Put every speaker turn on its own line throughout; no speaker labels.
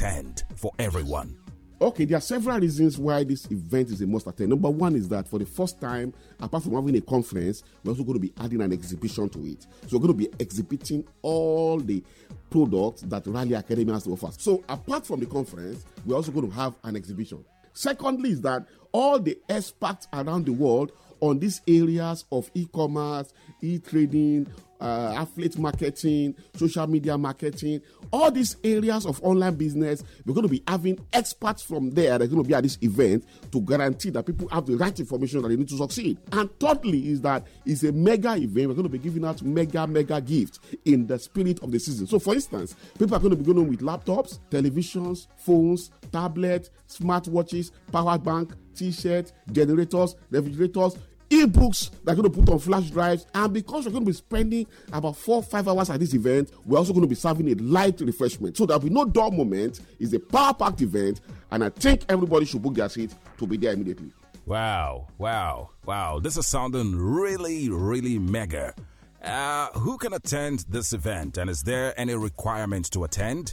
attend
for everyone? Okay, there are several reasons why this event is a must attend. Number one is that for the first time, apart from having a conference, we're also going to be adding an exhibition to it. So we're going to be exhibiting all the products that Rally Academy has to offer. So apart from the conference, we're also going to have an exhibition. Secondly, is that all the experts around the world on these areas of e-commerce, e-trading, uh, affiliate marketing, social media marketing, all these areas of online business. We're going to be having experts from there They're going to be at this event to guarantee that people have the right information that they need to succeed. And thirdly, is that it's a mega event. We're going to be giving out mega, mega gifts in the spirit of the season. So, for instance, people are going to be going with laptops, televisions, phones, tablets, smartwatches, power bank, t shirts, generators, refrigerators, ebooks that are going to put on flash drives. And because we're going to be spending about four, five hours at this event, we're also going to be serving a light refreshment. So there'll be no dull moment. It's a power packed event. And I think everybody should book their seat to be there immediately.
Wow,
wow, wow. This is sounding really, really mega. Uh, who can attend this event and is there any requirement to attend?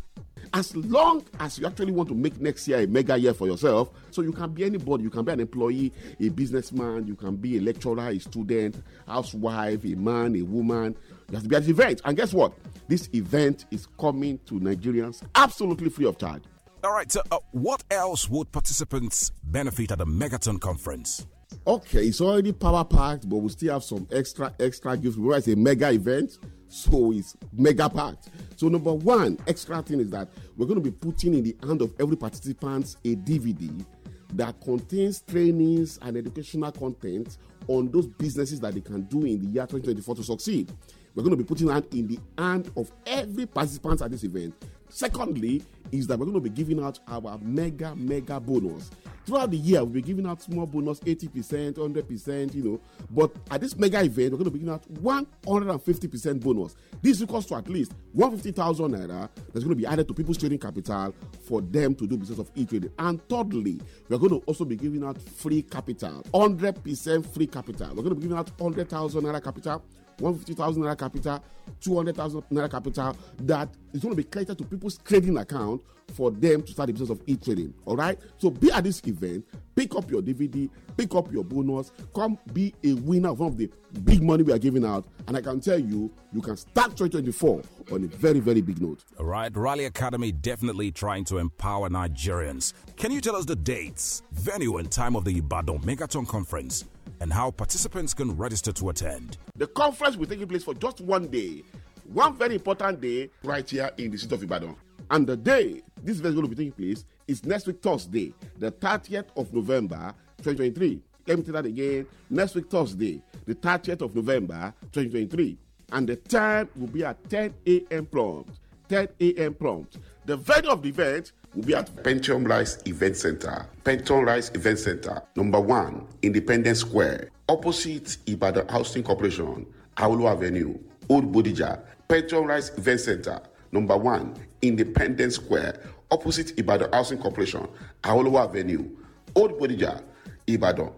as long as you actually want to make next year a mega year for yourself, so you can be anybody. You can be an employee, a businessman, you can be a lecturer, a student, housewife, a man, a woman. You have to be at the event. And guess what? This event is coming to Nigerians absolutely free of charge. All right, so uh, what else would participants benefit at the Megaton conference? Okay, it's already power packed, but we still have some extra extra gifts. are it's a mega event, so it's mega packed. So number one extra thing is that we're going to be putting in the hand of every participant a DVD that contains trainings and educational content on those businesses that they can do in the year 2024 to succeed. We're going to be putting out in the hand of every participant at this event. Secondly, is that we're going to be giving out our mega, mega bonus. Throughout the year, we'll be giving out small bonus 80%, 100%, you know. But at this mega event, we're going to be giving out 150% bonus. This equals to at least 150,000 naira that's going to be added to people's trading capital for them to do business of e trading. And thirdly, we're going to also be giving out free capital 100% free capital. We're going to be giving out 100,000 naira capital 150,000 naira capital, 200,000 naira capital that is going to be credited to people's trading account for them to start the business of e-trading. All right. So be at this event, pick up your DVD, pick up your bonus, come be a winner of one of the big money we are giving out. And I can tell you, you can start 2024 on a very, very big note.
All right. Raleigh Academy definitely trying to empower Nigerians. Can you tell us the dates, venue, and time of the Ibadan Megaton
Conference? And how participants can register to attend. The conference will take place for just one day, one very important day right here in the city of Ibadan. And the day this event is going to be taking place. It's next week, Thursday, the 30th of November, 2023. Let me tell that again. Next week, Thursday, the 30th of November, 2023. And the time will be at 10 a.m. prompt. 10 a.m. prompt. The venue of the event will be at Pentium Rise Event Center. Pentium Rise Event Center, number one, Independence Square, opposite Ibadan Housing Corporation, Aulu Avenue, Old Bodija. Pentium Rise Event Center, number one, Independence Square, opposite Ibadan Housing Corporation, Aholowa Avenue, Old Bodija, Ibadan.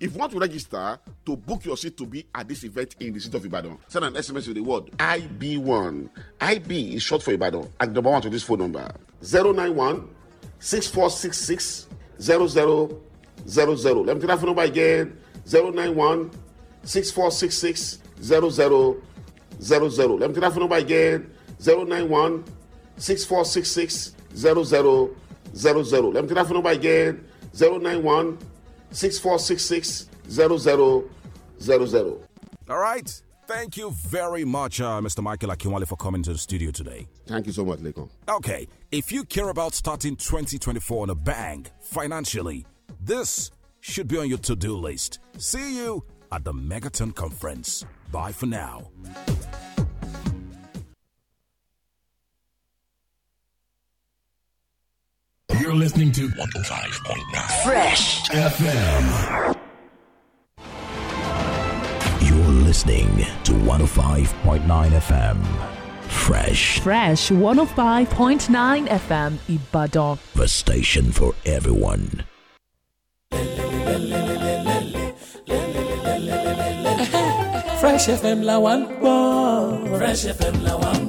If you want to register to book your seat to be at this event in the city of Ibadan, send an SMS with the word IB1. IB is short for Ibadan. And number one to this phone number 091 6466 0000. Let me take that phone number again 091 6466 0000. Let me take that phone number again 091 6466 Zero zero zero zero. Let me take that phone number again 091
All right. Thank you very much, uh, Mr. Michael Akinwale, for coming to the studio today. Thank you so much, Lego. Okay,
if you care about
starting 2024 on a bang financially, this should be on your to do list. See you at the Megaton Conference. Bye for now.
You're listening to 105.9
Fresh
FM.
You're listening to 105.9 FM. Fresh. Fresh 105.9 FM Ibadan. The station for everyone.
Fresh FM la one Fresh FM la one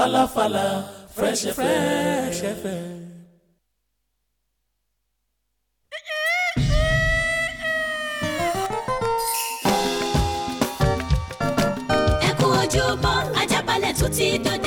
falafala fresh fresh fm. ẹ kú ojúbọ Ajaabale tó ti dòde.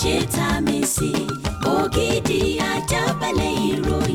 ṣe ta a mi sí ògidì ajábalẹ̀ ìròyìn.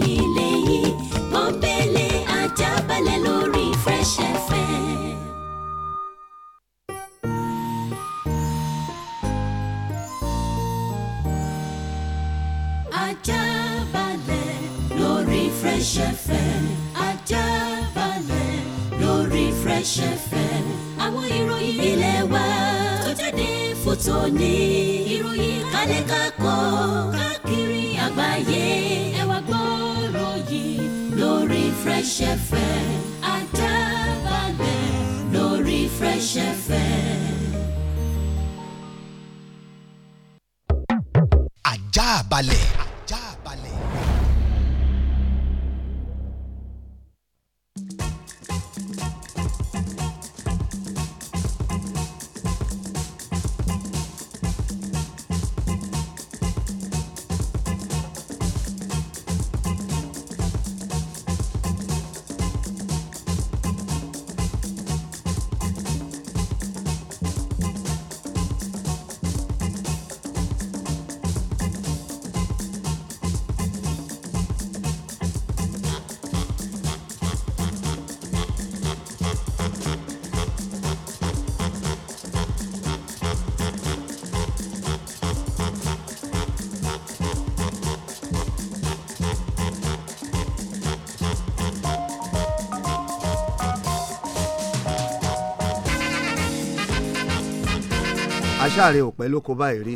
ṣàrẹ ò pẹ́ lóko báyìí rí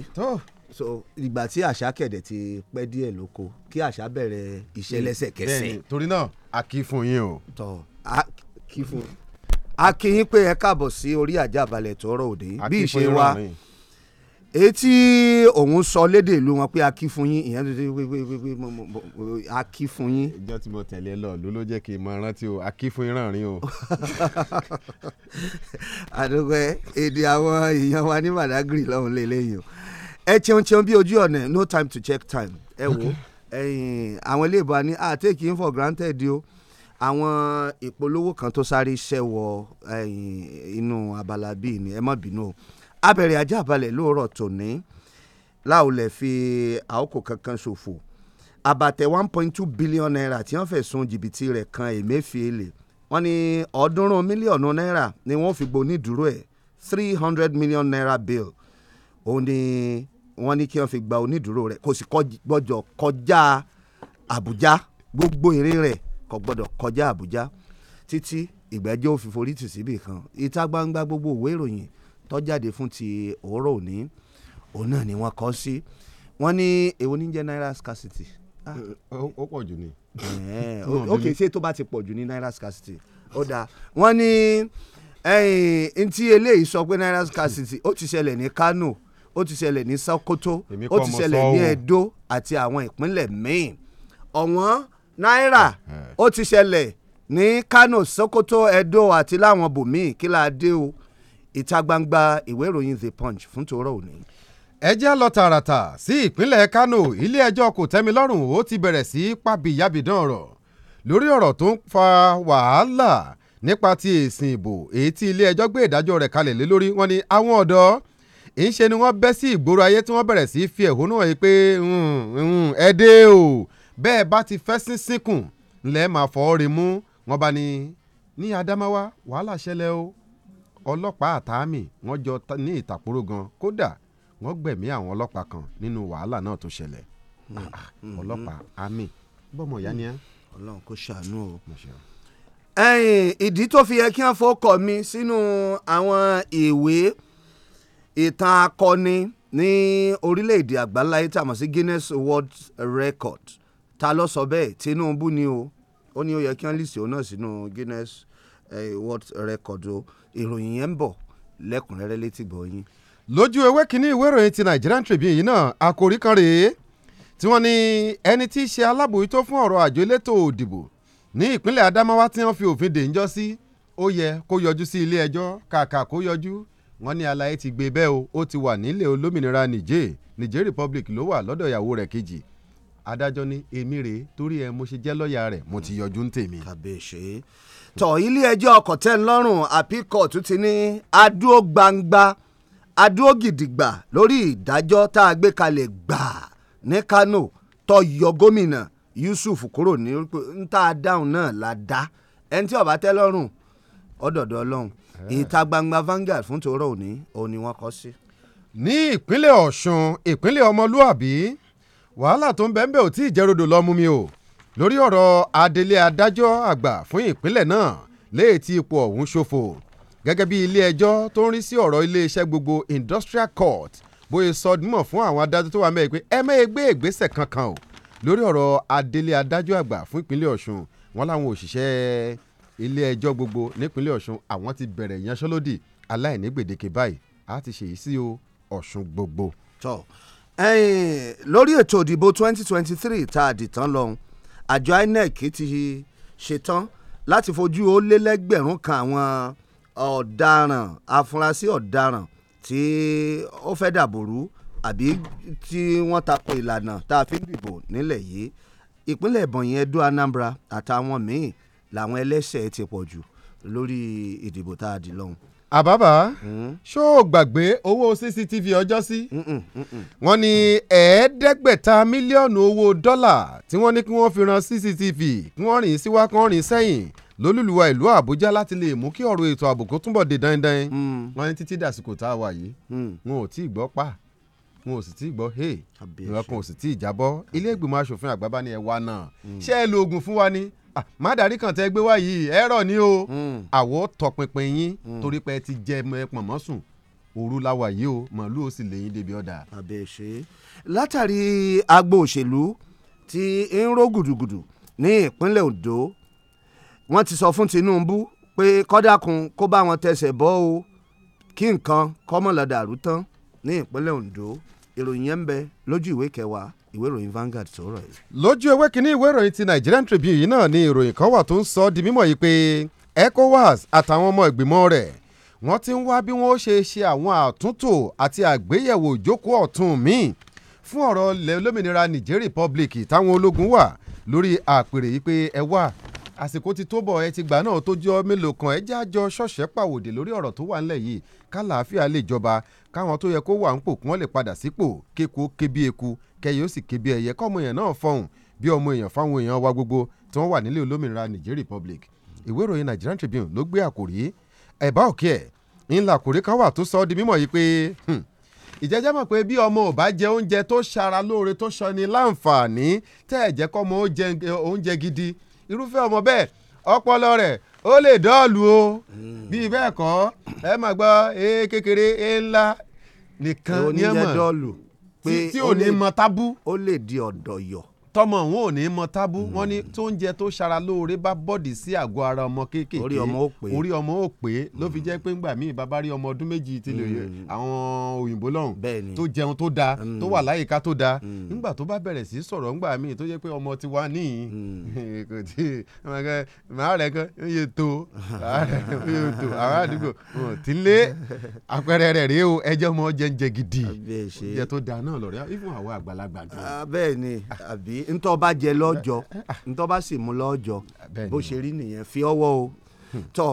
so ìgbà tí àṣà kẹ̀dẹ̀ ti pẹ́ díẹ̀ lóko kí àṣà bẹ̀rẹ̀ iṣẹ́ lẹ́sẹ̀kẹsẹ̀.
torí náà a kì í fún yín o.
tọ a kì í fún a kì í pé ẹ káàbọ̀ sí orí àjàbalẹ̀ tọrọ òde bí ìṣe wa. Yín èyí tí òun sọ lédè ìlú wọn pé a kí fún yín
ìyẹn tó ṣe pé a kí fún yín. ìjọ tí mo tẹ̀lé lọ ló ló jẹ́ kí n mọ rántí o a kí fún yín ràn o. àdúgbò èdè àwọn
èèyàn wa ní Badagry lọ́hùn lélẹ́yìn o ẹ cheun cheun bí ojú ọ̀nà no time to check time ẹ wo àwọn ilé ìbọn ni a ah, take in for granted o àwọn ìpolówó kan tó sáré ṣẹ́wọ̀ inú abala bíi ni ẹ má bínú o abẹ̀rẹ̀ ajá balẹ̀ lóòrọ̀ tòní láòlẹ̀ fi àókò kankan ṣòfò àbàtẹ̀ one point two billion naira tí wọ́n fẹ̀sùn jìbìtì rẹ̀ kan Emefiele wọ́n ní ọ̀ọ́dúnrún mílíọ̀nù naira ni wọ́n fi gbóni dúró ẹ̀ three hundred million naira bill òun ni wọ́n ní kí wọ́n fi gba onídùúró rẹ̀ kò sì gbọ́dọ̀ kọjá Àbújá gbogbo èrè rẹ̀ kò gbọ́dọ̀ kọjá Àbújá títí ìgbẹ́jọ́ òfin síbì kan ìta gbangba gbogbo òwe ìròyìn tó jáde fún ti òórọ̀ òní òun náà ni wọ́n kọ́ sí wọ́n ní èwo ní jẹ́ naira scarcity. Ah. ó pọ̀ jù ni. ok ṣé tó bá ti pọ̀ jù ní naira scarcity ó dáa wọ́n ní ntí eléyìí sọ pé naira scarcity ó ti ṣẹlẹ̀ ní Kano ó ti ṣẹlẹ̀ ní Sokoto ó ti ṣẹlẹ̀ ní Edo àti àwọn ìpínlẹ̀ míì ọ̀wọ́n naira ó ti ṣẹlẹ̀ ní Kano Sokoto Edo àti láwọn bòmíì kí la dé o ìta gbangba
ìwé ìròyìn the punch fún tòórọ́ òní. ẹ jẹ́ lọ tààràtà sí ìpínlẹ̀ kánò ilé-ẹjọ́ kòtẹ́milọ́rùn ó ti bẹ̀rẹ̀ sí pàbíyàbídán ọ̀rọ̀ lórí ọ̀rọ̀ tó ń fa wàhálà nípa ti èsìn ìbò èyí tí ilé-ẹjọ́ gbé ìdájọ́ rẹ̀ kalẹ̀ lé lórí wọn ni àwọn ọ̀dọ́ ìṣe ni wọ́n bẹ́ sí ìgboro ayé tí wọ́n bẹ̀rẹ̀ sí fi ẹ̀hónú hàn pé ẹ dé o bẹ́ẹ̀ bá ti fẹ́ sín sínkùn ńlẹ́ máa fọ́ ọ́ rí mú wọn bá ní ní Adamawa wàhálà ṣẹlẹ̀ o ọlọ́pàá àtàmì wọ́n jọ ní ìtàkùrọ̀ gan kódà wọ́n gbẹ̀mí àwọn ọlọ́pàá kan nínú wàhálà náà tó ṣẹlẹ̀
mm-hmm. Ah,
ah, mm-hmm. ọlọ́pàá àmì bọ́mọ ìyá ni ẹ́. kò ṣàánú o
ìdí tó fi yẹ kí wọ́n fọkọ̀ mi sínú àwọn ìwé ìtàn akọni ní orílẹ̀-èdè àgbáláyé tá sí Guinness World Record ta ló sọ bẹ́ẹ̀ Tinubu ni o ó ní ó yẹ kí wọ́n lì sí òun náà sínú Guinness eh, World Record o ìròyìn yẹn ń bọ̀ lẹ́kùnrẹ́rẹ́ létí
gbọ́ yín. lójú ewé kínní ìwé ìròyìn ti Nigerian Tribune yìí náà àkòrí kan rèé tí wọ́n ní ẹni tí í ṣe alábòójútó fún ọ̀rọ̀ àjọ elétò òdìbò ní ìpínlẹ̀ Adamawa tí wọ́n fi òfin dè ń jọ sí ó yẹ kó yọjú sí ilé ẹjọ́ kàkà kó yọjú wọ́n ní alaye ti gbé bẹ́ẹ̀ o ó ti wà nílẹ̀ olómìnira Niger Niger Republic ló wà lọ́dọ̀ ìyàwó rẹ̀ kejì adájọ́ ní èmi rèé torí ẹ mo ṣe jẹ́ lọ́ọ̀yà rẹ̀ mo ti yọjú ń tèmi. kàbíyèsí
tọ̀ ilé ẹjọ́ kọ̀tẹ́nlọ́rùn àpíkọ̀tù ti ní adúó gbangba adúó gidigba lórí ìdájọ́ tá a gbé kalẹ̀ gbà ní Kano tó yọ gómìnà Yusuf kúrò ní níta dáhùn náà la dá ẹni tí ó bá tẹ́ lọ́rùn ọ̀dọ̀dọ̀ eh. ìta gbangba Vanguard fún tòró òní òun
ni wọ́n kọ́ sí. ní ìpínlẹ̀ Ọ̀ṣun ìpínlẹ̀ ọmọlúàbí wàhálà tó ń bẹ́ẹ̀ bẹ́ẹ̀ ò tí ì jẹ́rọ̀dọ̀ lọ́mú mi o lórí ọ̀rọ̀ adelé adájọ́ àgbà fún ìpínlẹ̀ náà léè tí ipò ọ̀hún ṣòfò gẹ́gẹ́ bí ilé ẹjọ́ tó ń rí sí ọ̀rọ̀ iléeṣẹ́ gbogbo industrial court bóyá sọdúnmọ̀ fún àwọn adájọ́ tó wà mẹ́rin pé ẹ mẹ́ẹ̀ gbé ìgbésẹ̀ kankan o lórí ọ̀rọ̀ adelé adájọ́ àgbà fún ìpínlẹ̀ ọ̀ṣun wọn làwọn òṣìṣẹ́ ilé ẹjọ́ gbogbo nípínlẹ̀ ọ̀ṣun àwọn ti bẹ̀rẹ̀ ìyanṣẹ́lódì aláìní gbèdéke báyìí a ti ṣèyí sí o ọ̀ṣun gbogbo. tọ́ lórí ètò ìdìbò
twenty twenty three tá a dìtàn lọ́hùn àjọ INEC ti ṣetán láti fojú ó lé lẹ́gbẹ̀rún kan àwọn ọ̀daràn afurasí ọ̀daràn tí ó fẹ́ dàbòrú àbí tí wọ́n tako ìlànà tá a fi ń dìbò nílẹ̀ yìí ìpínlẹ̀ Ebonyi Edo Anambra àtàwọn míì làwọn ẹlẹ́sẹ̀ ti pọ̀ jù lórí ìdìbò tá a dì lọ́hùn
àbábà hmm? ṣó o gbàgbé owó cctv ọjọ́ sí. Hmm, hmm, wọ́n ní ẹ̀ẹ́dẹ́gbẹ̀ta mílíọ̀nù owó dọ́là tí wọ́n ní kí wọ́n fi ran cctv kí wọ́n rìn síwá kí wọ́n rìn sẹ́yìn lólùlùwà ìlú àbújá láti lè mú kí ọ̀rọ̀ ètò ààbò kó túnbọ̀ dé dandan. wọ́n ní títí dàsìkò tá a wà yìí wọn ò tí ì gbọ́ pa wọn ò sì tí ì gbọ́ hey ìwọ̀n kan ò sì tí ì jábọ́ ilé ìgbìmọ̀ asòfin àgbà bá ní ẹ wá náà ṣé ẹ lo oògùn fún wa ni Ah, mádàrí kan tẹ́ gbé wá yìí ẹ̀rọ ni o hmm. àwọ̀ tọpinpin yín hmm. torí pé ẹ ti jẹ pọ̀nmọ́ sùn òru la wà yìí o màálù ó sì lẹ́yìn débi ọ̀dà. àbẹ̀ ṣe látàrí agbo òṣèlú
tí ń ró gùdùgùdù ní ìpínlẹ̀ Ondo wọ́n ti sọ fún Tinubu pé kọ́dàkùn kó bá wọn tẹsẹ̀ bọ́ o kí nǹkan kọ́mọ̀lá dàrú tán ní ìpínlẹ̀ Ondo ìròyìn yẹn ń bẹ lójú ìwé kẹwàá ìwé ìròyìn Vanguard sọ̀rọ̀ yìí.
lójú ewé kínní ìwé ìròyìn ti Nigerian Tribune yìí náà ni ìròyìn kan wà tó ń sọ di mímọ̀ yìí pé ECOWAS àtàwọn ọmọ ìgbìmọ̀ rẹ̀ wọ́n ti ń wá bí wọ́n ṣe ṣe àwọn àtúntò àti àgbéyẹ̀wò ìjókòó ọ̀tún míì fún ọ̀rọ̀ lẹ́lómìnira Niger Republic táwọn ológun wà lórí àpèrè yìí pé ẹ wà àsìkò ti tó bọ̀ ẹ ti gbà náà tó jọ mélòó kan ẹ jájọ ṣọ̀ṣẹ́ pàwòdì lórí ọ̀rọ̀ tó wà ńlẹ̀ yìí kálàáfíà lè jọba káwọn tó yẹ kó wà ń pò kí wọ́n lè padà sípò kéko kébí eku kẹyìn ó sì ké bí ẹyẹ kọ́mọ èèyàn náà fọhùn bí ọmọ èèyàn fáwọn èèyàn wa gbogbo tí wọ́n wà nílé olómìnira Niger Republic ìwé ìròyìn Nigerian Tribune ló gbé àkòrí ẹ̀bá òkè ẹ̀ ńlá àkòrí kan wà tó sọ ọ́ di mímọ̀ yìí pé hmm, ìjẹ́jẹ́ mọ̀ pé bí ọmọ ò bá jẹ oúnjẹ tó ṣara lóore tó ṣani láǹfààní tẹ́ ẹ̀jẹ̀ mọ oúnjẹ gidi irúfẹ́ ọmọ bẹ́ẹ̀ ọpọlọ rẹ̀ ó lè dọ́ọ̀lù o hmm. bí bẹ́ẹ̀ kọ́ ẹ máa gbọ́ ee kékeré ee ńlá nìkan ní ẹ̀ mọ̀ pé ó lè mọ tábú. ó lè di ọ̀dọ̀yọ̀ tọmọ òun ò ní mọ tábú hmm. wọn ní tó ń jẹ tó ṣara lóore bá bọ́ọ̀dì sí àgọ́ ara ọmọ kéékèèké orí ọmọ ó pé orí ọmọ ó pé ló fi hmm. jẹ́ pé ńgbà míì bàbá rí ọmọ ọdún méjì ti lè hmm. àwọn òyìnbó lọ́hùn tó jẹun tó da tó wà láyìíká tó da ńgbà tó bá bẹ̀rẹ̀ sí sọ̀rọ̀ ńgbà míì tó jẹ́ pé ọmọ ti wá níyìn kò tí màá rẹ̀ kan yóò tó yóò tó àwọn àdúgbò tí ń lé àpẹẹrẹ rẹ̀ rèé o ẹjọ́ mọ́ jẹ́ ń jẹ gidi jẹ́ tó da náà lọ́rẹ́ ìfún
àwọn àgbàlagbà ah, bẹ́ẹ̀ ni àbí ntọ́ bá jẹ lọ́jọ́ eh, eh, ah. ntọ́ bá sì mú lọ́jọ́ bó ṣe rí nìyẹn fi ọwọ́ o hmm. tọ́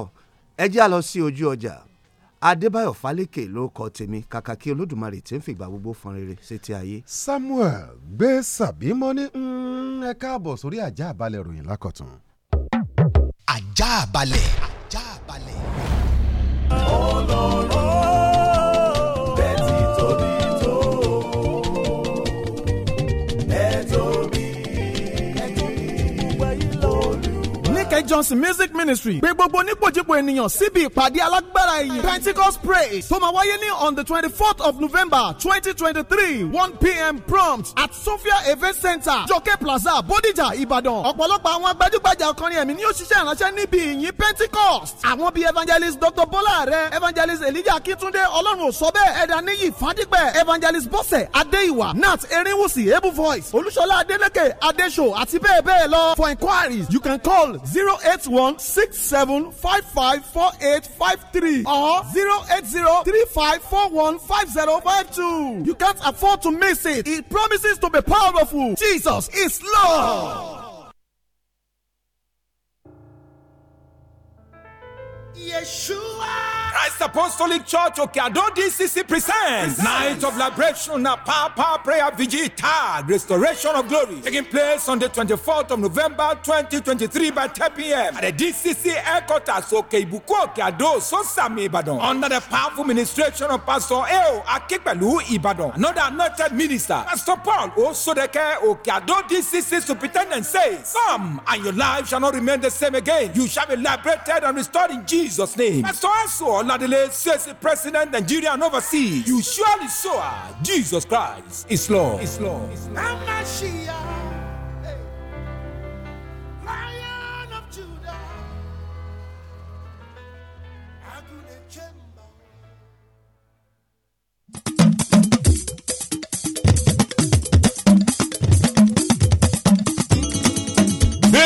ẹ jẹ́ sí ojú ọjà adébáyọ̀ fálékè ló kọ tèmi kàkà olódùmarè tí ń fìgbà gbogbo fọn rere sétí ayé. samuel gbé sàbímọ
ní hmm, ẹ káàbọ̀ sórí ajá àbálẹ̀ ròyìn lákọ̀tún.
ajá
àbálẹ̀.
ajá àbálẹ̀. olóró.
johnson music ministry pé gbogbo onípòjìpò ènìyàn síbi ìpàdé alágbára ẹ̀yìn pentecost praise tó máa wáyé ní on the twenty fourth of november twenty twenty three one pm prompt at sophia event center jọkẹ́ plaza Bodija ìbàdàn ọ̀pọ̀lọpọ̀ àwọn gbajúgbajà ọkùnrin ẹ̀mí ni yóò ṣiṣẹ́ ìránṣẹ́ níbi ìyìn pentecost àwọn bíi evangelist dr bọ́lá rẹ̀ evangelist elijah akíntúndé ọlọ́run ò sọ bẹ́ẹ̀ ẹ̀dá níyì fadípẹ̀ evangelist bọ́sẹ̀ adéìwà nat erinwusi able voice olúṣọlá adélèké adéṣò àti bẹ́ẹ̀ bẹ́ẹ̀ lọ for inquiries you can call zero zero eight one six seven five five four eight five three or zero eight zero three five four one five zero five two. You can't afford to miss it. It promises to be powerful.
Jesus is Lord. Yeshua. Christ Apostolic Church Okeado DCC presents Night of Liberation na Papa Prayer Vigil Restoration of Glory taking place on the 24th of November 2023 by 10 p.m. at the DCC headquarters Oke Ibuku Okeado Sosami Ibadan under the powerful ministration of Pastor Eo Akepelu Ibadan another anointed minister Pastor Paul Osodeke Okeado DCC Superintendent says Come and your life shall not remain the same again. You shall be liberated and restored in Jesus. Jesus' name. Pastor Anso Oladele says the president, Nigerian and overseas, you surely saw Jesus Christ is Lord. Is
Lord. Is Lord.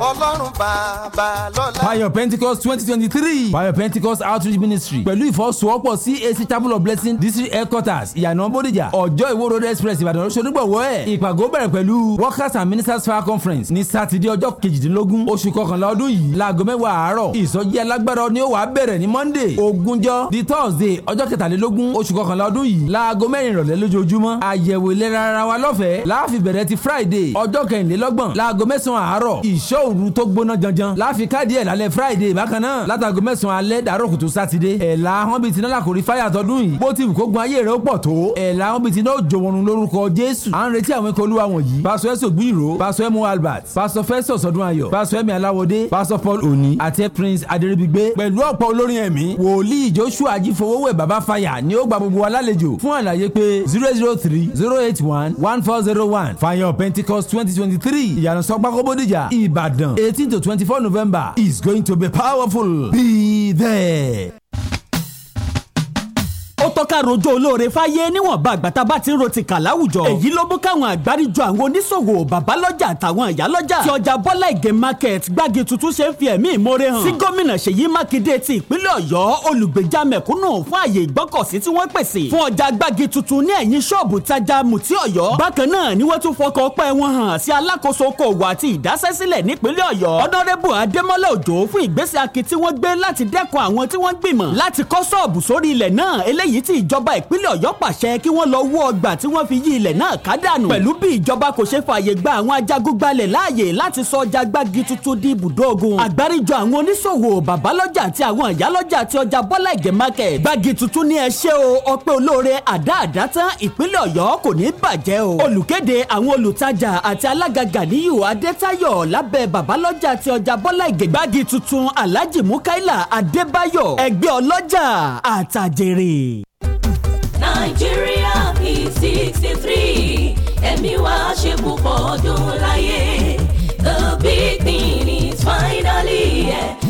ọlọ́run bàbá lọ́la. fire pentecost twenty twenty three fire pentecost outreach ministry pẹ̀lú ìfọwọ́sowọ́pọ̀ cac chapel of blessing district headquarters ìyànà bódìjà ọjọ́ ìwó road express ìbàdàn lọ́sọ̀dúngbọ̀wọ́ ẹ̀ ìpàgọ́ bẹ̀rẹ̀ pẹ̀lú workers and ministers fire conference ní sátidé ọjọ́ kejìdínlógún oṣù kọkànlá ọdún yìí láago mẹ́wàá àárọ̀ ìsọjí alágbára ni ó wàá bẹ̀rẹ̀ ní monday ogúnjọ́ di thursday ọjọ́ kẹtàlélógún oṣù kọkànlá ọdún yìí láago mẹ́rin ìrọ̀lẹ́ lójoojúmọ́ àyẹ̀wò ìlera ara wa lọ́fẹ̀ẹ́ láàfin bẹ̀rẹ̀ ti friday ọjọ́ kẹrìnlélọ́gbọ̀n láago mẹ́sàn-án àárọ̀ ì ìṣọ́ òru tó gbóná janjan láfi káàdì ẹ̀ lálẹ́ friday bákan náà látago mẹ́sàn-án alẹ́ dàárọ̀ kùtù sátidé ẹ̀la wọn bíi ti náà kò rí fáyà tọdún yìí bó ti wù kó gun ayé rẹ̀ ó pọ̀ tó ẹ̀la wọn bíi ti náà jòwòrùn lórúkọ jésù à ń retí àwọn ikọ̀ olúwa wọ̀nyí pásọ ẹ̀sọ̀ gbìyìrò pásọ ẹ̀mú albert pásọ fẹ́sọ̀ sọdún ayọ̀ pásọ ẹ̀mí aláwọ̀dé pásọ paul oni àti prince adéríbigbé pẹ̀lú ọ̀pọ̀ olórin ẹ̀mí wòlíì joshua ajífowówẹ̀ baba fire ni ó gba gbogbo alálejò fún àlàyé pé zero zero three zero eight one one four zero one fire pentecost twenty twenty three ìyànà sọgbàkọ́bódìjà ì Ibadan, 18 to 24 November, is going to be powerful. Be there
tọ́ rojo rojọ́ olóore fáyé níwọ̀nba àgbàtà bá ti ń ro tìkà láwùjọ. èyí ló mú káwọn àgbáríjọ àwọn oníṣòwò babalọ́jà àtàwọn ìyálọ́jà. ti ọjà bọ́lá ìgè market gbági tuntun ṣe ń fi ẹ̀mí ìmoore hàn. sí gómìnà ṣèyí mákindé ti ìpínlẹ̀ ọ̀yọ́ olùgbèjà mẹ̀kúnnù fún àyè ìgbọ́kọ̀sí tí wọ́n pèsè. fún ọjà gbági tuntun ní ẹ̀yìn ṣọ́ọ̀bù tajà mùtí ọ̀yọ́. bákan náà ni wọ́n tún fọkàn ọpẹ́ wọn hàn sí alákòóso okòwò àti ìdásẹ́sílẹ̀ nípínlẹ̀ ọ̀yọ́. ọ̀nàrẹ́bù adémọ́lá òjò fún ìgbésẹ̀ akin tí wọ́n gbé láti dẹ́kun àwọn tí wọ́n gbìmọ̀ láti kọ́ ṣọ́ọ̀bù sórí ilẹ̀ náà eléyìí ìdí tí ìjọba ìpínlẹ̀ ọ̀yọ́ pàṣẹ kí wọ́n lọ wó ọgbà tí wọ́n fi yí ilẹ̀ náà ká dànù pẹ̀lú bí ìjọba kò ṣe fààyè gba àwọn ajagúgbalẹ̀ láàyè láti sọ ọjà gbági tuntun di ibùdó ogun àgbáríjọ àwọn oníṣòwò bàbálọ́jà àti àwọn ìyálọ́jà àti ọjà bọ́lá ìgè market gbági tuntun ní ẹ ṣe o ọpẹ́ olóore àdáàdá tán ìpínlẹ̀ ọ̀yọ́ kò ní bàjẹ́ o olùkéde àwọn olùtajà àti alága Ganiyu Adétáyọ̀ lábẹ́ bàbálọ́jà àti ọjà bọ́lá ìgè gbági tuntun Alhaji Mukaila Adébáyọ̀ àtàjèrè
nàìjíríà p sixty three ẹ̀mí wa ṣe púpọ̀ ọdún láyé the big thing is finally. Yeah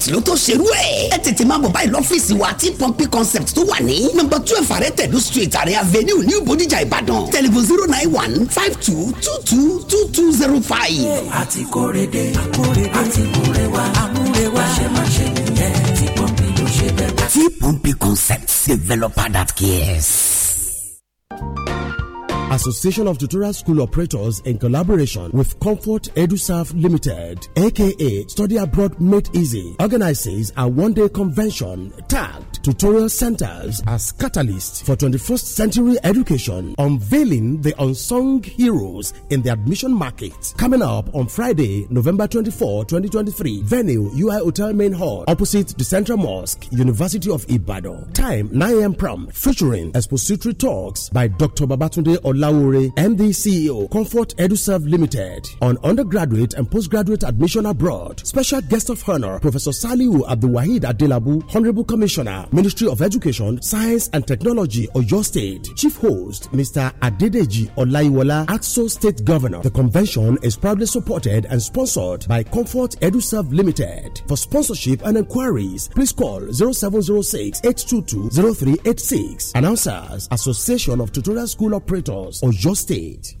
concept ló tó ṣerú ẹ̀. ẹ tètè máa bọ̀ báyìí lọ́fíìsì wa tí pọ́ńpì concept tó wà ní. nọ́mbà twelve àrẹ tẹ̀lú street àrẹ avenue new bodijà ìbàdàn Telephone zero nine one five two two two two two zero five. a ti kórè dé a kórè dé a ti múre wá a múre wá ṣe máa ṣe nìyẹn tí pọ́ńpì ló ṣe bẹ́ẹ̀. tí pọ́ńpì concept developer
that cares.
Association of Tutorial School Operators in collaboration with Comfort EduServe Limited, aka Study Abroad Made Easy, organizes a one day convention tagged Tutorial Centers as Catalyst for 21st Century Education, unveiling the unsung heroes in the admission market. Coming up on Friday, November 24, 2023, venue UI Hotel Main Hall, opposite the Central Mosque, University of Ibadan. Time 9 a.m. Prom, featuring expository talks by Dr. Babatunde Ola. Lawore, MD CEO, Comfort EduServe Limited, on undergraduate and postgraduate admission abroad. Special guest of honor, Professor Saliu Abdul Wahid Adelabu, Honorable Commissioner, Ministry of Education, Science and Technology, Oyo State. Chief host, Mr. Adedeji Olaiwola, AXO State Governor. The convention is proudly supported and sponsored by Comfort EduServe Limited. For sponsorship and inquiries, please call 0706 822 0386. Announcers, Association of Tutorial School Operators. Lagos, Oyo State.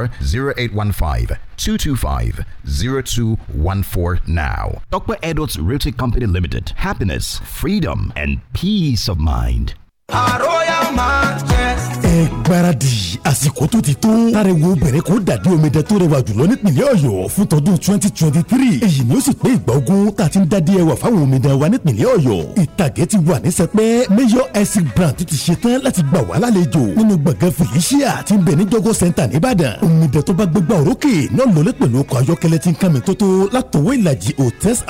0815-225-0214 now. Dr. Edwards Realty Company Limited. Happiness, freedom, and peace of mind.
ẹ gbáradì àsìkò tó ti tó tariwo bẹ̀rẹ̀ kó dàdí omidan tó rẹwà jùlọ nípìnlẹ̀ ọ̀yọ́ fún tọdún twenty twenty three èyí ni ó sì pé ìgbà ogún tá a ti ń dádí ẹwà fáwọn omidan wa nípìnlẹ̀ ọ̀yọ́ ìtàgé ti wà ní sẹpẹ́ mayor essex brand ti ṣe tán láti gbà wá lálejò nínú gbọ̀ngàn felicia ti ń bẹ ní jọgọ center nìbàdàn omidan tó bá gbégbá òrókè náà lọlé pẹ̀lú ọkọ̀ ayọ́kẹ́lẹ́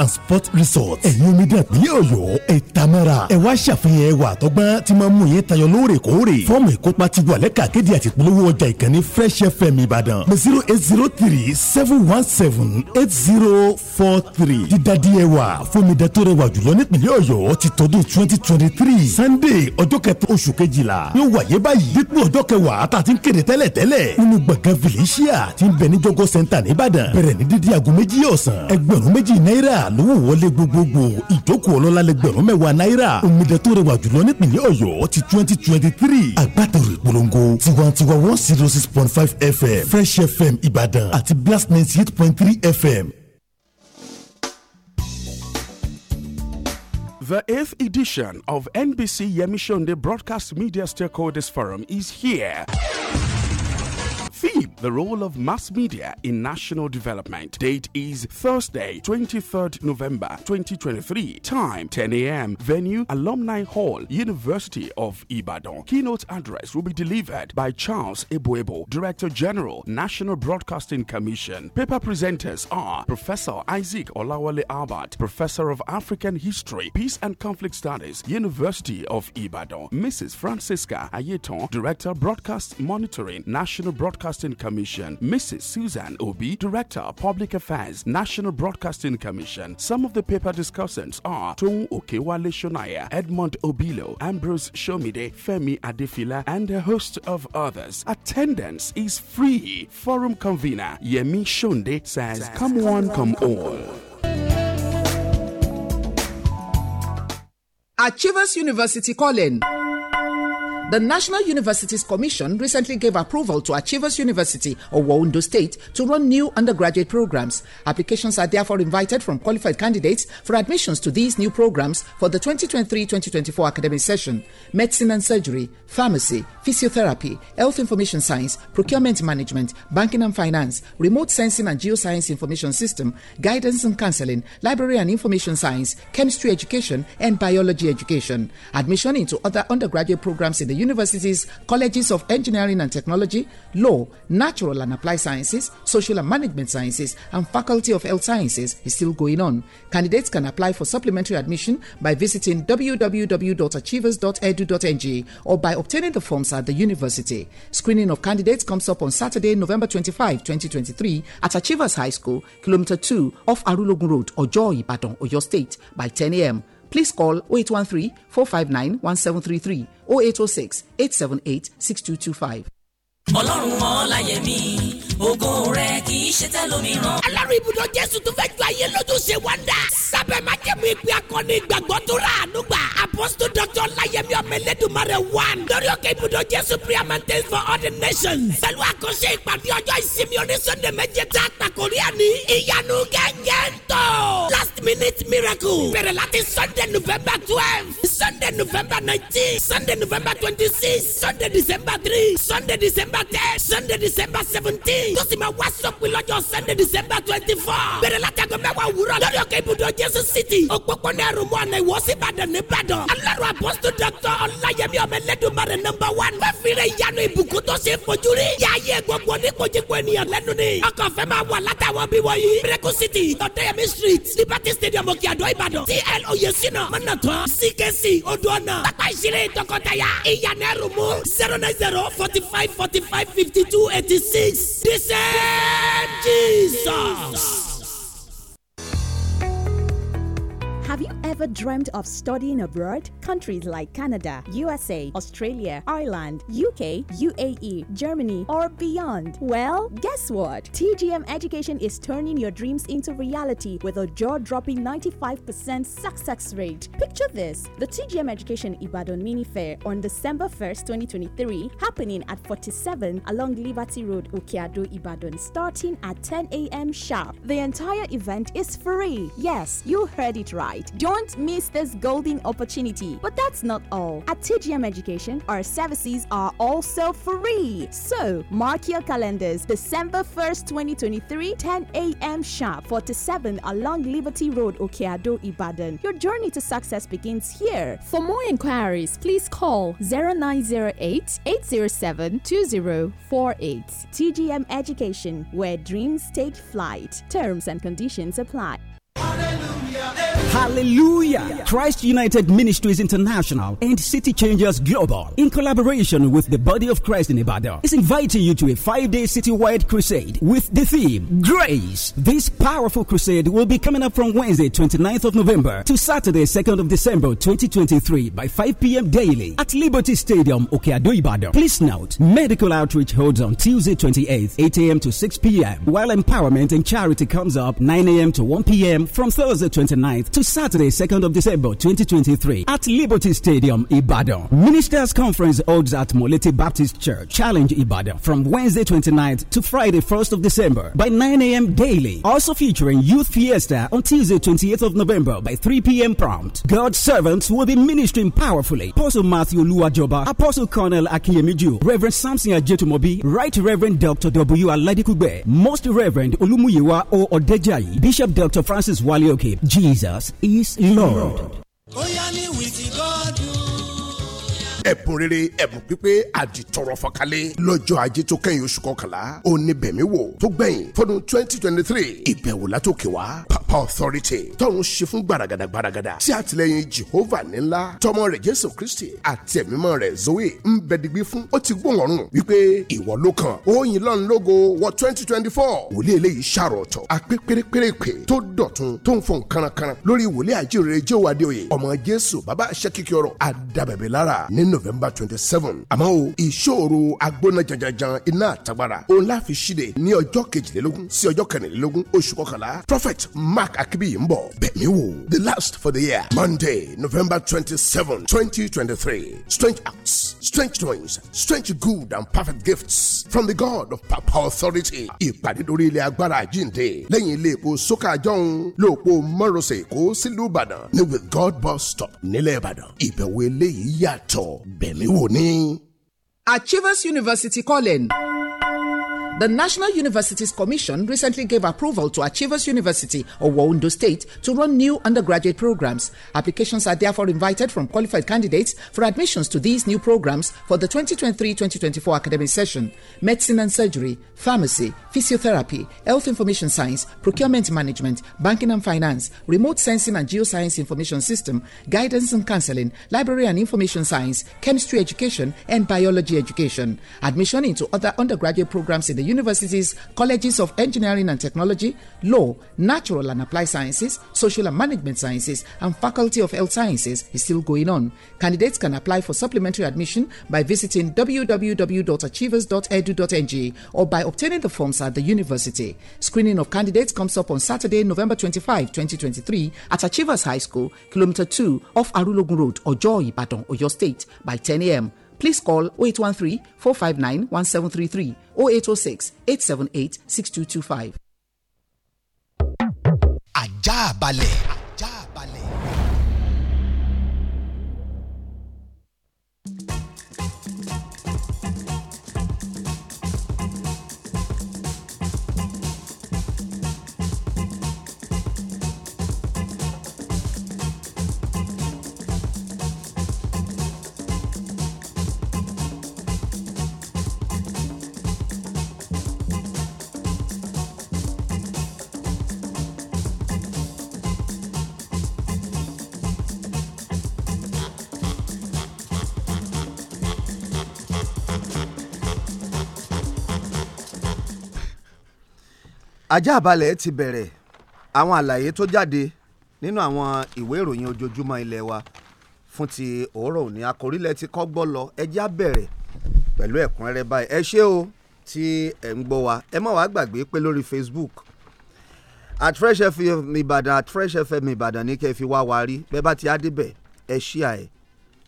and sports resort ẹ̀yin omidan ìpínlẹ̀ ọ̀yọ́ ẹ̀ tamara ẹ̀ wá ṣàfihàn ẹwà àtọ́gbọ́n ti máa mú yín tayọ lóòrèkóòrè fọ́ọ̀mù ìkópa ti gbogbo àlẹ́ kàkéde àti ìpolówó ọjà ìkànnì fresh fm ìbàdàn pé zero eight zero three seven one seven eight zero four three dídádìẹ wà fúnmidà tó rẹwà jùlọ nípìnlẹ̀ ọ̀yọ́ ti tọdún twenty twenty three sunday ọjọ́ kẹta oṣù kejìlá yóò wáyé báyìí dípò ọjọ́ kẹwàá tá a ti ń kéde tẹ́lẹ̀ tẹ́lẹ̀ nínú gbọ̀ngàn felicia ti ń bẹ ní jọgọ́ sẹ́ńtà nìbàdàn bẹ̀rẹ̀ ní dídí aago méjì ọ̀sán ẹgbẹ̀rún méjì náírà lówó wọlé gbogbogbò ìjókòó ọlọ́lá lẹgbẹ̀rún mẹ́wàá náírà òmìnira tó rẹwà jùlọ nípìnlẹ̀ ọ̀yọ́ ti twenty twenty three àgbàtàrò ìpolongo tiwantiwa one zero six point five fm fresh fm ìbàdàn àti blast ninety eight point three fm.
The eighth edition of NBC Yemishonde Broadcast Media Stakeholders Forum is here. Theme The Role of Mass Media in National Development. Date is Thursday, 23rd November 2023. Time 10 a.m. Venue Alumni Hall, University of Ibadan. Keynote address will be delivered by Charles Ebuebo, Director General, National Broadcasting Commission. Paper presenters are Professor Isaac Olawale Albert, Professor of African History, Peace and Conflict Studies, University of Ibadan. Mrs. Francisca Ayeton, Director Broadcast Monitoring, National Broadcasting. Broadcasting Commission, Mrs. Susan Obi, Director of Public Affairs, National Broadcasting Commission. Some of the paper discussants are Tung Okewale Shonaya, Edmond Obilo, Ambrose Shomide, Femi Adefila, and a host of others. Attendance is free. Forum convener Yemi Shonde says, says Come on, come, come all.
all. Achievers University Calling. The National Universities Commission recently gave approval to Achievers University of Wawundo State to run new undergraduate programs. Applications are therefore invited from qualified candidates for admissions to these new programs for the 2023-2024 academic session. Medicine and surgery, pharmacy, physiotherapy, health information science, procurement management, banking and finance, remote sensing and geoscience information system, guidance and counseling, library and information science, chemistry education, and biology education. Admission into other undergraduate programs in the universities, colleges of engineering and technology, law, natural and applied sciences, social and management sciences, and faculty of health sciences is still going on. Candidates can apply for supplementary admission by visiting www.achievers.edu.ng or by obtaining the forms at the university. Screening of candidates comes up on Saturday, November 25, 2023 at Achievers High School, Kilometer 2 off Arulogun Road, Ojo, Ibadan, Oyo State by 10 a.m please call 0813 459 1733 0806 878 6225.
ọlọ́run ògo rẹ̀
kì í ṣe tẹlòmíràn. alárò ibùdó jésù tó fẹ́ ju ayé lójú ṣe wọ́ndà. sábẹ́ máa jẹ́ mi ìpè akọni ìgbàgbọ́ tó rà ànúgbà. apọ́sítò dọ́kítọ̀ láyẹ̀mí ọmọ ẹlẹ́dùnmarẹ̀ wán. lórí òkè ibùdó jésù prayer mountain for all the nations. pẹ̀lú àkọsẹ́ ìpàdé ọjọ́ ìsinmi oníṣọ́ndẹ̀ méje tá a pàkórí àní. ìyanu gẹ́gẹ́ ń tọ̀. last minute miracle. bẹ̀rẹ̀ láti sunday november twelve sunday november nineteen sunday november twenty six sunday december three sunday december ten sunday december seventeen wòlíì tó sì máa wá sọ́pin lọ́jọ́ sunday december twenty four bẹ̀rẹ̀ látàgọ́ mẹ́wàá wúrọ̀ lórí òkè ibùdó jésù city òpópónà ẹrùmọ́ ọ̀nà ìwọ́sí ìbàdàn nìbàdàn alárò àpọ́sítù dr ọláyẹmí ọmọ ẹlẹ́dùnmarè nọmba one wọ́n fi rẹ̀ ìyanu ìbùkún tó ṣe fojú rí yáyé gbogbo ní kojúkọ ènìyàn lẹ́nu ni ọkọ̀ fẹ́ máa wà látàwọn bí wọ̀nyí miracle city ọ̀dẹ́yẹmí street liberty stadium òkè àdó ìbàdàn tl oyesina mọ́nàtàn ckc odò ọ̀nà pápá ìṣeré tọkọtaya ìyànà ẹrùmọ́ zero nine zero forty five forty five fifty two eighty six said
Jesus.
Jesus. ever dreamt of studying abroad? Countries like Canada, USA, Australia, Ireland, UK, UAE, Germany, or beyond? Well, guess what? TGM Education is turning your dreams into reality with a jaw dropping 95% success rate. Picture this the TGM Education Ibadan Mini Fair on December 1st, 2023, happening at 47 along Liberty Road, Ukiado, Ibadan, starting at 10 a.m. sharp. The entire event is free. Yes, you heard it right. Don't miss this golden opportunity. But that's not all. At TGM Education, our services are also free. So, mark your calendars December 1st, 2023, 10 a.m. sharp, 47 along Liberty Road, Okeado, Ibadan. Your journey to success begins here. For more inquiries, please call 0908 807 2048. TGM Education, where dreams take flight. Terms and conditions apply. Hallelujah!
Christ United Ministries International and City Changers Global, in collaboration with the Body of Christ in Ibadan, is inviting you to a five-day citywide crusade with the theme Grace. This powerful crusade will be coming up from Wednesday, 29th of November to Saturday, 2nd of December, 2023, by 5 p.m. daily at Liberty Stadium, Okeado, Ibadan. Please note, medical outreach holds on Tuesday, 28th, 8 a.m. to 6 p.m., while empowerment and charity comes up 9 a.m. to 1 p.m from Thursday 29th to Saturday 2nd of December 2023 at Liberty Stadium, Ibadan. Ministers' Conference holds at Moleti Baptist Church, Challenge Ibadan from Wednesday 29th to Friday 1st of December by 9 a.m. daily. Also featuring Youth Fiesta on Tuesday 28th of November by 3 p.m. prompt. God's servants will be ministering powerfully. Apostle Matthew Luajoba, Apostle Colonel Akiyemiju, Reverend Samson Ajetumobi, Right Reverend Dr. W. Aladikugbe, Most Reverend Olumuyiwa O. Odeji, Bishop Dr. Francis Mrs. Walioke. Jesus is Lord.
Oh, ẹ̀bùn rere ẹ̀bùn pípé àdìtọ̀rọ̀ fọkalẹ̀ lọ́jọ́ ajé tó kẹ́yìn oṣù kọkànlá oníbẹ̀mí wò tó gbẹ̀yìn fọdún twenty twenty three ìbẹ̀wò látòkè wá papa authority tọ́run ṣe fún gbaragada gbaragada tí àtìlẹ́yìn jehova ní ńlá tọmọ rẹ̀ jésù kristi àti ẹ̀mímọ́ rẹ̀ zoe ń bẹ digbí fún ó ti gbóhùn ọ̀run wípé ìwọ ló kàn òyìn lọ́n lógo wọ twenty twenty four wòlíì eléyìí ṣàrọ̀ ọ̀tọ̀ apẹ́ pérépérépé tó dọ̀tun tó ń fọn kánrankánran lórí november twenty seven àmọ́ o ìṣòro agbóná janjanjan iná àtagbára òun láfi ṣíde ní ọjọ́ kejìlélógún sí ọjọ́ kẹrìnlélógún oṣù kọkànlá prophet mark akibi ń bọ̀ bẹ̀mí wò the last for the year monday november twenty seven twenty twenty three strange acts strange doings strange good and perfect gifts from the god of power authority ìpàdé lórí ilẹ̀ agbára àjíǹde lẹ́yìn ilé epo sókà àjọhún lóòpó mọ́rọ̀sẹ̀ èkó sílùú ìbàdàn ní
with god bus stop nílẹ̀ ìbàdàn ìbẹ̀wò eléyìí yàtọ̀ bẹ̀mí wò ni. Achievers University calling. The National Universities Commission recently gave approval to Achievers University of Wawundo State to run new undergraduate programs. Applications are therefore invited from qualified candidates for admissions to these new programs for the 2023-2024 academic session. Medicine and surgery, pharmacy, physiotherapy, health information science, procurement management, banking and finance, remote sensing and geoscience information system, guidance and counseling, library and information science, chemistry education, and biology education. Admission into other undergraduate programs in the universities, colleges of engineering and technology, law, natural and applied sciences, social and management sciences, and faculty of health sciences is still going on. Candidates can apply for supplementary admission by visiting www.achievers.edu.ng or by obtaining the forms at the university. Screening of candidates comes up on Saturday, November 25, 2023 at Achievers High School, Kilometer 2 off Arulogun Road, Ojo, Ibadan, Oyo State by 10 a.m. please call 0813 459 1733 0806 878 6225. Ajá balẹ̀.
ajáàbalẹ̀ ti bẹ̀rẹ̀ àwọn àlàyé tó jáde nínú àwọn ìwé ìròyìn ojoojúmọ́ ilé wa fún ti òórọ̀ òní akọrílẹ̀ ti kọ́gbọ́ lọ ẹjẹ́ á bẹ̀rẹ̀ pẹ̀lú ẹ̀kúnrẹ́rẹ́ báyìí ẹ ṣé o tí ẹ̀ ń gbọ́ wa ẹ má wàá gbàgbé pé lórí Facebook at Fresh FM Ìbàdàn at Fresh FM Ìbàdàn ní kẹ́ ẹ fi wá wa rí bẹ́ẹ̀ bá ti á débẹ̀ ẹ ṣí à ẹ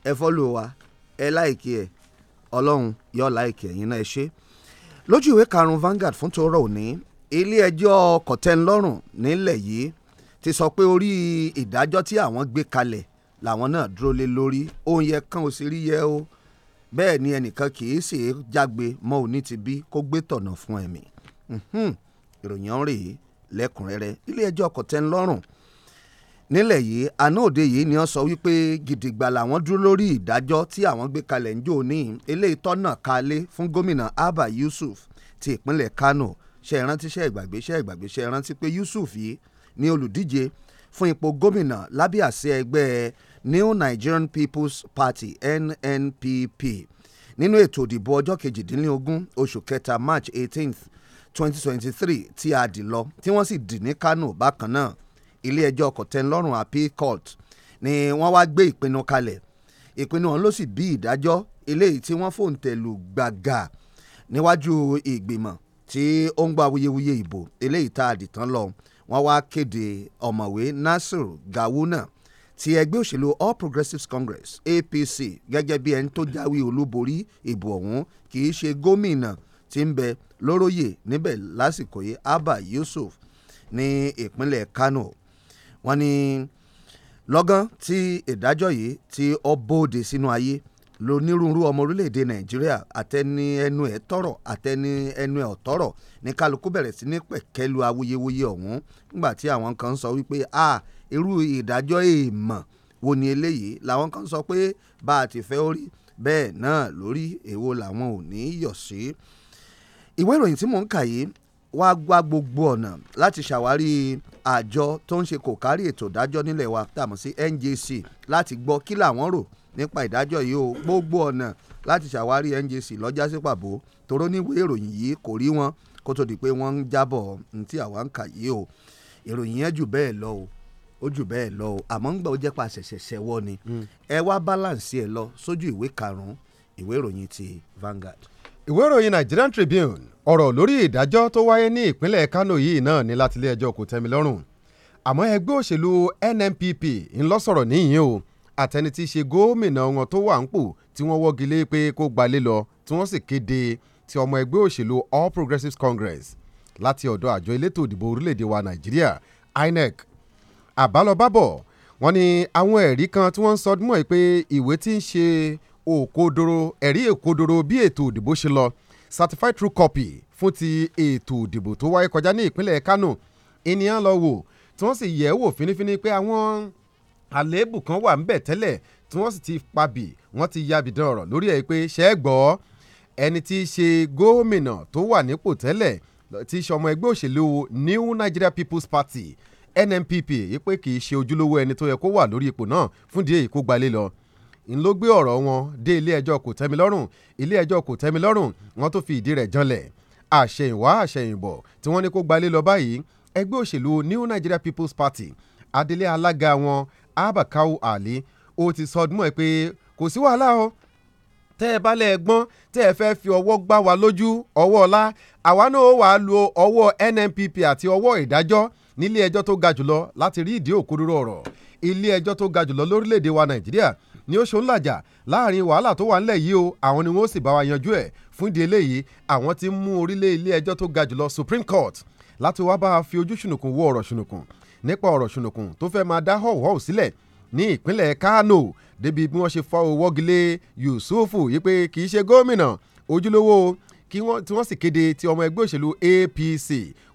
ẹ fọ́lù wa ẹ láìkí ẹ ọlọ́run yóò láìkí ẹ̀yin náà ẹ ṣé lójú ìwé karùn-ún Vanguard fún tòórọ̀ òní ilé-ẹjọ́ kòtẹ́nlọ́rùn nílẹ̀ yìí ti sọ pé orí ìdájọ́ tí àwọn gbé kalẹ̀ làwọn náà dúró lé lórí òun yẹ kán ó sì rí yẹ ó bẹ́ẹ̀ ni ẹnìkan kì í ṣe é jágbe mọ́ òní ti bí kó gbé tọ̀nà fún ẹ̀mí ìròyìn ọ̀hún rèé lẹ́kùnrẹ́rẹ́ ilé-ẹjọ́ yìí àná òde yìí ni wọ́n sọ wípé gidigba làwọn dúró lórí ìdájọ́ tí àwọn gbé kalẹ̀ ń jò ní eléyìí tọ́nà kalẹ̀ fún gómìnà Abba Yusuf ti ìpínlẹ̀ Kano ṣe ìrántí ṣe ìgbàgbé ṣe ìgbàgbé ṣe ìrántí pé Yusuf yìí ni olùdíje fún ipò gómìnà lábẹ́ àṣẹ ẹgbẹ́ New Nigerian People's Party NNPP nínú ètò ìdìbò ọjọ́ kejìdínlógún oṣù kẹta March 18th, 2023. three tí a dì lọ tí wọ́n sì dì ní Kano bákan náà ilé ẹjọ́ kòtẹ́nlọ́rùn appeal court ni wọ́n wá gbé ìpinnu kalẹ̀ ìpinnu ọ̀hún ló sì bí ìdájọ́ eléyìí tí wọ́n fòǹtẹ̀ lù gbàgà níwájú ìgbìmọ̀ tí ó ń gba awuyewuye ìbò eléyìí tá a dìtàn lọ wọ́n wá kéde ọ̀mọ̀wé Nasir Gawuna ti ẹgbẹ́ òṣèlú All Progressives Congress APC gẹ́gẹ́ bí ẹni tó jáwé olúborí ìbò ọ̀hún kì í ṣe gómìnà tí ń bẹ lóróyè níbẹ̀ lásìkò yìí Abba Yusuf ní ìpínlẹ̀ Kano wọ́n ní lọ́gán tí ìdájọ́ yìí tí ó bóde sínú ayé lonírúurú ọmọ orílẹ̀-èdè nàìjíríà àtẹni ẹnu ẹ̀ tọ̀rọ̀ àtẹni ẹnu ẹ̀ ọ̀tọ̀rọ̀ ní kálukú bẹ̀rẹ̀ sí ní pẹ̀kẹ́lu awuyewuye ọ̀hún nígbà tí àwọn kan sọ wípé a irú ìdájọ́ èèmọ̀ wo ni eléyìí làwọn kan sọ pé bá a ti fẹ́ orí bẹ́ẹ̀ náà lórí èwo làwọn ò ní yọ̀ sí. ìwé ìròyìn tí mò ń kà yìí wá gbá gbogbo ọ̀nà láti ṣàwárí àjọ tó ń ṣe kò kárí ètò ìdájọ́ nílẹ̀ wa tá sí NJC láti gbọ́ kí làwọn rò nípa ìdájọ́ yìí o gbogbo ọ̀nà láti ṣàwárí NJC lọ́jà sí pàbó toró níwèé ìròyìn yìí kò rí wọn kó tó di pé wọ́n ń jábọ̀ ntí àwa ń kà yìí o ìròyìn yẹn jù bẹ́ẹ̀ lọ o ó jù bẹ́ẹ̀ lọ o àmọ́ ń gbà ó jẹ́ pa ṣẹ̀ṣẹ̀ṣẹ̀ wọ́ ni hmm. ẹ wá balance ẹ lọ sójú ìwé karùn-ún ìwé ìròyìn ti Vanguard.
ìwé ìròyìn Nigerian Tribune ọ̀rọ̀ lórí ìdájọ́ tó wáyé ní ìpínlẹ̀ Kano yìí náà ní látilé ẹjọ́ kò tẹ́mi lọ́rùn àmọ́ ẹgbẹ́ òṣèlú NNPP ń lọ sọ̀rọ̀ níyìn o àtẹni tí í ṣe gómìnà wọn tó wà ń pò tí wọ́n wọ́gi lé pé kó gbalé lọ tí wọ́n sì kéde ti ọmọ ẹgbẹ́ òṣèlú All Progressives Congress láti ọ̀dọ̀ àjọ elétò òdìbò orílẹ̀-èdè wa Nàìjíríà INEC àbálọbábọ̀ wọ́n ní àwọn ẹ̀rí kan tí wọ́n ń sọdún mọ́ pé ìwé tí ń ṣe òkodoro ẹ̀rí òkodoro bí ètò òdìbò ṣe lọ certified true copy fún ti ètò òdìbò tó wáyé kọjá ní ìpínlẹ̀ Kánò ènìyàn lọ wò tí wọ́n sì yẹ̀ wò fínífíní pé àwọn àléébù kan wà ńbẹ̀ tẹ́lẹ̀ tí wọ́n sì ti pabì wọ́n ti yabìdán ọ̀rọ̀ lórí ẹ̀ pé ṣẹ́ gbọ́ ẹni tí í ṣe gómìnà tó wà nípò tẹ́lẹ̀ ti ṣọmọ ẹgbẹ́ òṣèlú New Nigeria People's Party NNPP yìí pé kì í ṣe ojúlówó ẹni tó yẹ kó wà lórí ipò náà fún díẹ̀ kó gbalé lọ n ló gbé ọ̀rọ̀ wọn dé ilé ẹjọ́ kò tẹ́mi lọ́rùn ilé ẹjọ́ kò tẹ́mi lọ́rùn wọn tó fi ìdí rẹ̀ janlẹ̀ àṣẹyìnwá àṣẹyìnbọ̀ tí wọ́n ní kó gbalé lọ báyìí ẹgbẹ́ òṣèlú New Nigeria People's Party adelé alága wọn abakau ali ó ti sọdún ẹ pé kò sí wàhálà o tẹ́ ẹ bá lẹ̀ gbọ́n tẹ́ ẹ fẹ́ fi ọwọ́ gbá wa lójú ọwọ́ ọ̀la àwa náà wà á lo ọwọ́ NNPP àti ọwọ́ ìdájọ́ nílé ẹjọ́ tó ga jùlọ láti rí ìdí òkodoro ọ̀rọ̀ ilé ẹjọ́ tó ga jùlọ lórílẹ̀ wa Nàìjíríà ni ó ṣòun làjà láàrin wàhálà tó wà nílẹ̀ yìí o àwọn ni wọ́n sì bá wa yanjú ẹ̀ fún ìdí eléyìí àwọn ti mú orílẹ̀ ilé ẹjọ́ tó ga jùlọ Supreme Court láti wá bá a fi ojú ṣùnùkùn wo ọ̀rọ̀ ṣùnùkùn nípa ọ̀rọ̀ ṣùnùkùn tó fẹ́ máa dá họ̀wọ́ sílẹ̀ ní ìpínlẹ̀ Kano débi bí wọ́n ṣe fọ́ wọ́gilé Yusufu yìí pé kì í ṣe gómìnà ojúlówó tí wọ́n sì kéde ti ọmọ ẹgbẹ́ òṣèlú APC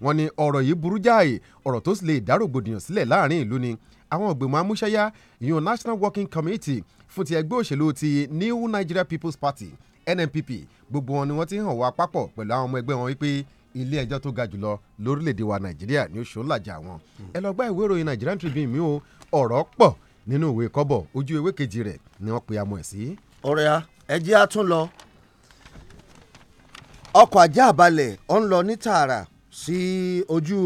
wọ́n ní ọ̀rọ̀ yìí burú jáì ọ̀rọ̀ tó sì lè dá rògbòdìyàn sílẹ̀ láàrin ìlú ni àwọn ìgbìmọ̀ amúṣẹ́yá ìyọ̀n National Working Committee fún ti ẹgbẹ́ òṣèlú ti New Nigeria People's Party NNPP gbogbo wọn ni wọ́n ti hàn wá papọ̀ pẹ̀lú àwọn ọmọ ẹgbẹ́ wọn wípé ilé ẹjọ́ tó ga jùlọ lórílẹ̀‐èdè wa nàìjíríà ní oṣù ńlájà wọn ẹ lọ gba ìwé ìròyìn Nigerian Tribune mi o ọ̀rọ̀ pọ̀ nínú ìwé kọ́bọ̀ ojú ewé kejì rẹ̀ ni wọ́n pe amọ̀ ẹ̀ sí. ọ̀rẹ́ a ẹ a tún lọ
ọkọ̀ ajá àbalẹ̀ ọ̀ ń lọ ní tààrà sí ojú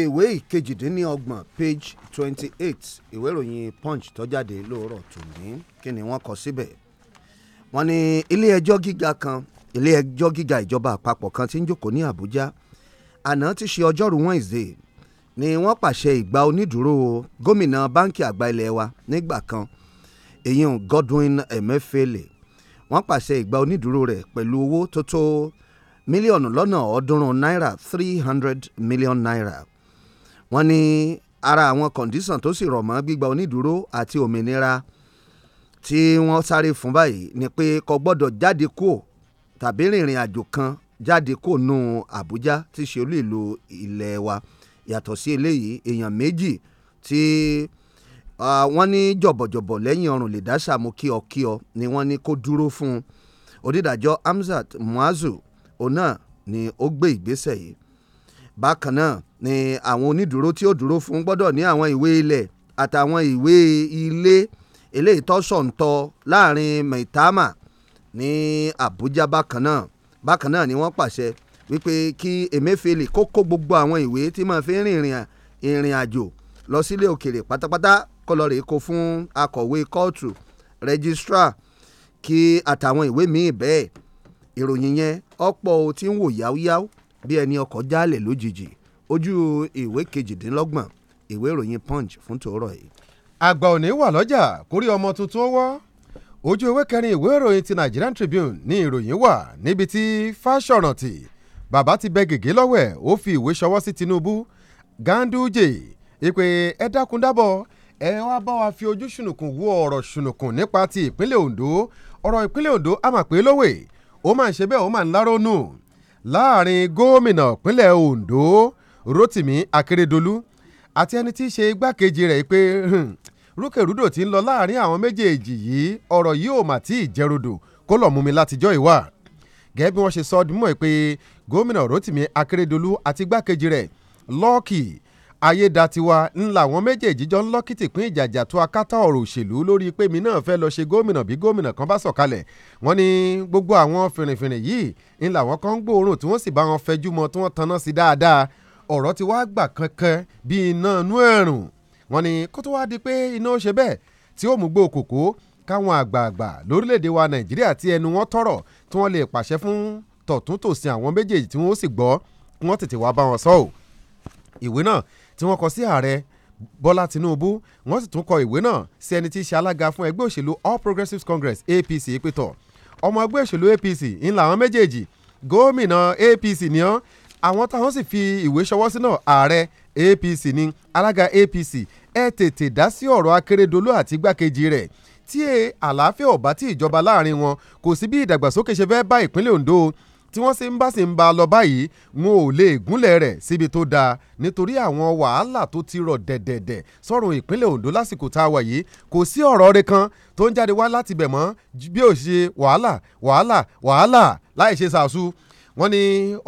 ìwé ìkejìdínlọ́gbọ̀n page twenty eight ìwé ìròyìn punch tó jáde lóòrọ̀ tòní kí ni wọ́n kọ síbẹ̀ wọ́n ní ilé ẹjọ́ gíga kan ilé ẹjọ́ gíga ìjọba àpapọ̀ kan tí ń jókòó ní Àbújá àná ti ṣe ọjọ́rùú Wednesday ni wọ́n pàṣẹ ìgbà onídùúró gómìnà báńkì àgbà ilẹ̀ wa nígbà kan èyàn Godwin Emefiele wọ́n pàṣẹ ìgbà onídùúró rẹ̀ pẹ̀lú owó tó tó mílíọ̀nù lọ́nà ọ̀ọ́dúnrún náírà three hundred million naira wọ́n ní ara àwọn kọ̀ǹdíṣàn tó sì rọ̀ mọ́ gbígba onídùúró àti òmìnira tí wọ́n sáré fún báyìí ni pé kò gbọ́dọ̀ jáde kúò tàbí rìnrìn àjò kan jáde kò nù Àbújá tí ṣe olú ìlú ilẹ̀ wa yàtọ̀ sí eléyìí èèyàn méjì tí wọ́n ní jọ̀bọ̀jọ̀bọ̀ lẹ́yìn ọrùn lè dáṣà mú kí ọ kí ọ ni wọ́n ní kó dúró fún un onídàájọ́ Hamzat Muazu òun ni ó gbé ìgbésẹ̀ yìí bákan náà ni àwọn onídùúró tí ó dúró fún gbọ́dọ̀ ní àwọn ìwé ilẹ̀ àtàwọn ìwé ilé eléyìí tó sọ̀ǹtọ̀ láàrin Maitama ní abuja bákan náà bákan náà ni wọ́n pàṣẹ wípé kí Emefiele kó kó gbogbo àwọn ìwé tí máa fi rìnrìn ìrìn àjò lọ sílé òkèèrè pátápátá kó lọ rèé kó fún akọ̀wé kóòtù registrar kí àtàwọn ìwé míì bẹ́ẹ̀ ìròyìn yẹn ọ̀pọ̀ ò ti ń wò yáúyáú bí ẹni ọkọ̀ jálẹ̀ lójijì
ojú ìwé kejìdínlọ́gbọ̀n ìwé ìròyìn punch fún tòórọ̀ yìí. àgbà òní wà lọ́jà kórí ọmọ tuntun wọ́ ojú ewé kẹrin ìwé ìròyìn ti Nigerian Tribune ní ìròyìn wà níbi tí Fáṣọ̀rántì bàbá ti bẹ gègé lọ́wọ́ ẹ̀ ó fi ìwé ṣọwọ́ sí Tinubu Ganduje ìpè ẹ dákun dábọ̀ ẹ wá bá wa fi ojú ṣùnùkùn wo ọ̀rọ̀ ṣùnùkùn nípa ti ìpínlẹ̀ Ondo ọ̀rọ̀ ìpínlẹ̀ Ondo a máa pé lówè ó máa ń ṣe bẹ́ẹ̀ ó máa ń lárónù láàrin gómìnà ìpínlẹ̀ Ondo Rotimi Akeredolu àti ẹni tí í ṣe igbákejì rẹ̀ pé rúkèrúdò tí ń lọ láàrin àwọn méjèèjì yìí ọ̀rọ̀ yìí ò mà tí ì jẹrodò kó lọ́ọ́ mú mi látijọ́ ìwà gẹ́gẹ́ bí wọ́n ṣe sọ ọ́ dìmọ̀ pé gómìnà Rotimi Akeredolu àti igbákejì rẹ̀ lọ́ọ̀kì ayédatiwa ńlá àwọn méjèèjì jọ ń lọ́kìtì pín ìjàjà tó akátá ọ̀rọ̀ òṣèlú lórí pé mi náà fẹ́ lọ ṣe gómìnà bí gómìnà kan bá sọ̀kalẹ̀ wọ́n ní gbogbo àwọn fìrìnfìrìn yìí ńlá àwọn kan ń gbòòrùn tí wọ́n sì bá wọn fẹjú mọ́ tí wọ́n tanná sí dáadáa ọ̀rọ̀ ti wá gbà kankan bíi iná inú ẹ̀rùn wọ́n ní kó tó wá di pé iná ṣe bẹ́ẹ̀ tí ó mú gbó kòkó káwọn àgbààgbà lórílẹ̀‐èdè wa nàìjíríà tí ẹnu wọn tọ̀rọ̀ tí wọ́n lè pàṣẹ fún tọ̀túntòsì àwọn méjèèjì tí wọ́n sì gbọ́ kí wọ́n tètè wá bá wọn sọ ìwé náà tí wọ́n kọ sí ààrẹ bọ́lá tinubu wọ́n sì tún kọ ìwé náà sí ẹni tí í ṣe alága fún ẹgbẹ́ òṣèlú all progressives congress apc ìpẹ́tọ̀ ọmọ ẹgbẹ́ òṣèlú apc ńlá àwọn méjèèjì gómìnà apc ni wọ́n àwọn táwọn sì fi ìwé ṣọwọ́ sí náà ààrẹ APC ni alága APC ẹ tètè dá sí ọ̀rọ̀ Akérédolú àti igbákejì rẹ̀ tí e, àlàáfíà ọ̀bá tí ìjọba láàrin wọn kò sí bí ìdàgbàsókè ṣe fẹ́ bá ìpínlẹ̀ Ondo tí wọ́n sì ń bá sì ń ba lọ báyìí wọn ò lè gúnlẹ̀ rẹ̀ síbi tó dáa nítorí àwọn wàhálà tó ti rọ̀ dẹ̀dẹ̀dẹ̀ sọ̀rọ̀ ìpínlẹ̀ Ondo lásìkò tá a wà yìí kò sí ọ̀rọ̀ rẹ̀ kan tó ń jáde wá láti bẹ̀ mọ́ bí ó ṣe wàhálà wàhálà wàhálà láì ṣe sàásù wọ́n ní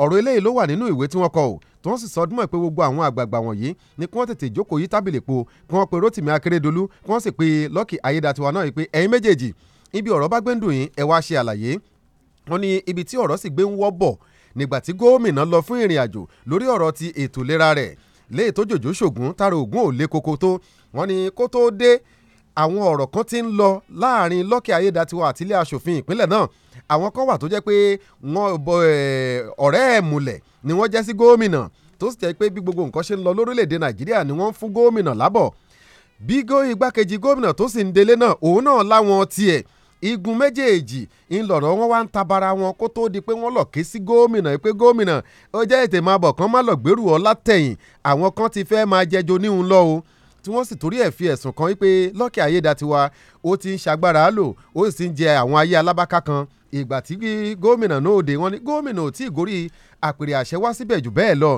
ọ̀rọ̀ eléyìí ló wà nínú ìwé tí wọ́n kọ ò tí wọ́n sì sọ ọdún mọ̀ pé gbogbo àwọn àgbààgbà wọ̀nyí ni kí wọ́n tètè jókòó yí tábìlì po kí wọ́n pe Rotimi Akeredolu kí wọ́n sì pe Lucky Ayédatiwa náà pé ẹ̀yin méjèèjì ibi ọ̀rọ̀ bá gbé ń dùn yín ẹ wá ṣe àlàyé wọ́n ní ibi tí ọ̀rọ̀ sì gbé ń wọ́ bọ̀ nígbà tí gómìnà lọ fún ìrìn àjò lórí ọ̀rọ̀ ti ètò ìlera rẹ̀ léè tó jòjò ṣògùn tara ògùn ò le koko tó wọ́n ní kó tó dé àwọn ọ̀rọ̀ kan ti ń lọ láàrin Lọ́kì Ayédatiwa àti ilé aṣòfin ìpínlẹ̀ náà àwọn kan wà tó jẹ́ pé wọ́n ọ̀rẹ́ ẹ̀ múlẹ̀ ni wọ́n jẹ́ sí gómìnà tó sì jẹ́ pé bí gbogbo nǹkan ṣe ń lọ lórílẹ̀‐èdè Nàìjíríà ni wọ́n ń fún gómìnà lábọ̀ bí gó igbákejì gómìnà tó sì ń délé náà òun náà láwọn tiẹ̀ igun méjèèjì ńlọrọ̀ wọn wá ń tabara wọn kó tóó di pé wọ́n lọ ké sí gómìnà pé gómìnà ó jẹ́ ètè máa bọ̀ kán má lọ gbèrú ọ látẹ̀yìn àwọn kan ti fẹ́ máa jẹjọ níhun lọ o tí wọ́n sì torí ẹ̀ fi ẹ̀sùn kan wípé Lucky Ayédatiwa ó ti ń ṣagbára lò ó sì ń jẹ àwọn ayé alábàáká kan ìgbà tí gómìnà náà òde wọn ni gómìnà ò tí ì gorí àpèrè àṣẹ wá síbẹ̀ jù bẹ́ẹ̀ lọ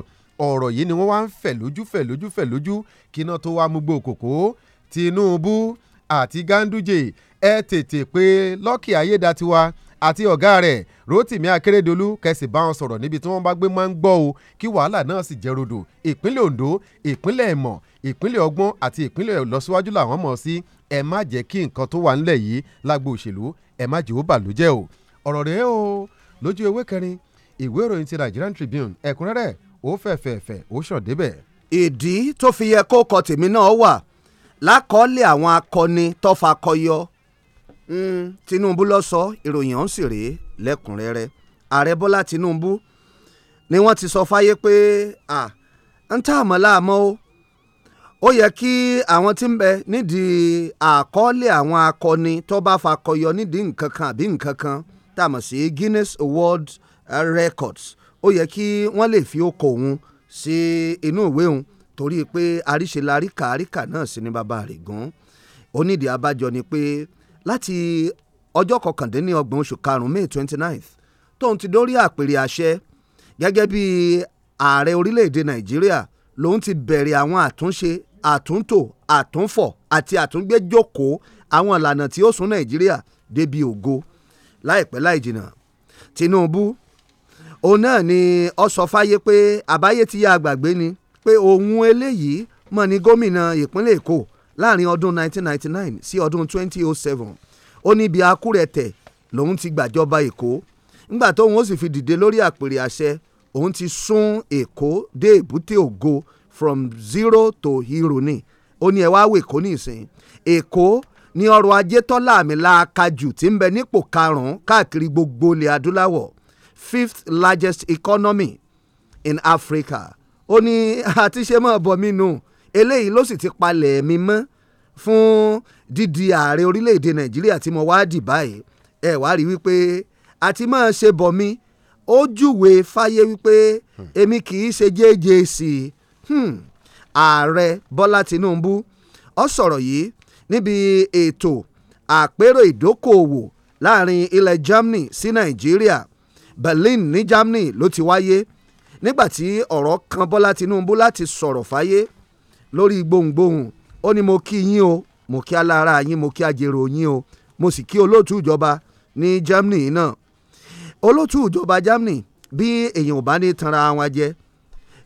ọ̀rọ̀ yìí ni wọ́n wá ń fẹ̀ lójú fẹ̀ lójú fẹ̀ lójú kí iná tó wá mú gbó kòkó Tinubu àti Ganduje ẹ tètè pé Lucky Ayédatiwa àti ọ̀gá rẹ̀ Rotimi Akeredolu kẹsì bá wọn sọ̀rọ̀ níbi tí wọ́n bá gbé máa ń gbọ́ o kí wàhálà náà sì jẹ́ rodò ìpínlẹ̀ Ondo ìpínlẹ̀ ìmọ̀ ìpínlẹ̀ ọgbọ́n àti ìpínlẹ̀ ìlọsíwájú làwọn mọ̀ sí ẹ má jẹ́ kí nǹkan tó wà ńlẹ̀ yìí lágbo òṣèlú ẹ má jẹ́ ó bàlújẹ́ o ọ̀rọ̀ rẹ̀ o lójú ewé kẹrin ìwé ìròyìn ti Nigerian Tribune ẹ̀kúnrẹ́rẹ́ ó fẹ̀fẹ̀fẹ̀ ó sàn débẹ̀. ìdí tó fi yẹ kó kọ tèmi náà wà lákọọ́lẹ̀ àwọn
akọni tó fakọyọ Mm, Tinubu ló sọ ìròyìn ọ̀hún sì rèé lẹ́kùnrẹ́rẹ́ ààrẹ Bọ́lá Tinubu ni wọ́n ti sọ fáyé pé ń tà mọ́ láàmọ́ o ó yẹ kí àwọn tí ń bẹ nídìí àkọọ́lẹ̀ àwọn akọni tó bá fakọyọ nídìí nǹkan kan àbí nǹkan kan tá a mọ̀ sí Guinness World Records ó yẹ kí wọ́n lè fi okò òun sí inú ìwé òun torí pé àríṣe la ríkà ríkà náà sí ní bàbá rẹ̀ gan onídìí abájọ ni pé. Si láti ọjọ́ kọkàndínlọ́gbọ̀n oṣù karùn-ún may twenty ninth tóun ti dórí àpèrè àṣẹ gẹ́gẹ́ bí ààrẹ orílẹ̀-èdè nàìjíríà lòun ti bẹ̀rẹ̀ àwọn àtúnṣe àtúntò àtúnfọ̀ àti àtúngbéjókòó àwọn ìlànà tí ó sún nàìjíríà débi ògo láìpẹ́ láìjìnà tinubu òun náà ni ó sọ fáyé pé àbáyé ti yá àgbàgbé ni pé òun eléyìí mọ̀ ní gómìnà ìpínlẹ̀ èkó láàrin ọdún 1999 sí ọdún 2007 ó ní ibi akúrẹ̀tẹ̀ lòun ti gbàjọba èkó ńgbà tóun ó sì fi dìde lórí àpèrè àṣẹ òun ti sún èkó dé èbúté ògo from zero to hero ni ó ní ẹ wá wò èkó nìsín èkó ní ọrọ̀ ajé tọ́lá àmì làákàjù tí ń bẹ nípò karùn-ún káàkiri gbogbo ilẹ̀ adúláwọ̀ fifth largest economy in Africa ó ní àtiṣe mọ́ ọ̀bọ̀ mi nù. No eléyìí ló sì ti palẹ̀ mi mọ́ fún dídi ààrẹ orílẹ̀-èdè nàìjíríà tí mo wá dì báyìí ẹ wá rí wípé àti máa ṣe bọ̀ mi ó júwe fáyé wípé èmi kì í ṣe JJC hmm. ààrẹ bọ́lá tinubu ó sọ̀rọ̀ yìí níbi ètò àpérò ìdókòòwò láàrin ilẹ̀ Germany sí nàìjíríà Berlin ní Germany ló ti wáyé nígbàtí ọ̀rọ̀ kan bọ́lá tinubu láti sọ̀rọ̀ fáyé lórí gbohùngbohùn ó ní mo kí yín o mo kí alára yín mo kí ajèrò yín o mo sì kí olóòtú ìjọba ní Germany náà olóòtú ìjọba Germany bí èèyàn ò bá ní tanra wọn jẹ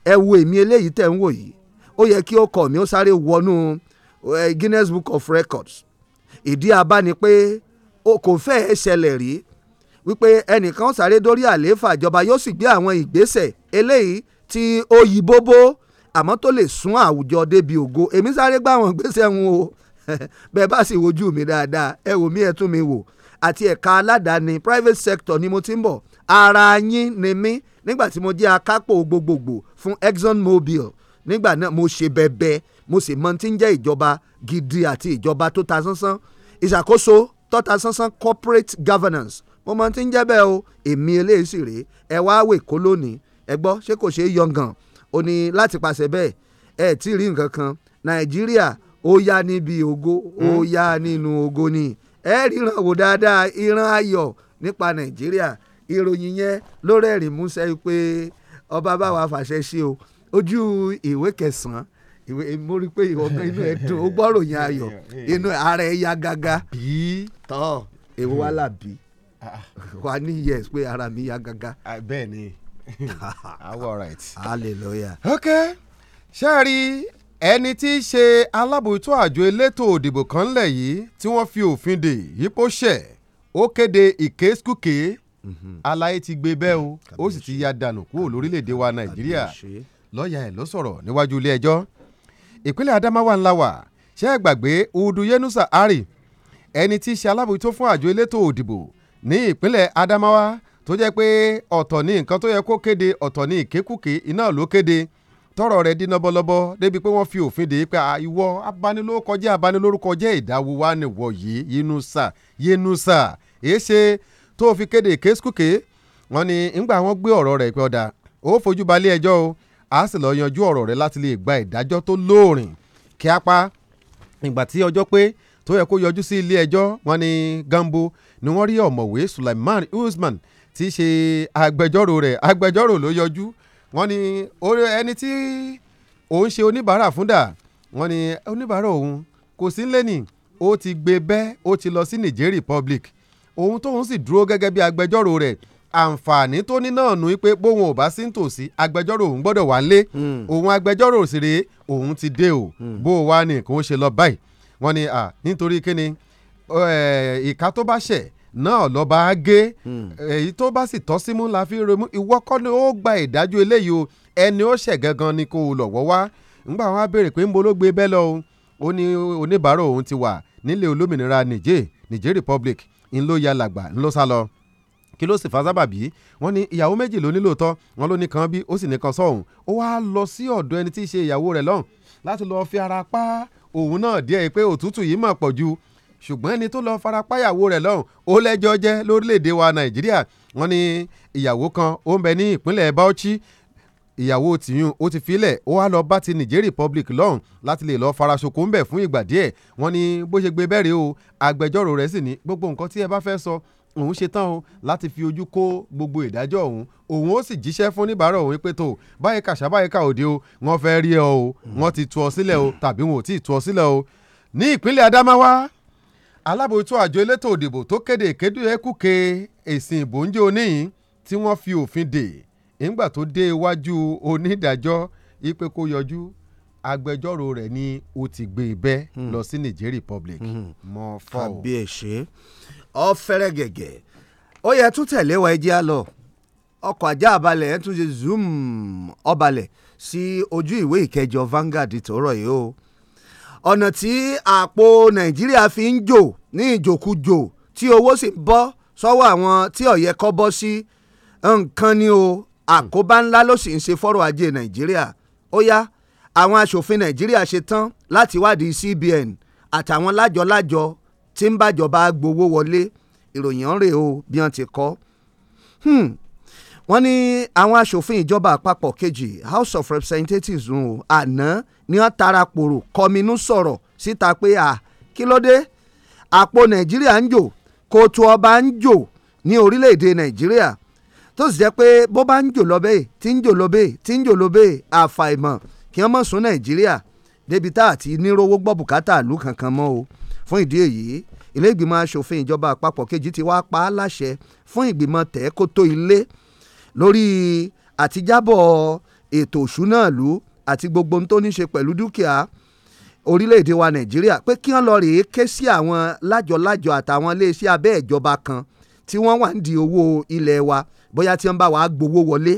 ẹ wo èmi eléyìí tẹ̀ ń wò yìí ó yẹ kí ọkọ mi ó sáré wọnú Guinness Book of Records ìdí abá ni pé o kò fẹ́ ẹ ṣẹlẹ̀ rí wípé ẹnìkan sáré dórí àlééfà ìjọba yóò sì gbé àwọn ìgbésẹ̀ eléyìí tí ó yí bóbó àmọ́ tó lè sún àwùjọ débi ògo èmi sáré gbà wọ́n gbèsè ń o bẹ́ẹ̀ bá sì wojú mi dáadáa ẹ wò mí ẹ tún mi wò àti ẹ̀ka aládàáni private sector ni mo ti ń bọ̀ ara yín ni mí nígbà tí mo jẹ́ akápò gbogbogbò fún Exxon Mobil nígbà náà mo ṣe bẹ̀bẹ̀ mo sì mọ ti ń jẹ́ ìjọba gidi àti ìjọba tó ta sánsán ìṣàkóso tó sánsán corporate governance mo mọ ti ń jẹ́ bẹ́ẹ̀ o èmi eléyìí sì rèé ẹ wá wèkó lónìí ẹ gbọ́ ṣé kò ṣeé yọngàn ó ní láti pàṣẹ bẹ́ẹ̀ ẹ̀ tí ì rí nǹkan kan nàìjíríà ó yá níbi ògo ó hmm? yá nínú ògo ni ẹ ríran wò dáadáa ìran ayọ̀ nípa nàìjíríà ìròyìn yẹn ló rẹ́rìn músẹ́ pé ọba báwa fàṣẹ ṣe o ojú ìwé kẹsàn-án ìwé mo rí i pé ìwọ gan inú ẹ dùn ó gbọ́ ròyìn ayọ̀ inú ara ẹ ya gágá bíi tọ́ èwo wá là bíi hmm. wà ní
yes pé ara mi ya gágá. Ah, bẹ́ẹ̀ All right. hallelujah. ok ṣe rí ẹni tí í ṣe alábòójútó àjọ elétò òdìbò kan ńlẹ̀ yìí tí wọ́n fi òfin dè yípo ṣẹ̀ ó kéde ìkéskúké aláyé mhm. ti gbé bẹ́ẹ̀ o ó sì ti ya dànù kúrò lórílẹ̀‐èdè wa nàìjíríà lọ́ọ̀yà ẹ̀ ló sọ̀rọ̀ níwájú ilé ẹjọ́ ìpínlẹ̀ adamawa ńlá wà ṣe é gbàgbé udu yenusa ari ẹni tí í ṣe alábòójútó fún àjọ elétò òdìbò ní ìpínlẹ̀ adamawa tó jẹ́ pé ọ̀tọ̀ ní nǹkan tó yẹ kó kéde ọ̀tọ̀ ní ìkékùké iná ló kéde tọrọ rẹ̀ dín lọ́bọ̀lọ́bọ̀ débi pé wọ́n fi òfin dè é pé ìwọ abanilórúkọjẹ́ abanilórúkọjẹ́ ìdáwúwá ni wọ yìí Yunusa Yunusa èé ṣe tó fi kéde ìkékùké wọ́n ní ńgbà wọ́n gbé ọ̀rọ̀ rẹ̀ pé ọ̀dà ó fojú balẹ̀ ẹjọ́ o a sì lọ yanjú ọ̀rọ̀ rẹ̀ láti lè gba ìdájọ́ tó lóòrìn kí á pa ìgbà tí ọjọ́ pé tó yẹ kó yọjú sí ilé ẹjọ́ wọ́n ní Gambo ni wọ́n rí ọ̀mọ̀wé Sulaiman Usman tí í ṣe agbẹjọ́rò rẹ̀ agbẹjọ́rò ló yọjú wọ́n ní ẹni tí òun ṣe oníbàárà fúndà wọ́n ní oníbàárà òun kò sí lẹ́nìí ó ti gbé bẹ́ẹ̀ ó ti lọ sí Niger Republic òun tóun sì dúró gẹ́gẹ́ bí agbẹjọ́rò rẹ̀ àǹfààní tó ní náà nù pé bóun ò bá sí nítòsí agbẹjọ́rò òun gbọ́dọ̀ wá lé òun agbẹjọ́rò sì rèé òun ti dé o hmm. bó o wá ní nǹkan ó ṣe lọ báyìí wọ́n ní nítorí kíni ìka tó bá ṣẹ̀ náà lọ́ba á gé hmm. èyí tó bá sì tọ́ símú la fi remú ìwọ kọ́ ni ó gba ìdájọ́ eléyìí o ẹni ó ṣẹ̀ gangan ni kò lọ́wọ́ wá ńgbà wọn á béèrè pé ń bo gbé bẹ́ẹ̀ lọ o ní oníbàárà òun ti wà nílẹ̀ olómìnira Niger Niger Republic ńlọ ya làgbà ńlọ sá lọ kí ló sì fa sábàbí wọ́n ní ìyàwó méjì ló ní lóòótọ́ wọ́n ló ní kan bí ó sì ní kan sọ̀hún ó wá lọ sí ọ̀dọ̀ ẹni tí í ṣe ìyàwó rẹ̀ lọ́hùn láti lọ́ọ́ fi ara pa òun náà díẹ̀ pé òtútù yìí mà pọ̀ ju ṣùgbọ́n ẹni tó lọ farapáyàwó rẹ̀ lọ́hùn ó lẹ́jọ́ jẹ́ lórílẹ̀‐èdè wa nàìjíríà wọ́n ní ìyàwó kan ó ń bẹ ní ìpínlẹ̀ bauchi ìyàwó tìyún ó ti filẹ̀ ó wá lọ bá ti niger republic lọ́hùn láti lè lọ́ọ́ farasoko ń bẹ̀ fún ìgbà díẹ̀ wọ́n ní bó ṣe gbé bẹ́ẹ̀rẹ̀ o agbẹjọ́rò rẹ̀ sì ní gbogbo nǹkan tí ẹ bá fẹ́ sọ òun ṣe tán o láti fi ojú kó gbogbo ìdájọ́ òun òun ó sì jíṣẹ́ fún oníbàárà òun pé tó báyìí kàṣà báyìí kà òde o wọ́n fẹ́ rí ẹ o wọ́n ti tú ọ sílẹ̀ o tàbí wọn ò tí ì tú ọ sílẹ̀ o ní ìpínlẹ̀ adamawa alábòójútó àjọ elétò òdìbò tó kéde ìkédùékùké èsì ìbò ń jẹ́ oníyìn tí wọ́n fi òfin dè nígbà tó dé iwájú onídàájọ́ ipe kó yọjú agbẹjọ́rò rẹ̀ ni ó ti gbé e bẹ́ hmm. lọ sí Niger Republic hmm. mọ́ fọ́ o. àbí ẹ̀ṣẹ́ ọ̀fẹ́rẹ́ gẹ̀gẹ̀ ó yẹ tún tẹ̀lé
wa ẹjẹ́ lọ ọkọ̀ ajá àbalẹ̀ ẹ̀ tún ṣe zoom ọbalẹ̀ sí ojú ìwé ìkẹjọ Vanguard tòórọ̀ yìí o ọ̀nà tí àpò nàìjíríà fi ń jò ní ìjòkújò tí owó sì bọ́ sọ́wọ́ àwọn tí ọ̀yẹ́ kọ́ bọ́ sí nǹkan ni o àkóbá ńlá ló sì ń ṣe fọ́rọ̀ ajé nàìjíríà ó yá àwọn aṣòfin nàìjíríà ṣe tán láti wádìí CBN àtàwọn lájọ tí ń bàjọba gbowó wọlé ìròyìn ọ̀rẹ́ o bí wọ́n ti kọ́. Hmm wọ́n ní àwọn aṣòfin ìjọba àpapọ̀ kejì House of Representatives ń o àná ni wọ́n tara pòrò kọminú sọ̀rọ̀ síta pé à kí ló dé àpò Nàìjíríà ń jò kóòtù ọba ń jò ní orílẹ̀-èdè Nàìjíríà tó sì jẹ́ pé bó bá ń jò lọ́bẹ̀ tí ń jò lọ́bẹ̀ tí ń jò lọ́bẹ̀ àfàìmọ̀ kí wọ́n mọ̀ sún Nàìjíríà débi tá àti nírówó gbọ́ bùkátà ìlú kankan mọ́ o fún ìdí èyí ilé ìgbìmọ̀ asòfin ìjọba àpapọ̀ kejì ti wá pa á láṣẹ fún ìgbìmọ̀ tẹ̀ kó tó ilé lórí àtijábọ̀ ètò òṣùnà ìlú àti gbogbo ohun tó ní ṣe pẹ̀lú dúkìá orílẹ̀-èdè wa nàìjíríà pé kí wọ́n lọ rèé ké sí àwọn lájọ-lájọ àtàwọn iléeṣẹ́ abẹ́ ìjọba kan tí wọ́n wà ń di owó ilẹ̀ wa bóyá tí wọ́n bá wàá gbowó wọlé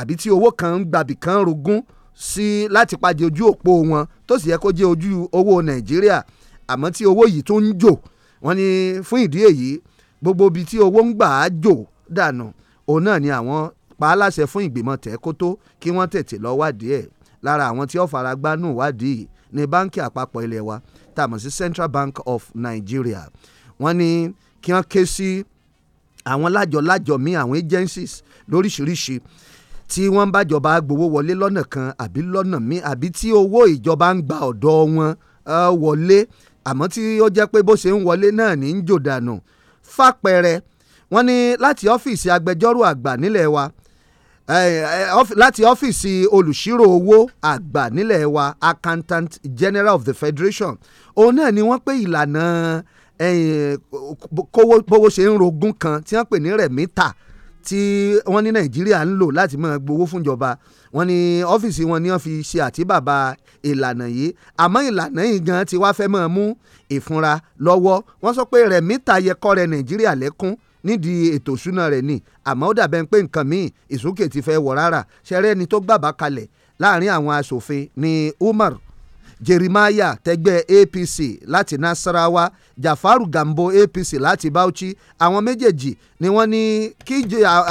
àbí tí owó kan ń gbàbì kan rogún sí láti pàdé ojú òpó wọn tó sì yẹ kó jẹ́ ojú owó nàìjíríà àmọ́ tí owó yìí tó ń jò wọ́n ní fún ìdí èyí gbogbo ibi tí owó ń gbà á jò dànù òun náà ni àwọn pa á láṣẹ fún ìgbìmọ̀ tẹ́kótó kí wọ́n tètè lọ wádìí ẹ̀ lára àwọn tí ó faragbá nù wádìí ní báńkì àpapọ̀ ilé wa tá sí Central Bank of Nigeria wọ́n ní kí wọ́n ké sí àwọn lájọ-lájọ míì àwọn agencies lóríṣiríṣi tí wọ́n bá jọba gbowó wọlé lọ́nà kan àbí lọ́nà míì àbí tí owó ìjọba ń gba ọ̀dọ̀ wọn wọlé àmọ́ tí ó jẹ́ pé bó ṣe ń wọlé náà ní ń jò dànù fàpẹẹrẹ wọ́n ní láti ọ́fíìsì agbẹjọ́rò àgbà nílẹ̀ wa Eh, eh, láti ọ́fíìsì olùṣírò owó àgbà nílẹ̀ wa accountant general of the federation òun náà ni wọ́n pé ìlànà eh, bówó ṣe ń rogún kan tí wọ́n pè ní rẹ̀mítà tí wọ́n ní nàìjíríà ń lò láti máa gbowó fúnjọba wọ́n ní ọ́fíìsì wọn ni wọ́n fi ṣe àtìbàbà ìlànà yìí àmọ́ ìlànà yìí gan ti wá fẹ́ máa mú ìfúnra lọ́wọ́ wọ́n sọ pé rẹ̀mítà yẹ kọ́ rẹ nàìjíríà lẹ́kún nídìí ètò ìṣúná rẹ̀ ni àmọ́ ó dàbẹ̀ pé nǹkan míì ìsúnkè ti fẹ́ wọ̀ rárá ṣẹ́rẹ́ ni tó gbàbá kalẹ̀ láàrin àwọn asòfin ni Umar Jeremiah tẹgbẹ́ APC láti Nasarawa Jafaru Gambo APC láti Bauchi àwọn méjèèjì ni wọ́n ní kí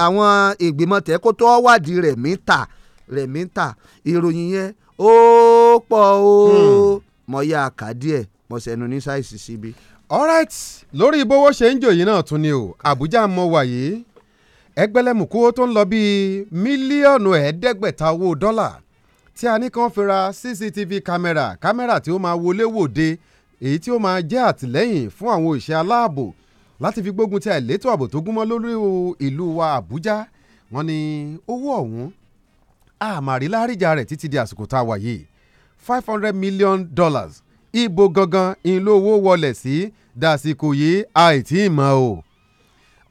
àwọn ìgbìmọ̀ tẹ́kótó wádìí rẹ̀ mí ta rẹ̀ mí ta ìròyìn yẹn
ó pọ̀ ó hmm. mọ̀ yá àkàdíẹ̀ mọ̀ sẹ́nu ní sáìsì síbi alright lórí bówó ṣe ń jòyìn náà tún ni o àbújá mọ wàyí ẹgbẹ̀lẹ́mùkú tó ń lọ bíi mílíọ̀nù ẹ̀ẹ́dẹ́gbẹ̀ta owó dọ́là tí a ní kàn fi ra cctv kámẹ́rà kámẹ́rà tí ó máa wọlé wòde èyí tí ó máa jẹ́ àtìlẹ́yìn fún àwọn òṣìṣẹ́ aláàbò láti fi gbógun ti àìlétò ààbò tó gúnmọ́ lórí ìlú wa àbújá wọn ni owó ọ̀hún àmàrí láríjà rẹ̀ títí di àsìkò tá a wà yìí five hundred million dollars ibo gangan ìlówó wọlé sí dàsìkò yìí àìtí ìmọ̀ o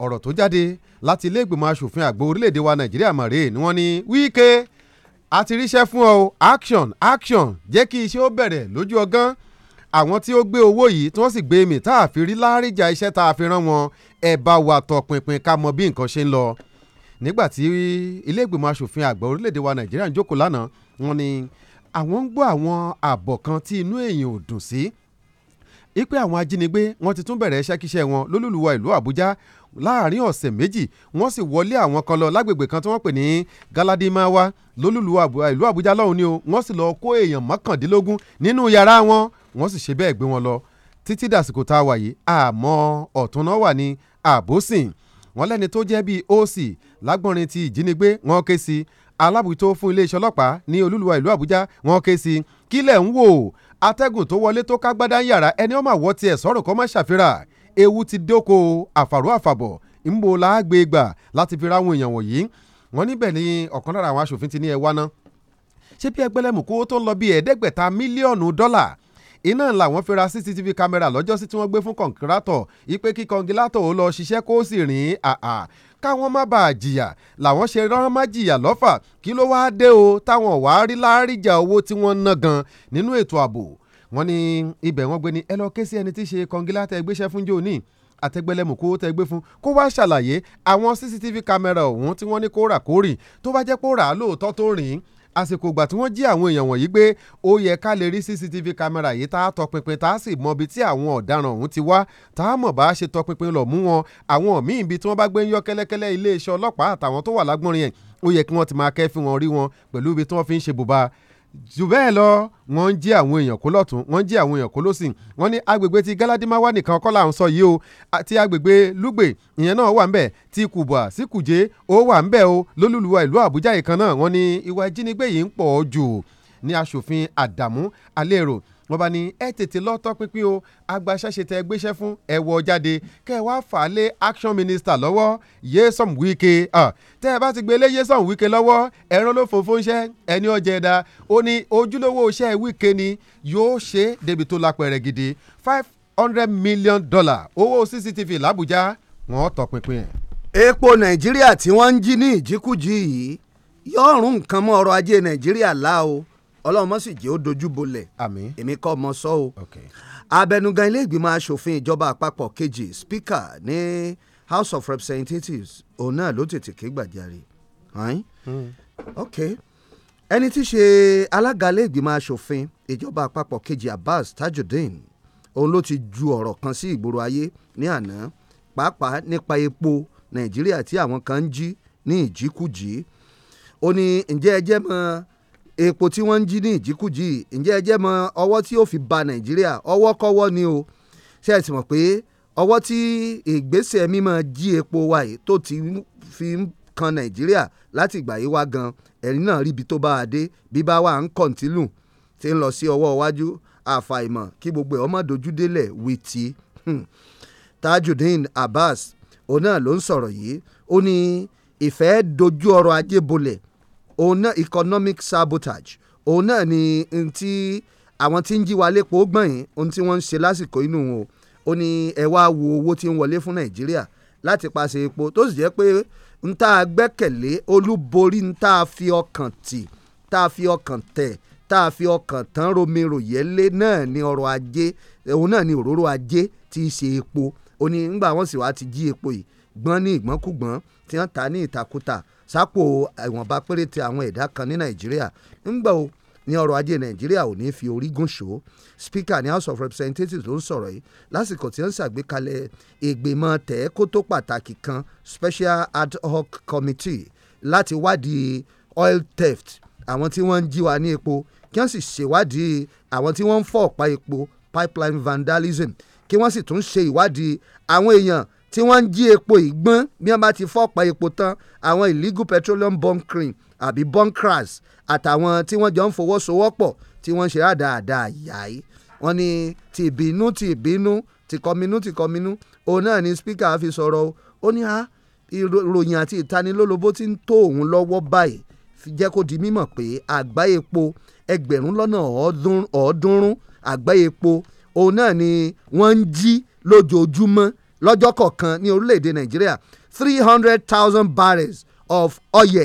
ọ̀rọ̀ tó jáde láti ilé ìgbìmọ̀ asòfin àgbà orílẹ̀-èdè wa nàìjíríà mọ̀rẹ́ ni wọ́n ní Wike a fún ọ action action jẹ́ kí iṣẹ́ ó bẹ̀rẹ̀ lójú ọgán àwọn tí ó gbé owó yìí tí wọ́n sì gbé mi tá a fi rí láríjà iṣẹ́ tá a fi rán wọn ẹ bá wa tọpinpin ká mọ bí nǹkan ṣe ń lọ. nígbà tí ilé ìgbìmọ̀ asòfin àgbà orílẹ̀-èdè wa nàìjíríà ń jókòó lánàá wọ́n ní àwọn ń gbọ́ àwọn àbọ̀ kan tí inú èèyàn ò dùn sí ipe àwọn ajínigbé wọ́n ti tún bẹ̀rẹ̀ ṣẹ́kíṣẹ́ wọn lólùlùwà ìlú Àbújá láàrin ọ̀sẹ̀ méjì wọ́n sì wọlé àwọn kan lọ lágbègbè kan tí wọ́n pè ní Galadimawa lólùlùwà ìlú Àbújá lọ́hùn ni o wọ́n sì lọ kó èèyàn mọ́kàndínlógún nínú yàrá wọn wọ́n sì ṣe bẹ́ẹ̀ gbé wọn lọ títí dàsìkò tá a wà yìí àmọ́ ọ̀túnná wà ní àbòsìn wọ́n lẹ́ni tó jẹ́ bíi OC lágbọ́nrin ti ìjínigbé wọ́n ké sí i alábòjútó fún iléeṣẹ́ ọlọ́pàá ní olúluwa ìlú àbújá wọn ké sí kílẹ̀ ń wò atẹ́gùn tó wọlé tó kágbádá ń yàrá ẹni ọmọ àwọ̀ tiẹ̀ sọ̀rọ̀ kọ́ má ṣàfihàn ewu ti dóko àfàrò àfàbọ̀ ńbo láàgbé gbà láti fi ráwọn èèyàn wọ̀nyí wọn níbẹ̀ ni ọ̀kan lára àwọn aṣòfin ti ní ẹ wá ṣé bí ẹgbẹ́lẹ́mùkú tó ń lọ bí ẹ̀ẹ́dẹ́gbẹ̀ta mílíọ̀nù dọ́là iná làwọn fi ra cctv camera lọ́jọ́sí tí wọ́n gbé fún kọ̀ǹkìrátọ̀ ipe kí kọ̀ǹgìlátọ̀ ó lọ ṣiṣẹ́ kó sì rìn káwọn má bàa jìyà làwọn ṣe rán má jìyà lọ́fà kí ló wáá dé o táwọn wàá rí láríjà owó tí wọ́n ná gan nínú ètò ààbò wọ́n ní ibẹ̀ wọ́n gbé ni, ẹ lọ ké sí ẹni tí í ṣe kọngilá tẹ gbéṣẹ́ fún jòní àtẹgbẹlẹmù kó tẹ gbé fún kó wá ṣàlàyé àwọn cctv kámẹ́rà ọ̀hún tí wọ́n ní kó rà kó rìn tó bá jẹ́ kó rà á lóòótọ́ tó rìn àsìkò ìgbà tí wọ́n jí àwọn èèyàn wọ̀nyí gbé ó yẹ ká lè rí cctv kámẹ́rà yìí tá a tọpinpin tá a sì mọ ibi tí àwọn ọ̀daràn ọ̀hún ti wá tá a mọ̀ bá a ṣe tọpinpin lọ mú wọn àwọn míì ibi tí wọ́n bá gbé ń yọ kẹ́lẹ́kẹ́lẹ́ iléeṣẹ́ ọlọ́pàá àtàwọn tó wà lágbórin yẹn ó yẹ kí wọ́n ti máa kẹ́fín wọn rí wọn pẹ̀lú ibi tí wọ́n fi ń ṣe bùbá jù bẹ́ẹ̀ lọ wọ́n ń jí àwọn èèyàn kó lọ́tún wọ́n ń jí àwọn èèyàn kó lọ́sìn wọ́n ní agbègbè ti galadimawa nìkan kọ́ là ń sọ yìí o àti agbègbè lùgbè ìyẹn náà wà ń bẹ̀ ti kùbà sí kùjé ó wà ń bẹ̀ o lólùlùwà ìlú àbújá yìí kan náà wọ́n ní ìwà ìjínigbé yìí ń pọ̀ jù ní aṣòfin àdàmú alérò wọ́n bá ní ẹ tètè lọ tọpinpin o agbaṣẹ́ṣe tẹ gbéṣẹ́ fún ẹ̀wọ̀ jáde kẹ́ wá fà á lé action minister lọ́wọ́ Nyesom Wike tẹ́ ẹ bá ti gbélé Nyesom Wike lọ́wọ́ ẹran ló fòfó ń ṣẹ́ ẹni ọ̀jẹ̀ ẹ̀dá ó ní ojúlówó iṣẹ́ Wike ni yóò ṣe débi tó lápẹ̀rẹ̀ gidi five hundred million dollar owó CCTV làbújá wọ́n tọpinpin ẹ̀. epo Nàìjíríà tí wọ́n ń jí ní ìjíkújì yìí yọ̀ọ̀rùn nǹkan mọ́ ọrọ̀
ọlọ́run mọ̀ sì jẹ́ ó dojú bolẹ̀ èmi kọ́ mọ sọ o abẹnugan ilé ìgbìmọ̀ asòfin ìjọba àpapọ̀ kejì speaker ní house of representatives òun náà ló tètè ké gbàjarè hmm. ok ẹni tí í ṣe alága ilé ìgbìmọ̀ asòfin ìjọba àpapọ̀ kejì Abbas Tajudeen òun ló ti ju ọ̀rọ̀ kan sí ìgboro ayé ní àná pàápàá nípa epo nàìjíríà tí àwọn kan ń jí ní ìjíkújí ó ní ǹjẹ́ ẹ jẹ́ mọ́ epo tí wọ́n ń jí ní ìjíkújì ǹjẹ́ ẹ jẹ́ mọ ọwọ́ tí ó fi ba nàìjíríà ọwọ́ kọ́wọ́ ni o ṣe é ti mọ̀ pé ọwọ́ tí ìgbésẹ̀ mímọ jí epo wa yìí tó ti fi ń kan nàìjíríà láti ìgbà yìí wá gan ẹ̀rín náà ríbi tó bá a dé bí bá wa ń kọ̀ǹtínlù tí ń lọ sí ọwọ́ iwájú àfàìmọ̀ kí gbogbo ẹ̀ ọmọ dojú délẹ̀ wí ti. Hmm. Tajudeen Abbas òun náà ló ń sọ̀rọ̀ yìí ó ní ìfẹ́ dojú ọrọ̀ ajé bolẹ̀ òun náà economic sabotage òun náà ni ti àwọn tí ń jí wa lépo gbọ̀n yìí ohun tí wọ́n ń ṣe lásìkò inú wọn ó ní ẹ wá wo owó tí ń wọlé fún Nàìjíríà láti paṣẹ epo tó sì jẹ́ pé ń tá gbẹ́kẹ̀lé olúborí ń tá fi ọkàn tì tá fi ọkàn tẹ̀ tá fi ọkàn tán romero yẹlé náà ni ọrọ̀ ajé òun náà ni òróró ajé tí í ṣe epo ó ní ńgbà wọ́n sì wá ti jí epo yìí gbọ́n ní ìgbọ́nkúgbọ́n tí wọ́n ta ní ìtakùtà sápò ìwọ̀nba péréte àwọn ẹ̀dá kan ní nàìjíríà ńgbà o ní ọrọ̀ ajé nàìjíríà ò ní fi orígun ṣó speaker ní house of representatives ló ń sọ̀rọ̀ yìí lásìkò tí ó ń ṣàgbékalẹ̀ ìgbìmọ̀ tẹ̀ẹ́kótó pàtàkì kan special ad hoc committee láti wádìí oil theft àwọn tí wọ́n ń jí wa ní epo kí wọ́n sì ṣèwádìí àwọn tí wọ́n ń fọ́ ọ̀pá epo pipeline vandalism kí wọ́n sì tún ṣe ìwádìí àwọn èèyàn tí wọ́n ń jí epo ìgbọ́n bí wọ́n bá ti fọ́pa epo tán àwọn illegal petroleum bunkering àbí bunkers àtàwọn tí wọ́n jọ ń fọwọ́sowọ́pọ̀ tí wọ́n ń ṣe àdáadáa yáì wọ́n ní ti ìbínú ti ìbínú ti kọminú ti kọminú òun náà ni spíkà fi sọ̀rọ̀ o ó ní a ah, ìròyìn àti ìtanilólobó ti ń tó òun lọ́wọ́ báyìí jẹ́ kó di mímọ̀ pé àgbá epo ẹgbẹ̀rún lọ́nà ọ̀ọ́dúnrún àgbá epo òun náà ni wọ́n ń jí lójoojúmọ́ lọ́jọ́ kọ̀ọ̀kan ní orílẹ̀-èdè nàìjíríà three hundred thousand barrels of oil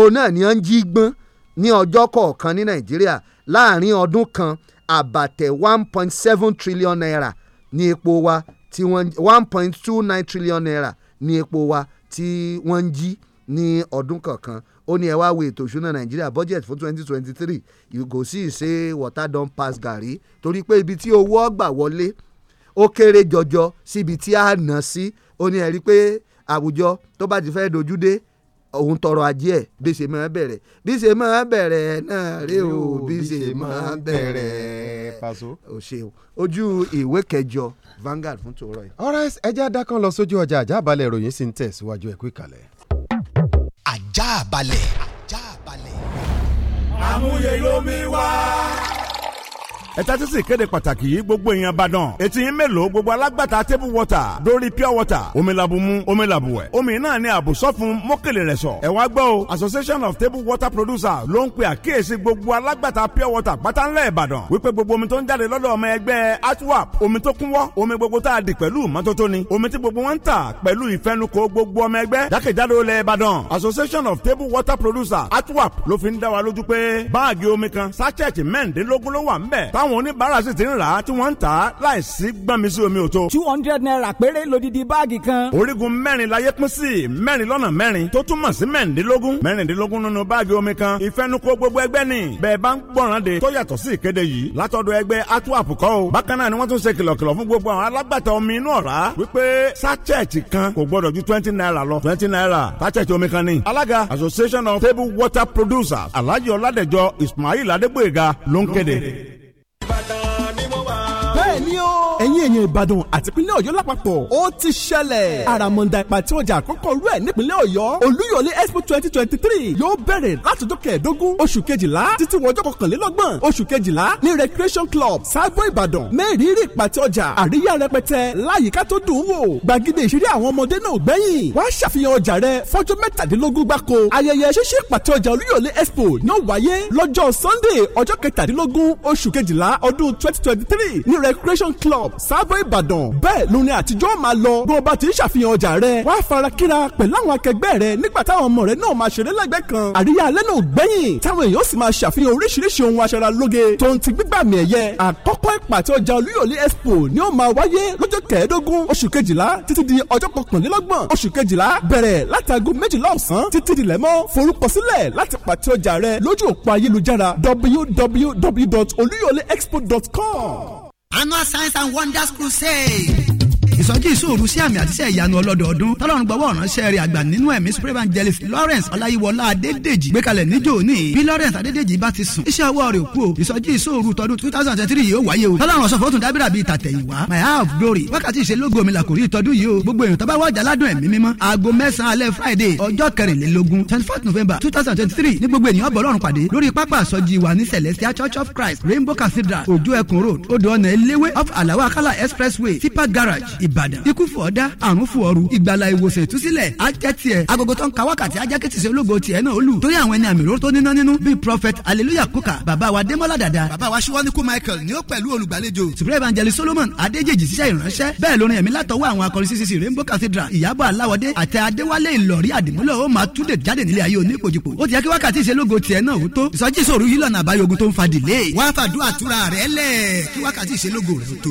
òun náà ni wọ́n ń jí gbọ́n ní ọjọ́ kọ̀ọ̀kan ní nàìjíríà láàrin ọdún kan àbàtẹ̀ one point seven trillion naira ní epo wa tí wọ́n one point two nine trillion naira ní epo wa tí wọ́n ń jí ní ọdún kọ̀ọ̀kan ó ní ẹ wá wo ètò ìṣúná nàìjíríà budget fún twenty twenty three you go see say water don pass garri torí pé ibi tí owó ọgbà wọlé ó kéré jọjọ síbi tí a nà sí ó ní ẹ rí i pé àwùjọ tó bá ti fẹ́ dojú dé òun tọrọ ajé ẹ bí ṣe máa bẹ̀rẹ̀ bí ṣe máa bẹ̀rẹ̀ náà rí o bí ṣe máa bẹ̀rẹ̀ paṣọ. o ṣeun
ojú ìwé kẹjọ
Vanguard fún tòórọ yìí.
ọ̀rẹ́ ẹja dákan lọ sójú ọjà ajá balẹ̀ ìròyìn sì ń tẹ̀síwájú ẹ̀kú ìkàlẹ̀.
ajá balẹ̀. ajá balẹ̀. àmúyẹ lómi wá
ẹ̀ta títí kéde pàtàkì yìí gbogbo èèyàn Ìbàdàn ètí yín mélòó gbogbo alágbàtà table water dórí pure water omi labumu omi labuwẹ̀ omi náà ni àbùsọ fún mọ́kèlè rẹ̀ sọ. ẹ gbọ́ o association of table water producers ló ń pe àkíyèsí gbogbo alágbàtà pure water pátánlẹ̀ Ìbàdàn wípé gbogbo omi tó ń jáde lọ́dọ̀ ọmọ ẹgbẹ́ atwap omi tó kúnwọ́ omi gbogbo tá a dì pẹ̀lú mọ́tótó ni omi tí gbogbo wọn ń tà pẹ̀lú ìfẹnukò association of table water producers atwap ló fi ń dá wa sachet mẹ́ǹdínlógún ló wà ń bẹ̀ táwọn táwọn oníbàárà sì ti ń rà á tí wọ́n ń tà á láìsí gbọ́nmi sí omi òtó. two hundred naira péré lódìdí báàgì kan. orígun mẹ́rin la yẹ pín sí mẹ́rin lọ́nà mẹ́rin tó túmọ̀ sí mẹ́rìndínlógún mẹ́rìndínlógún nínú báàgì omi kan ìfẹnukò gbogbo ẹgbẹ́ ni bẹ́ẹ̀ bá ń gbọ́ràn de tó yàtọ̀ sí ìkéde yìí látọ̀dọ̀ ẹgbẹ́ atuap kọ́ o bákan náà ni wọ́n tún ṣe kìlọ̀kìlọ̀ fún gbogbo àwọn alágbàtà omi inú ọ̀rá wípé sachet kan kò gbọdọ̀ ju twenty naira lọ twenty naira sachet omi kan ni. alága association of table water producers alhaji ọládẹjọ ismail adégbòyega ló ń kéde. But. ẹ̀yin èèyàn ìbàdàn
àtìpínlẹ̀ ọ̀yọ́ lápapọ̀ ó ti ṣẹlẹ̀ àràmọ̀ǹdà ìpàtí ọjà àkọ́kọ́ rú ẹ̀ nípínlẹ̀ ọ̀yọ́ olúyọ̀lé expo twenty twenty three yóò bẹ̀rẹ̀ látọjọ́ kẹẹ̀ẹ́dógún oṣù kejìlá títí wọjọ́ kọkànlélọ́gbọ̀n oṣù kejìlá ní recreation club sábọ̀ ìbàdàn mẹ́rìírí ìpàtí ọjà àríyá rẹpẹtẹ láyìíká tó dùn wò gbàgede ìṣeré àwọn ọmọdé náà gbẹ̀yìn wá ṣàfihàn ọjà rẹ fọ́jọ́ mẹ́tàdínlógún gbáko ayẹyẹ ṣíṣe ìpàtí ọjà olúyọ̀lé expo ní ó wáyé lọ́jọ́ sunday ọjọ́ kẹtàdínlógún oṣù kejìlá ọdún twenty twenty three ní recreation club sáàgọ́ ìbàdàn bẹ́ẹ̀ lóni àtijọ́ máa lọ bí wọ́n bá ti ń ṣàfihàn ọjà rẹ̀ wá fara kíra pẹ̀lú àwọn akẹgbẹ́ rẹ̀ nígbà táwọn ọmọ rẹ̀ náà máa ṣeré lẹ́gbẹ̀ẹ́ kan àríyá alẹ́ náà gbẹ̀yìn táwọn èèyàn sì máa ṣàfihàn oríṣiríṣi ohun aṣaralóge tó ń ti gbígbàmì ẹ̀yẹ àkọ́kọ́ ìpàtẹ ọjà olúyọ̀lé expo ni ó máa wáyé lọ́jọ́ kẹẹ̀ẹ́dógún oṣù kejìlá títí di ọjọ́ kọkànlélọ́gbọ̀n oṣù kejìlá bẹ̀rẹ̀ látago méjìlá ọ̀sán títí dilẹ̀ mọ́ forúkọsílẹ̀ láti pàtẹ ọjà rẹ lójú òpó ayélujára www.oluyolexpo.com.
Annual Science and Wonders Crusade.
ìsọjí ìṣòro sí àmì àtisẹ́ ìyanu ọlọ́dọọdún tọ́lọ́run gbọ́wọ́ ránṣẹ́ rẹ̀ àgbà nínú ẹ̀mí supreme angelist Lawrence ọláyíwọlá adédèjì gbékalẹ̀ níjó ní bí Lawrence adédèjì bá ti sùn iṣẹ́ ọwọ́ rẹ̀ kú o ìsọjí ìṣòro tọdún two thousand and three yìí ó wáyé o tọ́lọ́run ọ̀sán fọ́tún dábìrà bíi tàtẹ̀yìnwá my half glory wákàtí ìṣelógo mi làkòrí ìtọ́dún yìí o gbogbo èèyàn tó bá wájà ládùn ẹ̀mí mímọ́ aago mẹ́sàn-án alẹ́ Friday ọjọ́ kẹrìnlélógún twenty four November two thousand twenty three ní gbogbo ènìyàn bọ̀lọ́run pàdé lórí pápá àsọjí wa ní Celestial Church of Christ Rainbow Cathedral Ojú Ẹkùn Road Odò Ọ̀nà Eléwé off Alawa Akala Expressway Tipa Garage ìbàdàn ikú fò ọ́ dá àrùn fò ọ́rù ìgbàlà ìwòsàn ìtúsílẹ̀ ajẹ́ tiẹ̀ agogo tó ń ka wákàtí ajá kìtì sí ológo tiẹ̀ náà olù torí àwọn ẹni àmì ìró tó níná nínú bíi prophet hallelujah kuka bàbá wa démọ́lá dàda. bàbá wa ṣíwọ́nikú michael ni ó pẹ̀lú olùgbàlejò. supreme evangelist solomon adéjèjì ṣiṣẹ́ ìránṣẹ́ bẹ́ẹ̀ lórin ẹ̀mí látọwọ́ àwọn akọrin ccc rainbow cathedral ìyábọ̀ aláwọ̀dé àti adéwálé ìlọ̀rí àdìmúlẹ̀ ó máa túnde jáde nílé ayé oníkojúpo ó ti yẹ kí wákàtí ìṣelógo tiẹ̀ náà ó tó ìsọjí ìṣòro yìí lọ́nà àbáyọ ogun tó ń fa dìlé.
wàá fàdúrà túra rẹ̀ lẹ̀ kí wákàtí ìṣelógo rẹ̀ ó tó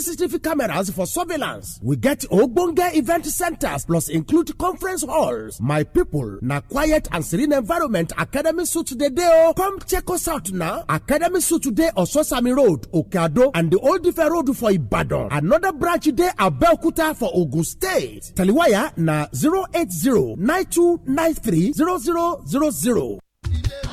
CCTV cameras for surveillance. We get Ogbonge event centers plus include conference halls. My people, na quiet and serene environment Academy Suit today Oh, Come check us out now. Academy Suit today Ososami Road, Okeado and the Old Ife Road for Ibadan. Another branch today Abeokuta for Ogun State. Taliwaya na 080 9293 0000.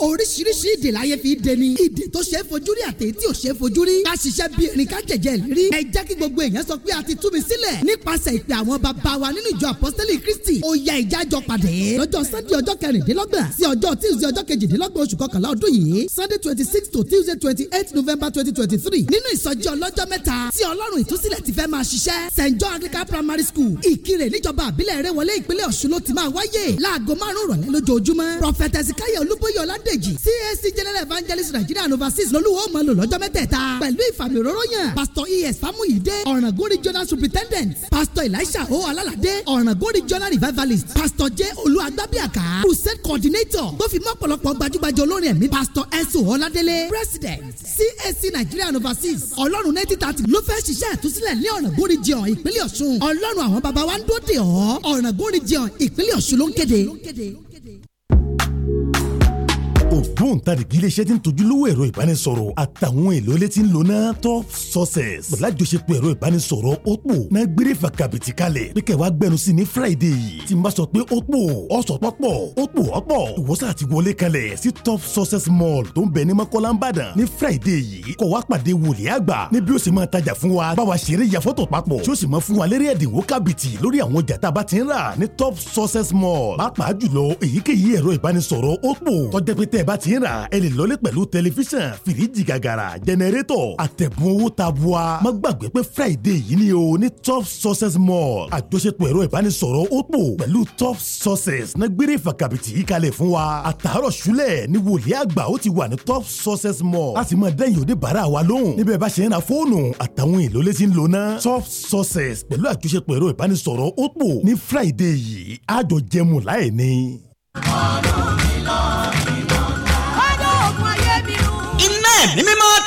oríṣiríṣi ìdè láyé fi dẹni ìdè tó ṣe é fojú rí àti tí ò ṣe é fojú rí ká ṣiṣẹ́ bí erin ká jẹ̀jẹ̀ rí ẹ jẹ́ kí gbogbo èèyàn sọ pé a ti tú mi sílẹ̀ nípasẹ̀ ìpè àwọn bàbá wa nínú ìjọ apọ́sítẹ́lì kristi ó ya ìjájọ pàdé lọ́jọ́ sunday ọjọ́ kẹrìndínlọ́gbà sí ọjọ́ tuesday ọjọ́ kejìdínlọ́gbà oṣù kọkànlá ọdún yìí sunday twenty six to tuesday twenty eight november twenty twenty three nínú ìsọjí ọlọ́jọ́ mẹ́ta tí ọlọ́run ìtúsílẹ̀ ti fẹ́ máa ṣiṣẹ́ john anglican primary school ìkirè níjọba àbílẹ̀ rẹ̀wọlé ìpínlẹ̀ ọ̀ṣun ló ti máa wáyé láago márùn-ún rọ̀lẹ́ lójoojúmọ́ prọfẹtẹsì káyọ̀ olúbóyè ọ̀làd ọ̀làdèjì CAC general evangelist nigeria and overseas lolúwo mọ̀ lò lọ́jọ́ mẹ́tẹ̀ẹ̀ta pẹ̀lú ìfàmìrọ́rọ́yàn pastor es famuyide ọ̀ràngún regional superintendent pastor elisha o alalade ọ̀ràngún regional revivalist pastor j olú agbábíàká crusade coordinator tó fi mọ́ ọ̀pọ̀lọpọ̀ gbajúgbajù olórin ẹ̀mí pastor Esu ọ̀ládélé president CSC nigeria and overseas ọlọ́run ninety thirty ló fẹ́ ṣiṣẹ́ àtúnṣílẹ̀ ní ọ̀ràngún region ìpínlẹ̀ ọ̀ṣun ọlọ́run àwọn baba wa ń dóde ọ̀ ọ̀ràngún region ìpínlẹ̀ ọ̀ṣun
ògbóǹtarìgì iléeṣẹ́ tí ń tojúlówó ẹ̀rọ ìbánisọ̀rọ̀ àtàwọn èlò ilé tí ń lò náà top success pẹ̀lú àjọṣepọ̀ ẹ̀rọ ìbánisọ̀rọ̀ oppo náà gbére fàkàbìtì kalẹ̀ pé kẹwàá gbẹnu sí ní friday yìí tí n bá sọ pé oppo ọ̀sọ̀ pọ̀pọ̀ oppo ọ̀pọ̀ ìwọ́sà ti wọlé kalẹ̀ sí top success mall tó ń bẹ ní mọ́kọ́lá ń bàdàn ní friday yìí kọ̀ wá pàdé wòlíì àgbà ní bí ó sì máa tajà fún wa bá wa ṣeré yàfọ́tò papọ̀ tí ó sì máa fún wa lérí ẹ̀dínwó kábìtì lórí àwọn ọjà tá a bá bẹ́ẹ̀ bá ti ń rà ẹ lè lọ́lé pẹ̀lú tẹlifíṣàn fìríjì gàgàrà jẹnẹrétọ̀ àtẹ̀bùn owó tabua má gbàgbé pé friday yìí ni o ní top success mall àjọṣepọ̀ ẹ̀rọ ìbánisọ̀rọ̀ oppo pẹ̀lú top success náà gbére ìfàkàbìtì yìí kalẹ̀ fún wa àtàárọ̀ ṣúlẹ̀ ní wòlíì àgbà ó ti wà ní top success mall a sì máa dẹ́yìn òde bàárà wa lóhùn níbẹ̀ bá ṣe ń ra fóònù àtàwọn èlò létí ń lò náà top success pẹ̀lú àjọṣepọ̀ friday yìí àjọ jẹmu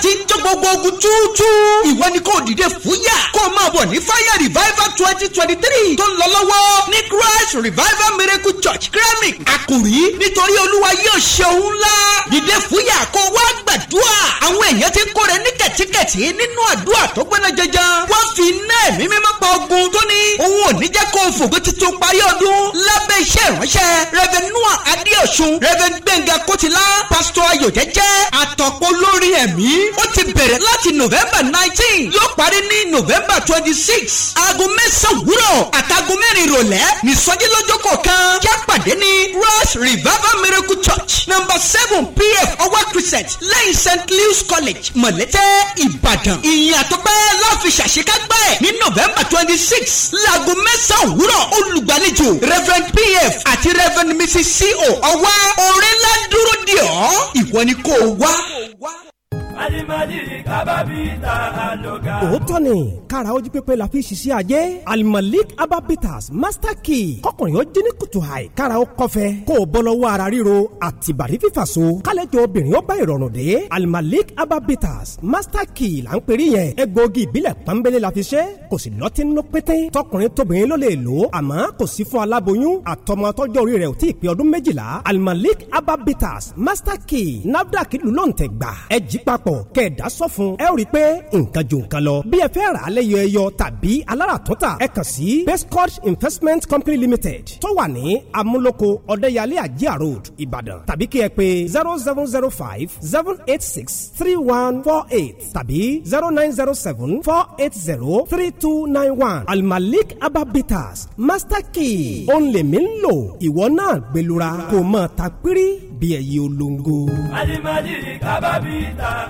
Chincho. gbogbo ogun túútú ìwọ ni kò dìde fúyà kó máa bọ̀ ní fire revival twenty twenty three tó ń lọ lọ́wọ́ ní christ revival miracle church kremik Akuri nítorí olúwa yóò ṣe òun ńlá dìde fúyà kó o wá gbàdúrà àwọn èèyàn ti kó rẹ ní kẹ̀tíkẹ̀tí nínú àdúrà tó gbẹ́nà jẹjẹn wọ́n fi iná ẹ̀mí mímọ́ pa ogun tó ní òun ò ní jẹ́ kó o fògo tuntun parí ọdún lábẹ́ iṣẹ́ ìránṣẹ́ revenue adéosun revenue gbẹ̀ngà kòtìlá pastor ayọ̀ jẹ́jẹ́ àtọ̀pọ̀ lórí ẹ̀mí ó ti bẹ̀rẹ̀ láti november nineteen yóò parí ní november twenty six aago mẹ́sàn-án wúrọ̀ àtàgọ́ mẹ́rin ìrọ̀lẹ́ nìsọjí lọ́jọ́ kọ̀ọ̀kan kí a pàdé ní ross revival miracle church number seven pf ọwá crescent lẹ́yìn st louis college mọ̀lẹ́tẹ̀ ìbàdàn ìyìn àtọ́pẹ́ láfi ṣàṣekágbẹ́ ní november twenty six laago mẹ́sàn-án òwúrọ̀ olùgbàlejò reverend pf àti
reverend mrs co ọwá orin ńlá dúró dè ọ́ ìwọ ni kò wá
alimadi kababita aloga.
òótọ́ ni kára ojú pépé la fi ṣiṣẹ́ ajé alimalik ababitas master key kọkùnrin ó jí ní kùtù àì kára ó kọfẹ kó o bọ́ lọ́wọ́ ara ríro àtibàrí fífà so kálẹ̀jọ obìnrin ó bá ìrọ̀rùn dé alimalik ababitas master key là ń pèrè yẹn egbòogi ìbílẹ̀ pọ́nbélé la fi ṣe kò sì lọ́tí nínú pété tọkùnrin tóbìnrin ló lè lò àmọ́ kò sí fún aláboyún àtọmọ tọjọ́ orí rẹ̀ ò tí ì pé ọdún méjìlá alimalik ababitas master key nafdac lulọ̀ǹtẹ̀ gbà ẹ jí pa papọ̀ kẹ̀ẹ́dá sọ fún ẹ ó rí i pé nǹkan ju nǹkan lọ. bí ẹ fẹ́ rà á lẹ́yọ ẹyọ tàbí aláràtúntà ẹ kàn sí best scotch investment company limited tó wà ní amúlòkó ọ̀dẹ́yàlẹ́ àjíà road ìbàdàn tàbí kí ẹ pé zero seven zero five seven eight six three one four eight tàbí zero nine zero seven four eight zero three two nine one almalik ababitas master key ònlẹ̀mí ń lò ìwọ náà gbẹlura kò mọ̀ ta pírí bí ẹ̀yìn olóńgó.
alimadi kababita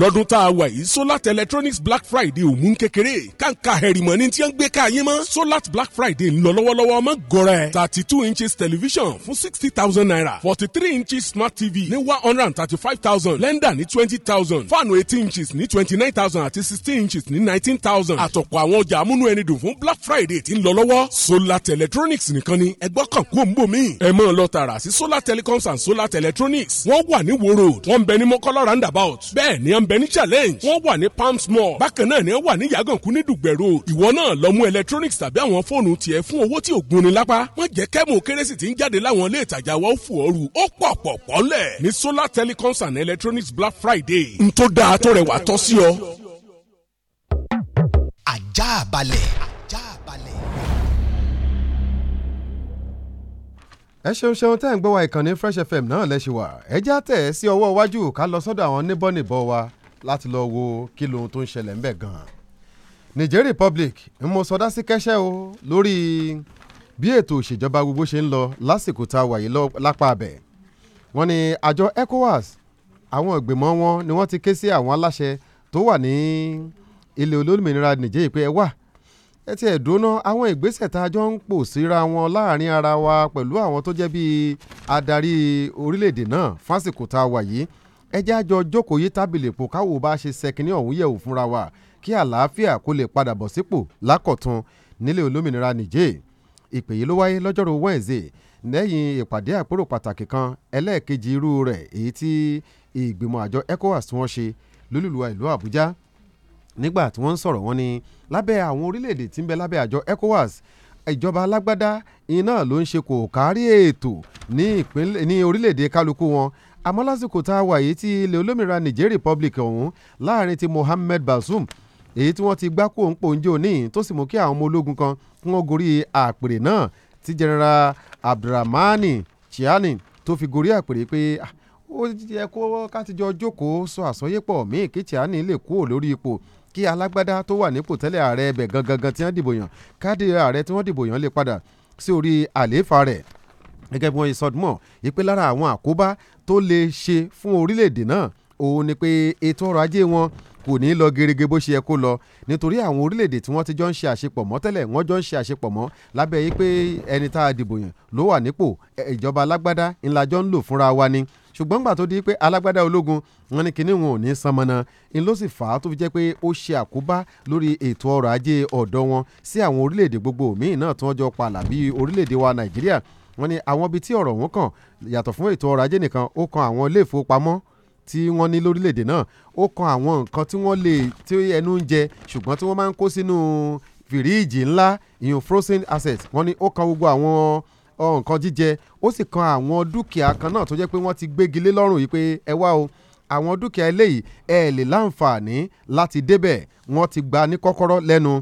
lọ́dún tá a wà yìí solar electronics black friday ò mú kékeré kàǹkà hẹ̀rìmọ̀ ni tí wọ́n gbé ká mọ́ solar black friday ń lọ lọ́wọ́lọ́wọ́ ọmọ gọ̀rẹ́ thirty two inches television fún sixty thousand naira forty three inches smart tv ní one hundred and thirty five thousand blender ní twenty thousand fáànù eighteen inches ní twenty nine thousand àti sixteen inches ní nineteen thousand àtọ̀pọ̀ àwọn ọjà amúnú ẹni dùn fún black friday tí ń lọ lọ́wọ́ solar electronics nìkan ni ẹgbọ́ kan kú òǹbò mi. ẹ mọ̀ lọ tààrà sí solar telecoms and solar electronics wọ́n wà ní wo road wọ́n ń bẹ ní mọ́kọ́lá roundabout bẹ́ẹ̀ ni à ń bẹ challenge wọ́n wà ní palms mall bákan náà ni wọ́n wà ní yàgànkú ní dùgbẹ̀rù ìwọ náà lọ mú electronics tàbí àwọn fóònù tiẹ̀ fún owó tí ò gunni lápá wọ́n jẹ́ kẹ́mù kérésì tí ń jáde láwọn ilé ìtajà wa ó fò ooru ó pọ̀ pọ̀ pọ́lẹ̀ ní solar telecoms and electronics black friday n tó dáa tó rẹwà tọ́ sí ọ.
ajá balẹ̀. ẹ ṣeun ṣeun tẹ́ ń gbọ́ wa ìkànnì fresh fm náà lẹ́sìn wa ẹ já tẹ̀ ẹ́ sí ọwọ́ iwájú ká lọ sọ́dọ̀ àwọn níbọ̀ wa láti lọ wo kí lohun tó ń ṣẹlẹ̀ ńbẹ̀ gan-an Niger Republic ń mo sọdá sí kẹ́sẹ́ o lórí bí ètò òṣèjọba gbogbo ṣe ń lọ lásìkò tá a wà yìí lápá abẹ́ wọ́n ní àjọ ECOWAS àwọn ìgbìmọ̀ wọn ni wọ́n ti ké sí àwọn aláṣẹ tó wà ní ilẹ̀ olómìnira Niger pé ẹ wà ẹ ti ẹ̀dóná àwọn ìgbésẹ̀ tá a jọ ń pò síra wọn láàrin ara wa pẹ̀lú àwọn tó jẹ́ bíi adarí orílẹ̀-èdè náà fásìkò tá a wà yìí ẹ jẹ́ àjọ jókòó yí tábìlì pò káwò bá ṣe ṣẹkìnní ọ̀hún yẹ̀wò fúnra wa kí àlàáfíà kó lè padà bọ̀ sípò lákọ̀tun nílẹ̀ olómìnira Niger ìpè yìí ló wáyé lọ́jọ́rò Wednesday lẹ́yìn ìpàdé àpérò pàtàkì kan ẹlẹ́ẹ̀kejì irú rẹ̀ èyí tí ìgbìmọ̀ àjọ ECOWAS tí wọ́n ṣe lólùlùwà ìlú Àbújá nígbà tí wọ́n ń sọ̀rọ̀ wọn ni lábẹ́ àwọn orílẹ̀-èdè tí ń bẹ lábẹ́ àjọ ECOWAS ìjọba alágbádá iná ló ń ṣe kò kárí ètò ní orílẹ̀-èdè kálukú wọn àmọ́ lásìkò tá a wà yìí tí ilẹ̀ olómìnira Niger Republic ọ̀hún láàrin ti Mohammed Bazoum èyí tí wọ́n ti gbá kó ń pòǹjẹ́ òní tó sì mú kí àwọn ọmọ ológun kan kí wọ́n gorí àpèrè náà tí General Abdulrahmani Chiani tó fi gorí àpèrè pé ó yẹ kó kátijọ́ jókòó sọ àsọyépọ̀ míì kí Chiani lè kúrò lórí ipò kí alágbádá tó wà nípò tẹ́lẹ̀ ààrẹ ẹbẹ̀ gangan tí wọ́n dìbò yàn káàdì ààrẹ tí wọ́n dìbò yàn lè padà sí orí àlééfà rẹ̀ gẹ́gẹ́ bí wọ́n ṣe sọdúnmọ́ ìpè lára àwọn àkóbá tó lè ṣe fún orílẹ̀-èdè náà òun ni pé ètò ọrọ̀ ajé wọn kò ní lọ gerege bó ṣe yẹ kó lọ nítorí àwọn orílẹ̀-èdè tí wọ́n ti jọ ń ṣe àṣepọ̀ mọ́ tẹ́lẹ̀ wọ́n jọ ń ṣe àṣepọ̀ mọ́ lábẹ́ yìí pé ẹni tá a dìbò yàn ló wà nípò ìjọba alágbádá ńlá jọ ń lò fúnra wa ni ṣùgbọ́n gbà tó di pé alágbádá ológun wọn ni kinní wọn ò ní san mọ́nà ń ló sì fà á tó fi jẹ́ pé ó ṣe àkóbá lórí ètò ọrọ̀ ajé ọ̀dọ́ wọn sí àwọn orílẹ̀-èdè gbogbo míì náà tí wọ́n jọ palà bíi orílẹ̀-èdè wa Nàìjíríà wọ́n ní àwọn ibi tí ọ̀rọ̀ wọn kàn yàtọ̀ fún ètò ọrọ̀ ajé nìkan ó kan àwọn ilé ìfowópamọ́ tí wọ́n ní lórílẹ̀‐èdè náà ó kan àwọn nǹkan tí wọ́n lè tí ẹnu ń jẹ ṣùgbọ́n tí wọ́n máa ń kó sínú fìríìjì ńlá ìyún frozen assets wọ́n ní ó kan gbogbo àwọn nǹkan jíjẹ ó sì kan àwọn dúkìá kan náà tó jẹ́ pé wọ́n ti gbégi lé lọ́rùn yìí pé ẹ wá o àwọn dúkìá eléyìí ẹ lè láǹfààní láti débẹ̀ wọ́n ti gba ní kọ́kọ́rọ́ lẹ́nu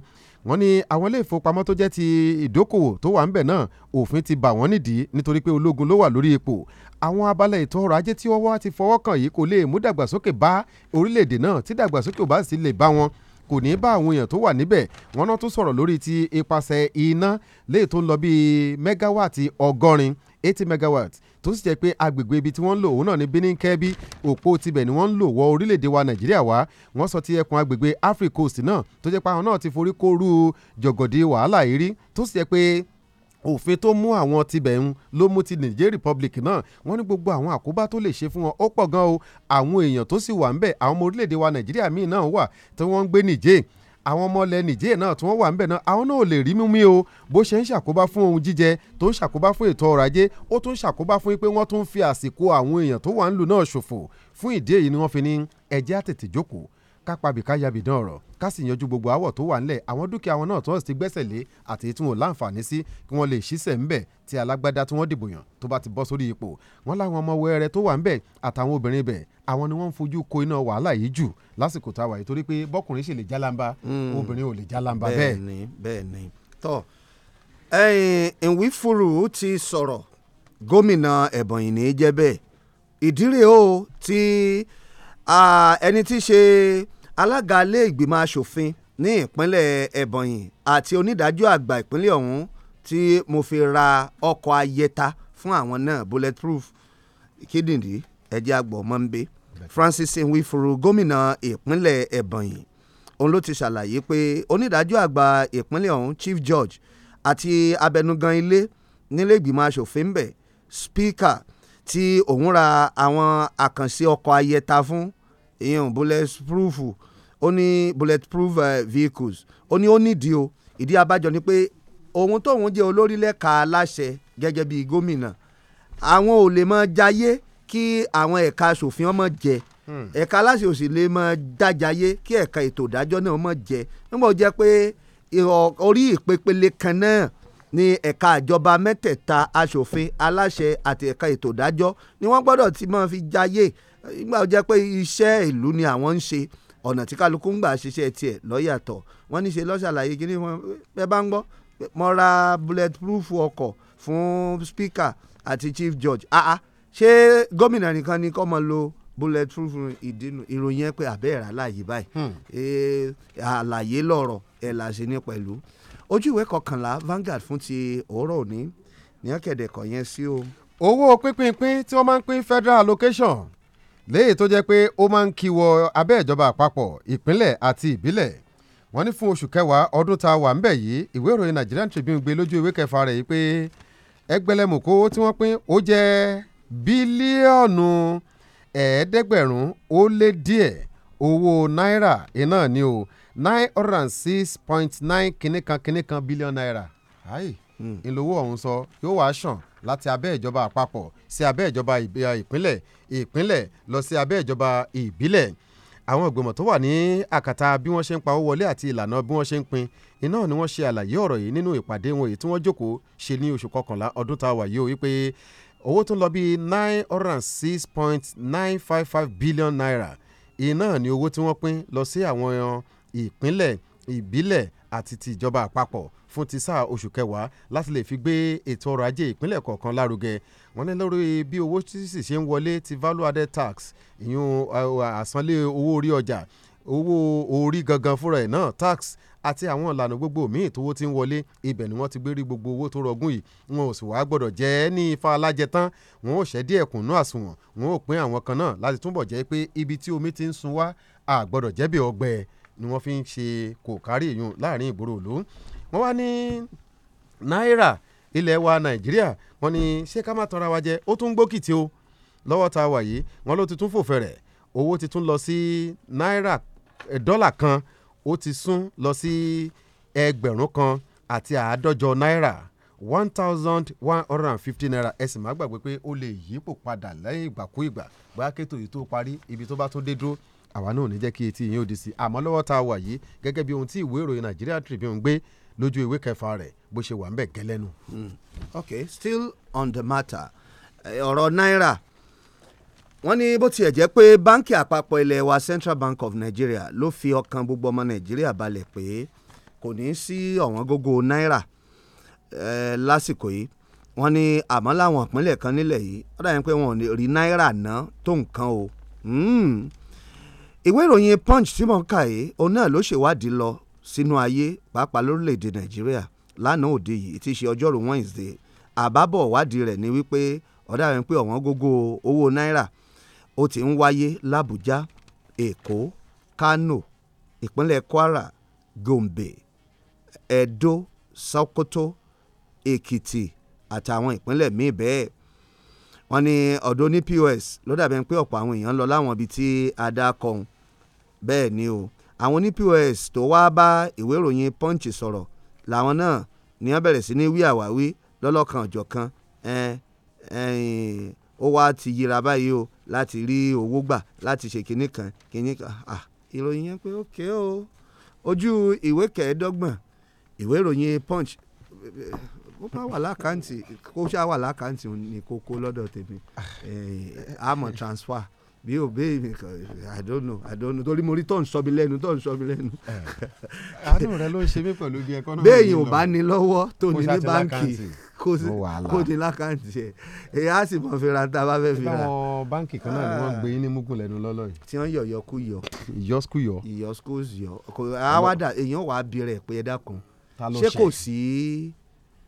wọ́n ní àwọn ilé ìfowópamọ́ tó jẹ́ ti ìdókòwò tó wà ńbẹ̀ náà òfin ti bà wọ́n nídìí nítorí pé ológun ló wà lórí ipò àwọn abalẹ̀ ètò ọrọ̀ ajé tí wọ́n wá ti fọwọ́ kàn yìí kò lè mú dàgbàsókè bá orílẹ̀-èdè náà tí dàgbàsókè ò bá sì lè bá wọn kò ní bá àwọn èèyàn tó wà níbẹ̀ wọ́n náà tún sọ̀rọ̀ lórí ti ipasẹ̀ iná léè tó ń lọ bíi mẹ́gáwáàtì ọgọ́rin eighty megawatt tó sì jẹ́ pé agbègbè ibi tí wọ́n ń lò òun náà ní Benin Kebbi òpó tibẹ̀ ni wọ́n ń lò wọ orílẹ̀-èdè wa Nàìjíríà wá wọ́n sọ ti ẹkùn agbègbè Africa Coast náà tó jẹ́ pé àwọn náà ti forí kóoru jọ̀gọ̀dì wàhálà yìí rí tó sì jẹ́ pé òfin tó mú àwọn tibẹ̀ ń ló mú ti Niger Republic náà wọ́n ní gbogbo àwọn àkóbá tó lè ṣe fún wọn ó pọ̀ gan o àwọn èèyàn tó sì wà ń bẹ̀ àwọn ọmọ orílẹ̀-èdè wa Nàìjíríà míì náà wà tí wọ́n ń gbé Niger àwọn ọmọ ilẹ̀ nìjẹ́ náà tí wọ́n wà níbẹ̀ náà àwọn náà ò lè rí mímí o bó ṣe ń ṣàkóbá fún ohun jíjẹ tó ń ṣàkóbá fún ètò ọrọ̀ ajé ó tún ṣàkóbá fún pé wọ́n tún fi àsìkò àwọn èèyàn tó wà ń lù náà ṣòfò fún ìdí èyí ni wọ́n fi ní ẹjẹ́ àtètè jókòó kápábìkáyàbì dán ọ̀rọ̀ ká sì yanjú gbogbo àwọ̀ tó wà ńlẹ̀ àwọn dúkìá wọn náà tí wọ́n ti gbẹ́sẹ̀ lé àti èyí tí wọn ò láǹfààní sí kí wọ́n lè ṣiṣẹ́ ńbẹ̀ tí alágbádá tí wọ́n dìbò yàn tó bá ti bọ́ sórí ipò wọn láwọn ọmọ wẹrẹ tó wà ńbẹ̀ àtàwọn obìnrin bẹ̀ àwọn ni wọ́n ń fojú ko iná wàhálà yìí jù lásìkò tá a wà yìí torí pé bọ́kùnrin ṣe lè jálàmbá hmm. obìnrin ò lè jálàmbá bẹ́ẹ̀. bẹ́ẹ̀ ni bẹ́ẹ̀ ni tọ́
ti sọ̀rọ̀ gómìnà Ebonyi ní jẹ́ bẹ́ẹ̀ ti ẹni tí alága ilé ìgbìmọ̀ asòfin ní ìpínlẹ̀ Ebonyi àti onídàájọ́ àgbà ìpínlẹ̀ ọ̀hún tí mo fi ra ọkọ̀ ayẹta fún àwọn náà bulletproof kíndìndí ẹ̀jẹ̀ àgbọ̀ mọ́ńbé Francis Nwifuru gómìnà ìpínlẹ̀ Ebonyi òun ló ti ṣàlàyé pé onídàájọ́ àgbà ìpínlẹ̀ ọ̀hún Chief Judge àti abẹnugan ilé nílé ìgbìmọ̀ asòfin ń bẹ̀ Speaker ti òun ra àwọn àkànṣe ọkọ̀ ayẹta fún ìyẹn bullet proof ó ní bullet proof eh, vehicles ó ní ó nídìí o ìdí abájọ ni pé òun tóun jẹ́ olórí lẹ́ka aláṣẹ gẹ́gẹ́ bíi gómìnà àwọn ò lè máa jayé kí àwọn ẹ̀ka asòfin ọmọ jẹ hmm. ẹ̀ka aláṣẹ ò sì lè máa dájayé kí ẹ̀ka ètò ìdájọ́ náà mọ̀ jẹ nígbà jẹ́ pé orí ìpepele kan náà ní ẹ̀ka ìjọba mẹ́tẹ̀ẹ̀ta asòfin aláṣẹ àti ẹ̀ka ètò ìdájọ́ ni wọ́n gbọ́dọ̀ ti máa fi jayé ìgbà jẹ́ pé iṣẹ́ ìlú ni àwọn ń ṣe ọ̀nà tí kálukú ń gbà ṣiṣẹ́ tiẹ̀ lọ́yàtọ̀ wọ́n ní ṣe lọ́ṣàlàyé kí ni wọ́n ẹ bá ń gbọ́ mo ra bullet proof ọkọ̀ fún speaker àti chief judge ah ah ṣé gómìnà nìkan ni kọ́ mọ lo bullet proof ìdínú ìròyìn ẹ pé àbẹ́ẹ̀rẹ̀ aláàyè báyìí hmm. àlàyé lọ̀rọ̀ ẹ̀ là ṣe ní pẹ̀lú ojú ìwé kọkànlá Vanguard fún ti òórọ̀
òní ní ọ̀kẹ́dẹ̀kọ̀ yẹn sí o. owó pínpín pín tí wọ́n máa ń pín federal allocation léyìí tó jẹ́ pé ó máa ń kí wọ abẹ́ ìjọba àpapọ̀ ìpínlẹ̀ àti ìbílẹ̀ wọ́n ní fún oṣù kẹwàá ọdún tá a wà ń bẹ̀ yìí ìwé ìròyìn Nigerian Tribune gbé lójú ìwé kẹfà rẹ̀ yìí pé ẹgbẹ̀lẹ́mùkó tí wọ́n pín ó jẹ́ bílíọ̀nù ẹ̀ẹ́dẹ́gbẹ̀rún ó lé díẹ̀ owó náírà iná ni o nine hundred and six point nine kìnnìkan kìnnìkan bílíọ̀nù náírà ìlówó ọ̀hún sọ yóò wá ṣàn láti abẹ́ ìjọba àpapọ̀ sí abẹ́ ìjọba ìpínlẹ̀ ìpínlẹ̀ lọ sí abẹ́ ìjọba ìbílẹ̀ àwọn ìgbìmọ̀ tó wà ní àkàtà bí wọ́n ṣe ń pawó wọlé àti ìlànà bí wọ́n ṣe ń pín iná ni wọ́n ṣe àlàyé ọ̀rọ̀ yìí nínú ìpàdé wọn èyí tí wọ́n jókòó ṣe ní oṣù kọkànlá ọdún tá a wà yìí o wípé owó tó ń lọ bíi nine hundred and six point nine five five billion naira iná ni owó tí wọ́n pín lọ sí àwọn ìpínlẹ̀ ìbílẹ̀ àti ti ìjọba àpapọ̀ fún ti sáà oṣù kẹwàá láti lè fi gbé ètò ọrọ̀ ajé ìpínlẹ̀ kọ̀ọ̀kan lárugẹ wọ́n ní lórí bí owó sísì ṣe ń wọlé ti value added tax ìyún àsanlé owó orí ọjà owó orí gangan fúnra ẹ̀ náà tax àti àwọn ìlànà gbogbo míì tówó ti ń wọlé ibẹ̀ ni wọ́n ti gbé rí gbogbo owó tó rọgún yìí wọn ò sì wá gbọ́dọ̀ jẹ́ ní ifá alájẹ tán wọn ò ṣẹ́ díẹ̀ kùnú àsùnwọ̀n wọn ò pín àwọn kan náà láti túbọ̀ jẹ́ pé ibi tí omi ti ń sun wá àgbọ́dọ̀ jẹ́bi ọgbẹ́ ni wọ́n fi ń ṣe kò kárí èèyàn láàrin ìgboro òlu wọ́n wá ní náírà ilẹ̀ wa nàìjíríà wọ́n ní ṣé ká má tanra wa jẹ ó tún gbókìtì o lọ́wọ́ tá wà yìí wọ́n ló ti tún fò fẹ̀rẹ̀ owó ti tún lọ sí náírà dọ́là kan ó ti sún lọ sí ẹgbẹ̀rún kan àti àádọ́jọ náírà one thousand one hundred and fifty naira ẹ sì má gbàgbé pé ó lè yípo padà lẹ́yìn ìgbàkúìgbà bóyá kétò yìí tó parí ibi tó bá tún dé dúró àwa náà ò ní jẹ́ kí etí yín ó di sí àmọ́ lọ́wọ́ tá wà yìí gẹ́gẹ́ bí ohun tí ìwé ìròyìn Nigeria Tribune gbé lójú ìwé kẹfà rẹ̀ bó ṣe wà ń bẹ̀ gẹ́lẹ́nu. Hmm. ok still on the matter eh, ọ̀rọ̀ náírà
wọ́n ní bó tiẹ̀ jẹ́ pé báńkì àpapọ̀ ilẹ̀ wa Central Bank of Nigeria ló fi ọkàn gbogbo ọmọ Nàìjíríà balẹ̀ pé kò ní sí ọ̀wọ́n gógó náírà eh, lásìkò yìí wọ́n ní àmọ́ láwọn ìpínlẹ̀ kan nílẹ̀ yìí ó dàbí pé wọn ò rí náírà ná tó nǹkan o hmm. ìwé ìròyìn punch tí mo ń kà yìí òun náà ló ṣèwádìí lọ sínú ayé pàápàá lórílẹ̀‐èdè nàìjíríà lánàá òde yìí tí í ṣe ọjọ́rùú Wednesday àbábọ̀ ìwádìí rẹ̀ ni wípé ọ̀dà rẹ̀ ń pé ọ̀wọ́n gógó owó náírà ó ti ń wáyé làbújá èkó kánò ìpínlẹ̀ kwara gombe edo sokoto èkìtì àtàwọn ìpínlẹ̀ míì bẹ́ẹ̀ wọ́n ní ọ̀dọ́ ní pọ́s ló dàbẹ̀ pé ọ̀pọ̀ àwọn èèyàn lọ láwọn ibi tí adá kọ̀ọ̀n bẹ́ẹ̀ ni o àwọn oní pọ́s tó wá bá ìwé ìròyìn punch sọ̀rọ̀ làwọn náà ni wọ́n bẹ̀rẹ̀ sí ní wí àwáwí lọ́lọ́kan ọ̀jọ̀kan ó wá ti yíra báyìí o láti rí owó gbà láti ṣe kinní kan kinní kan ìròyìn yẹn pé ókè o ojú ìwé kẹẹ̀ẹ́dọ́gbọ̀n ìwé ìròyìn punch ó máa wà lákàntì kó ṣáà wà lákàntì ní kókó lọ́dọ̀ tèmi àmọ́ transfer mi ò béè mi kan i don't know i don't know torí mo rí tó ń sọ mi lẹ́nu tó ń sọ mi lẹ́nu.
àánú rẹ ló ṣe mí pẹ̀lú bí ẹkọ́nọ́mì. béèyàn ò bá ní lọ́wọ́ tó ní ní báǹkì kó ní
lákàntì ẹ̀ èyí á sì mọ̀ fi ra tá a bá fẹ́ fi ra.
àwọn báǹkì kan náà ni wọ́n gbé ní mugun lẹ́nu lọ́lọ́ yìí. tí wọ́n yọ̀yọ̀ kú yọ. ìyọ́sùkú yọ. ìyọ́sùkú yọ
àwàdà èèyàn wàá bí rẹ̀ pé ẹ dákun ṣé kò sí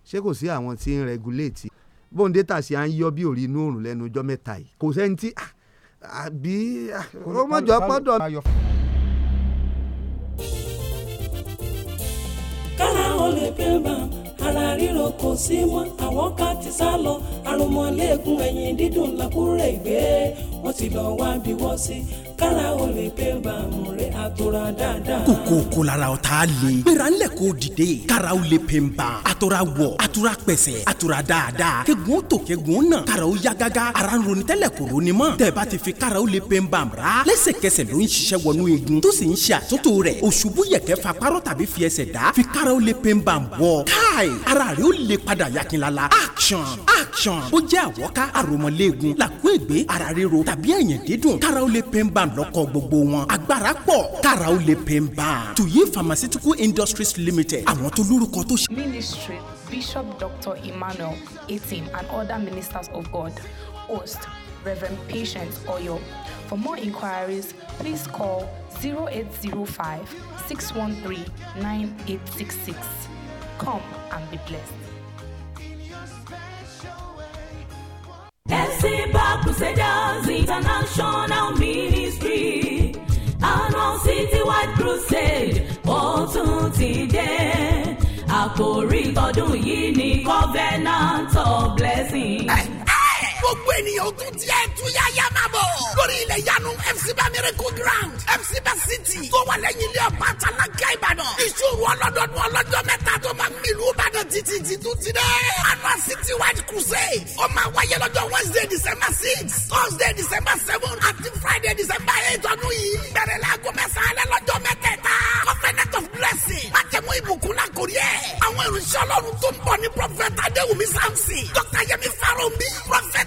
ṣé kò sí àwọn tí ń regulate bóun data ṣe à ń yọ bí òrí inú òrùn lẹ́nu ọjọ́ mẹ́ta yìí kò sẹ́ni tí ah àbí ah, ó mọ̀jọ́ pọ́dọ̀. kára ó lè pè bá ara ríro kò sí
mọ́ àwọn ká ti sá lọ àròmọ léegun ẹ̀yìn dídùn làkúrẹ́ ìgbé wọ́n ti lọ wá bí wọ́n sí kára o lè pé bàmù rẹ̀ àtòrà dáadáa.
kòkó lára o lè. gbéra ńlẹ̀ kò dìde. kára o lè pè ń ban. àtòrà wọ̀ àtòrà pẹ̀sẹ̀ àtòrà dáadáa. kegun tó kegun náà. kára o ya gágá. ara ń ronú tẹ́lẹ̀ kò ronú mọ́. tẹ̀bá ti fi kára o lè pè ń ban ra. lẹ́sẹ̀kẹsẹ̀ ló ń ṣiṣẹ́ wọnú igun. tó sì ń ṣe àtúntò rẹ̀. òṣùbù yẹ̀kẹ́ fa párọ̀ tàbí fi ẹsẹ̀ dá. fi kára o lè pè ń ban bọ̀. káì báyìí ara rẹ̀ ó lè padà yakinlala action action bó jẹ́ àwọ̀ká àròmọ̀léegun làkúègbé ara ríro tàbí ẹ̀yìn dídùn kára ó lè pè ń bá lọ́kọ̀ gbogbo wọn agbára pọ̀ kára ó lè pè ń bá. tuyi pharmaceutical industries limited àwọn tó lórúkọ tó
ministry bishop dr emmanuel etim and other ministers of god host reverend patient oyo for more inquiries please call zero zero eight five six one three nine eight six six. come and be blessed. SC Crusaders
International Ministry àná citywide crusade ó tún ti dé àkòrí tọdún yìí ni covenant of blessing. gbogbo ènìyàn tún tiẹ̀ túyà yá máa bọ̀.
lórí ilẹ̀ yanu fc bá miracle ground fc bá city tó wà lẹ́yìn ilé ọ̀pá àtàlákà ìbàdàn. ìṣòro ọlọ́dọọdún ọlọ́jọ́ mẹ́ta tó máa mílù ìbàdàn títí títún ti dẹ́. annual city wide crusade ó máa wáyé lọ́jọ́ wednesday december six thursday december seven àti friday december eight ọdún yìí. bẹ̀rẹ̀ láago mẹ́sàn-án alẹ́ lọ́jọ́ mẹ́tẹ̀ẹ̀ta covenant of blessing májẹ̀mú ìbùkún lákòrí ẹ̀. àwọn ìrìnsẹ̀ ọlọ́run tó ń bọ̀ ní prophet prophet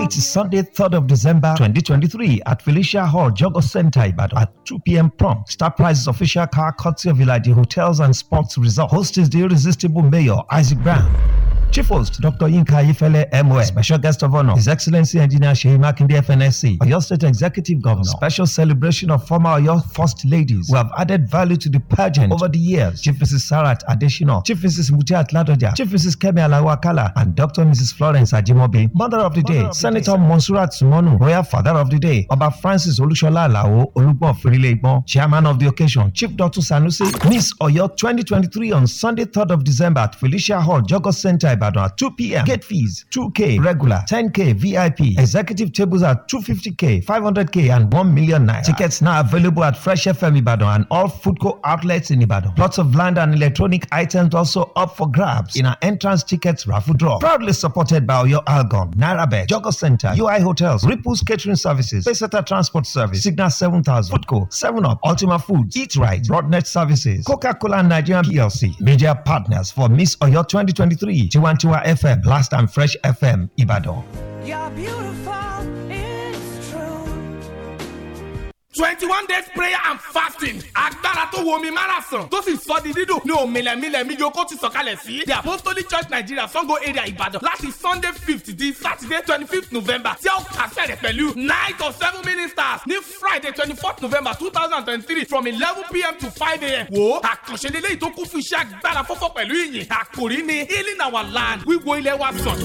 date is Sunday, 3rd of December 2023 at Felicia Hall, Jogo Center, Ibadan at 2 p.m. prompt. Star Prize's official car courtesy of Village Hotels and Sports Resort. Host is the irresistible mayor, Isaac Brown. Chief Host Dr. Inka Ifele MON. Special Guest of Honor His Excellency Engineer Shehi Makinde FNSC. Oyo State Executive Governor. Special celebration of former Oyo First Ladies who have added value to the pageant over the years. Chief Mrs. Sarat Adeshina, Chief Mrs. Mutia Atladoja, Chief Mrs. Kemi Alawakala, and Dr. Mrs. Florence Ajimobi. Mother of the Mother Day, of Senator Monsura Sumonu, Royal Father of the Day, Oba Francis Olushola Lao, Olugbon Firilegbon, Chairman of the occasion, Chief Dr. Sanusi, Miss Oyo 2023 on Sunday 3rd of December at Felicia Hall, Jogos Center, Ibadan 2 p.m. Gate fees 2k regular, 10k VIP. Executive tables at 250k, 500k, and 1 million naira. Tickets now available at Fresh FM Ibadan and all Foodco outlets in Ibadan. Lots of land and electronic items also up for grabs in our entrance tickets raffle draw. Proudly supported by Oyo Algon, Narabe, Jogo Center, UI Hotels, Ripples Catering Services, Peseta Transport Service, Signal 7000, Foodco, 7UP, Ultima Foods, Eat Right, Broadnet Services, Coca-Cola Nigeria PLC. Media partners for Miss Oyo 2023. 101.1 FM, last time Fresh FM, Ibadan.
twenty one days prayer and fasting agbára tó wo omi márasàn tó sì sọ di dídùn ní òmìnlẹ̀mílẹ̀ míjókòó ti sọ̀kalẹ̀ sí the apostolic church nigeria sango area ìbàdàn láti sunday fifth di saturday twenty fifth november tí a ó kàṣẹ́ pẹ̀lú night of seven ministers ní friday twenty fourth november two thousand and twenty-three from eleven pm to five am wo àkànṣe lélẹ́yìí tó kún fún iṣẹ́ agbára fọ́fọ́ pẹ̀lú ìyìn àkòrí ni healing our land wíwo ilẹ̀ wa sàn.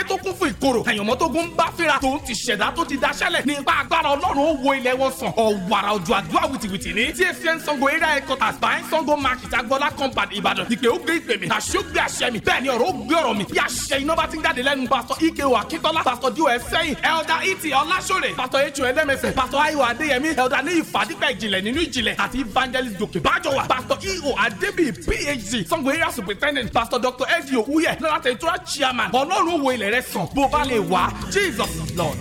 ayé tó kún fún ìkorò àyànmọ́ tó gún bá fira tó ti ṣẹ̀dá tó ti daṣẹ́lẹ̀ ní ipa agbára ọlọ́run ó wo ilẹ̀ wọn sàn ọ̀wàrà òjò àdúrà wìtìwìtì ní tsn sango area headquarters by sango market agbọ́lá compound ìbàdàn ìpè ó gbé ìpè mi àṣẹ ó gbé àṣẹ mi bẹ́ẹ̀ ni ọ̀rọ̀ ó gbé ọ̀rọ̀ mi bí àṣẹ iná bá ti ń jáde lẹ́nu pásítọ̀ ike o akíntọ́lá pásítọ̀ ẹsẹ́yìn elda iti e ọláṣọ́rẹ̀ pásítọ̀ echo ẹlẹ́mẹsẹ̀ pásítọ̀ ayo adéyẹmí elda ní ìfàdípẹ́ ìjìnlẹ̀ nínú ìjìnlẹ̀ àti evangelist gòkè bájọwà pásítọ̀ eo adébí phd sango area superintendent pásítọ̀ dr edio uye lọ́lá tẹ̀tura chairman ọlọ́run wo ilẹ̀ rẹ sàn bó bá lè wá Jesus Lord.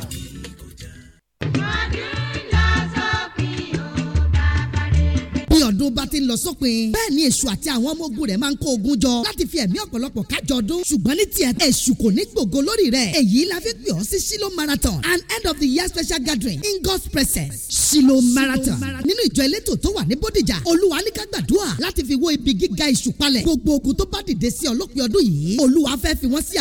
bí ọdún bá ti ń lọ sópin bẹ́ẹ̀ ni èṣù àti àwọn ọmọ ogun rẹ̀ máa ń kó ogun jọ láti fi ẹ̀mí ọ̀pọ̀lọpọ̀ kájọ ọdún ṣùgbọ́n ní tiẹ̀ èṣù kò ní gbògo lórí rẹ̀ èyí la fi pè ọ́ sí Shiloh marathon and end of the year special gathering in God's presence Shiloh marathon nínú ìjọ elétò tó wà ní Bódìjà olúwa ní ká gbàdúrà láti fi wó ibi gíga èṣù palẹ̀ gbogbo ogun tó bá dìde sí ọlọ́pìn ọdún yìí olúwa fẹ́ fi wọ́n sí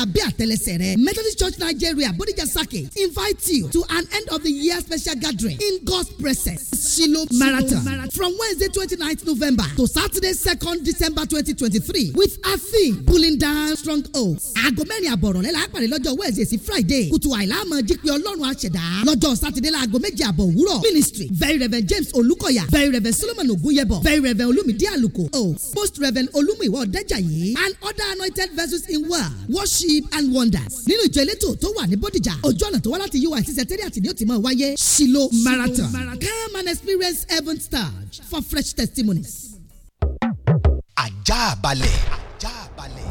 Methodist Church Nigeria Bódìjà circuit invite you to an end of the year special gathering in God's presence Shiloh marathon from Wednesday twenty 29th November to Saturday 2nd December 2023 with a theme pulling down strongholds. Aago mẹ́rin àbọ̀rọ̀ lẹ́la àpàdé lọ́jọ́ Wednesday sí Friday. Kùtù àìláàmọ̀ jí pé Ọlọ́run àṣẹ̀dá. Lọ́jọ́ Sátidé láago méje àbọ̀ òwúrọ̀. Ministry Very Rev James Olukoya Very Rev Solomon Ogunyebo. Very Reverend Olumide Aluko. Most Rev Olumiwo Ọ̀dẹ́jàyé. And other anointed vessels in word, worship and wonders. Nínú ìjọ elétò tó wà ní Bódìjà. Ojú ọ̀nà tó wá láti UI sí Sẹ̀tẹ́rì àtìní òtí máa wáyé. Shilo Marathon. Come and experience heaven stage for fresh testimonies.
ajá balẹ̀. ajá balẹ̀.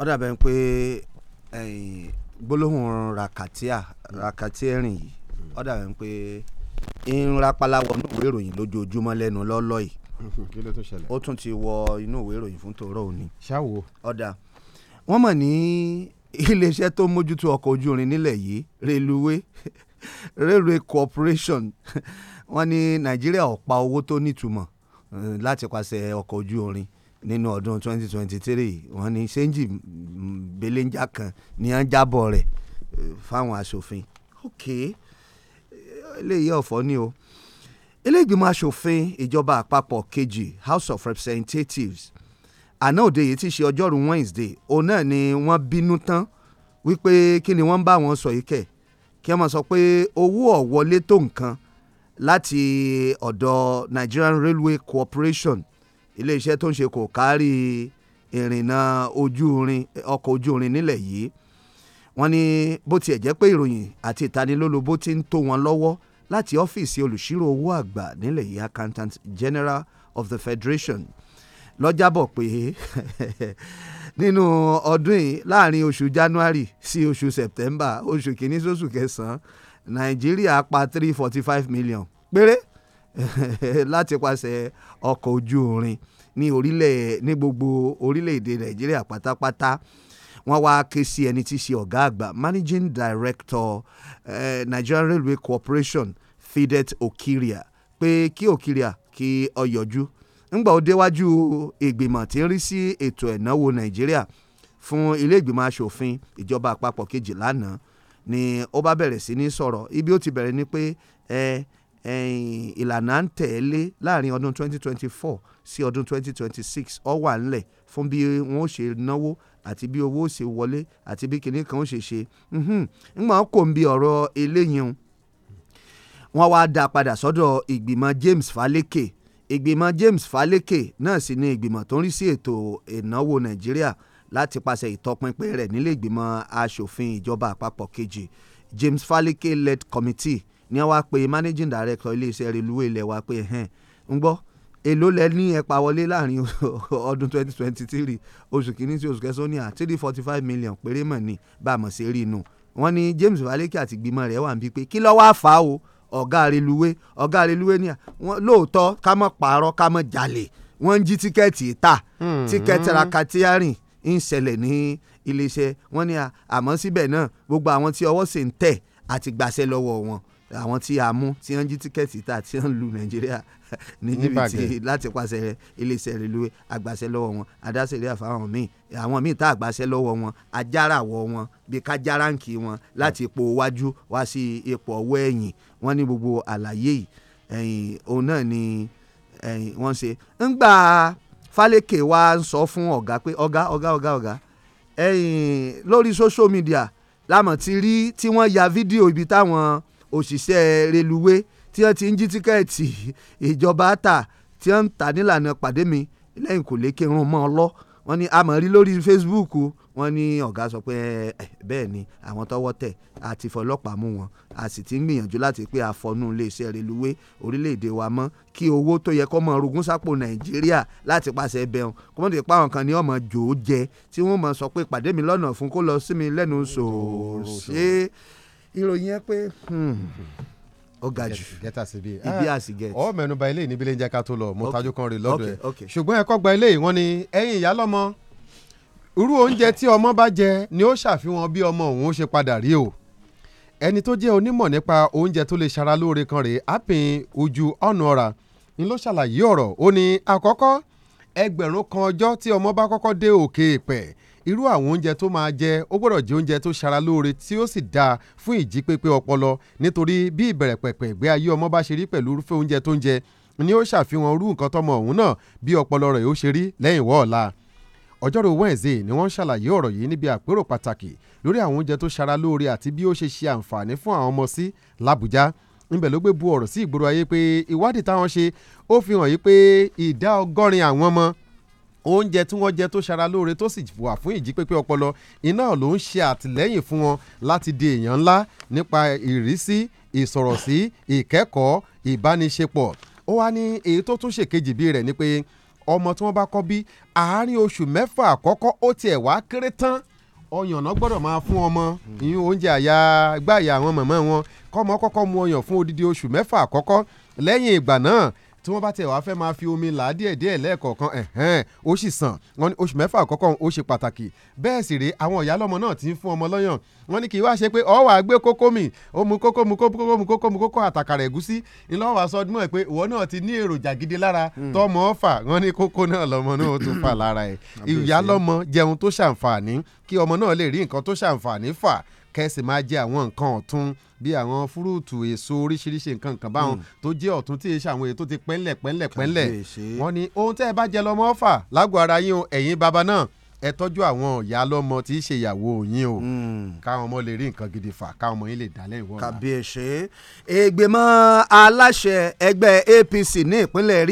ó dàbẹ̀ ń pé gbólóhùn rakatia rakatierin yìí ó dàbẹ̀ ń pé ń rapala wọnú ìwé ìròyìn lójoojúmọ́ lẹ́nu lọ́lọ́ yìí kí ló tún ṣẹlẹ̀. ó tún ti wọ inú ìwé ìròyìn fún tòró òní. ṣáwo. ọ̀dà wọ́n mọ̀ ní iléeṣẹ́ tó mójútó ọkọ̀ ojú irin nílẹ̀ yìí rélùwé railway corporation wọ́n ní nàìjíríà ò pa owó tó nítumọ̀ eh, láti pàṣẹ ọkọ̀ ojú orin nínú ọdún 2023 wọ́n ní sẹ́ńjì belenja kan ní à ń jábọ̀ rẹ̀ eh, fáwọn asòfin ok eléyìí ọ̀fọ́ ni o iléègbìmọ̀ asòfin ìjọba àpapọ̀ kejì House of Representatives àná òde yìí ti ṣe ọjọ́rú Wednesday òun náà ni wọ́n bínú tán wípé kí ni wọ́n bá wọn sọ yìí kẹ̀ kí wọ́n máa sọ pé owó ọ̀wọlé tó nǹkan láti ọ̀dọ̀ Nigerian Railway Corporation iléeṣẹ́ tó ń ṣe kò kárí ìrìnnà ojú irin ọkọ̀ ojú irin nílẹ̀ yìí wọ́n ní bó tiẹ̀ jẹ́ pé ìròyìn àti ìtanilólobó ti ń tó wọn lọ́wọ́ láti ọ́fíìsì olùṣírò owó àgbà nílẹ̀ yìí Accountant General of the Federation lọ́jàbọ̀ pé nínú ọdún yìí láàrin oṣù January sí oṣù September oṣù kìíní sóṣù kẹsàn-án Nàìjíríà pa three forty five million péré láti pàṣẹ ọkọ̀ ojú irin ní orílẹ̀ ní gbogbo orílẹ̀-èdè Nàìjíríà pátápátá wọ́n wá ké sí ẹni tí í ṣe ọ̀gá àgbà managing director eh, Nigerian Railway Corporation Fidet Okiria pé kí Okiria kí ó yọjú ńgbà ó déwájú ìgbìmọ̀ tí ń rí sí ètò ẹ̀náwó nàìjíríà fún ilé ìgbìmọ̀ asòfin ìjọba àpapọ̀ kejì lánàá ni ó bá bẹ̀rẹ̀ sí ní sọ̀rọ̀ ibi ó ti bẹ̀rẹ̀ ni pé ẹ ìlànà ń tẹ̀lé láàrin ọdún 2024 sí ọdún 2026 ó wà ńlẹ̀ fún bí wọ́n ó ṣe náwó àti bí owó ó ṣe wọlé àti bí kinní kan ó ṣe ṣe ńgbà ó kò ń bi ọ̀rọ̀ eléyìí wọ́n wá dá padà sọ́dọ̀ ìgbìmọ̀ James Faleke ìgbìmọ̀ James Falake náà sì ni ìgbìmọ̀ tó ń rí sí ètò ìnáwó Nàìjíríà láti pàṣẹ ìtọpinpin rẹ̀ nílé ìgbìmọ̀ asòfin ìjọba àpapọ̀ kejì James Falake-led committee ni wọ́n wá managing director iléeṣẹ́ reluwé ilé wa pé ẹ̀hẹ́n ń gbọ́ èló lẹ ní ẹ̀pà wọlé láàrin ọdún 2023 oṣù kìíní sí oṣù kẹsàn-án ní à 345 million péré mọ̀ ni bá a mọ̀ sí rí inú wọ́n ní James Falake àti ìgbìmọ̀ rẹ̀ wà ń bí pé kí ló wá fà á o ọ̀gá reluwé ọ̀gá reluwé ni lóòótọ́ ká má parọ́ ká má jalè wọ́n ń jí tíkẹ́ẹ̀tì ta hmm, tíkẹ́ẹ̀tì hmm. rakatíárìn ń ṣẹlẹ̀ ní iléeṣẹ́ wọ́n ní àmọ́ síbẹ̀ náà gbogbo àwọn tí ọwọ́ sì ń tẹ̀ àti gbàṣẹ lọ́wọ́ wọn àwọn tí a mú tí wọ́n jí tíkẹ́ẹ̀tì tà tí wọ́n lu nàìjíríà ní jìbìtì láti pàṣẹ iléeṣẹ́ rélùwé àgbàṣẹ lọ́wọ́ wọn adáṣẹ́lẹ̀ àfàwọn míì àwọn míì tá àgbàṣẹ lọ́wọ́ wọn ajárawọ̀ wọn bíi kájáráǹkì wọn láti ipò wájú wá sí ipò ọwọ́ ẹ̀yìn wọ́n ní gbogbo àlàyé yìí òun náà ni ẹ̀yìn wọ́n ṣe ńgbà Fálékè wa ń sọ fún ọ̀gá pé ọ̀gá ọ̀gá ọ̀gá ọ̀gá lórí social media lámọ̀ ti rí tí wọ́n ya fídíò ibi táwọn òṣìṣẹ́ reluwé tí wọ́n ti ń jí tíkẹ́ẹ̀tì ìjọba ta tí wọ́n ń ta nílànà pàdé mi lẹ́yìn kò lè kírun mọ́ ọ lọ wọ́n ní àmọ́ lórí Facebook wọ́n ní ọ̀gá sọ pé bẹ́ẹ̀ ni àwọn tọ́wọ́ tẹ̀ àti fọlọ́pàá mú wọn a sì ti ń gbìyànjú láti pé àfọnú iléeṣẹ́ reluwé orílẹ̀-èdè wa mọ́ kí owó tó yẹ kó mọ orogún sápò nàìjíríà láti pàṣẹ bẹ̀rùn kó mọ̀ nípa àwọn kan ní ọmọ jòó jẹ tí wọ́n mọ̀ sọ pé pàdé mi lọ́nà fún kó
lọ sí mi lẹ́nu sòòsì
ìròyìn yẹn pé hmm,
ó ga jù ibi àsìgẹ. ọ mẹnuba ilé níbi ilé ń jẹ ká tó lọ mo tajú kan rè lọ́dọ̀ ẹ ṣùgbọ́n ẹ̀kọ́ gba ilé ìwọ́n ni ẹ̀yin ìyá lọ́mọ irú oúnjẹ tí ọmọ bá jẹ ni ó ṣàfihàn bí ọmọ òun ó ṣe padà rí o ẹni tó jẹ́ onímọ̀ nípa oúnjẹ tó lè ṣara lóore kan rèé àpín ojú ọ̀nà ọ̀ra ni ló ṣàlàyé ọ̀rọ̀ ó ní àkọ́kọ́ ẹgbẹ̀rún kan ọjọ́ tí ọmọ bá kọ́kọ́ dé òkè ìpẹ́ irú àwọn oúnjẹ tó máa jẹ ó gbọ́dọ̀ jẹ oúnjẹ tó ṣara lóore tí ó sì dáa fún ìjípépé ọpọlọ nítorí bí ìbẹ̀rẹ̀ pẹ̀pẹ̀ ìgbé ayé ọmọ bá ṣe rí pẹ̀lú irúfẹ́ oúnjẹ tó ń jẹ ni ó ṣàfihàn irú nǹkan tọmọ ọ̀hún náà bí ọpọlọ rẹ̀ ó ṣe rí lẹ́yìn wọ́ọ̀la ọjọ́rò Wednesday ni wọ́n ṣàlàyé ọ̀rọ̀ yìí níbi àpérò pàtàkì lórí àwọn oúnjẹ tó ṣara lóore àti bí ó ṣe ṣe àǹfààní fún àwọn ọmọ sí làbújá ńbẹ̀ ló gbé bu ọ̀rọ̀ sí ìgboro ayé pé ìwádìí táwọn ṣe ó fi hàn yìí pé ìdá ọgọ́rin àwọn ọmọ oúnjẹ tí wọ́n jẹ tó ṣara lóore tó sì wà fún ìjípépé ọpọlọ iná ló ń ṣe àtìlẹ́yìn fún wọn láti di èèyàn ńlá nípa ìrísí ìsọ̀rọ̀sí ìkẹ́kọ̀ọ́ ìbániṣepọ̀ ó wá ní èyí tó tún ṣèkejì bí rẹ̀ ni pé ọmọ tí wọ́n bá kọ́ bí àárín oṣù mẹ́fà àkọ́kọ́ ó tiẹ̀ wá kéré tán ọyàn náà gbọ́dọ̀ máa fún ọmọ ìyún oúnjẹ àyà gbáàyà àwọn màmá wọn kọ́mọ kọ́kọ́ mu ọyàn fún odidi oṣù mẹ́fà àkọ́kọ́ lẹ́yìn ìgbà náà tí wọ́n bá tẹ̀ wá fẹ́ máa fi omi là á díẹ̀ díẹ̀ lẹ́ẹ̀kọ̀ọ̀kan ẹ̀hẹ́n ó sì sàn wọ́n ní oṣù mẹ́fà àkọ́kọ́ ó ṣe pàtàkì bẹ́ẹ̀ sì rèé àwọn ìyá lọ́mọ náà ti ń fún ọmọ lọ́yàn wọ́n ní kì í wá ṣe pé ọ̀ wà gbé kókó mi ó mu kókó mu kókó mu kókó mu kókó àtàkàrà ẹ̀gúsí ńlọ́wọ́ wa sọ ọdún mọ́ ẹ̀ pé ìwọ náà ti ní èròjà gidi lára hmm. tọmọ fà wọ́n ní kókó náà lọ́mọ náà ó tún fà lára ẹ̀ ìyá lọ́mọ jẹun tó ṣàǹfààní kí ọmọ náà lè rí nǹkan tó ṣàǹfààní fà kẹ́sì máa jẹ àwọn nǹkan ọ̀tún bí àwọn fúrúùtù èso oríṣiríṣi nǹkan nǹkan báwọn mm. tó jẹ́ ọ̀tún tí èso àwọn èyí tó ti pẹ́ńlẹ̀ pẹ́ńlẹ̀ pẹ́ńlẹ̀ wọ́n ní ohun tẹ́ ẹ bá jẹ lọ́mọ ọ̀fà lágọ̀ọ́ ara yín o ẹ̀yin baba náà ẹ tọ́jú àwọn ọ̀yà lọ́mọ tí í ṣe ìyàwó yín o mm. káwọn ọmọ lè rí nǹkan gidi fà káwọn ọmọ yín lè dálẹ̀ ìwọ́n. kàbíyèsí ìgbìmọ̀ aláṣẹ ẹgbẹ́ APC ní ìpínlẹ̀ rí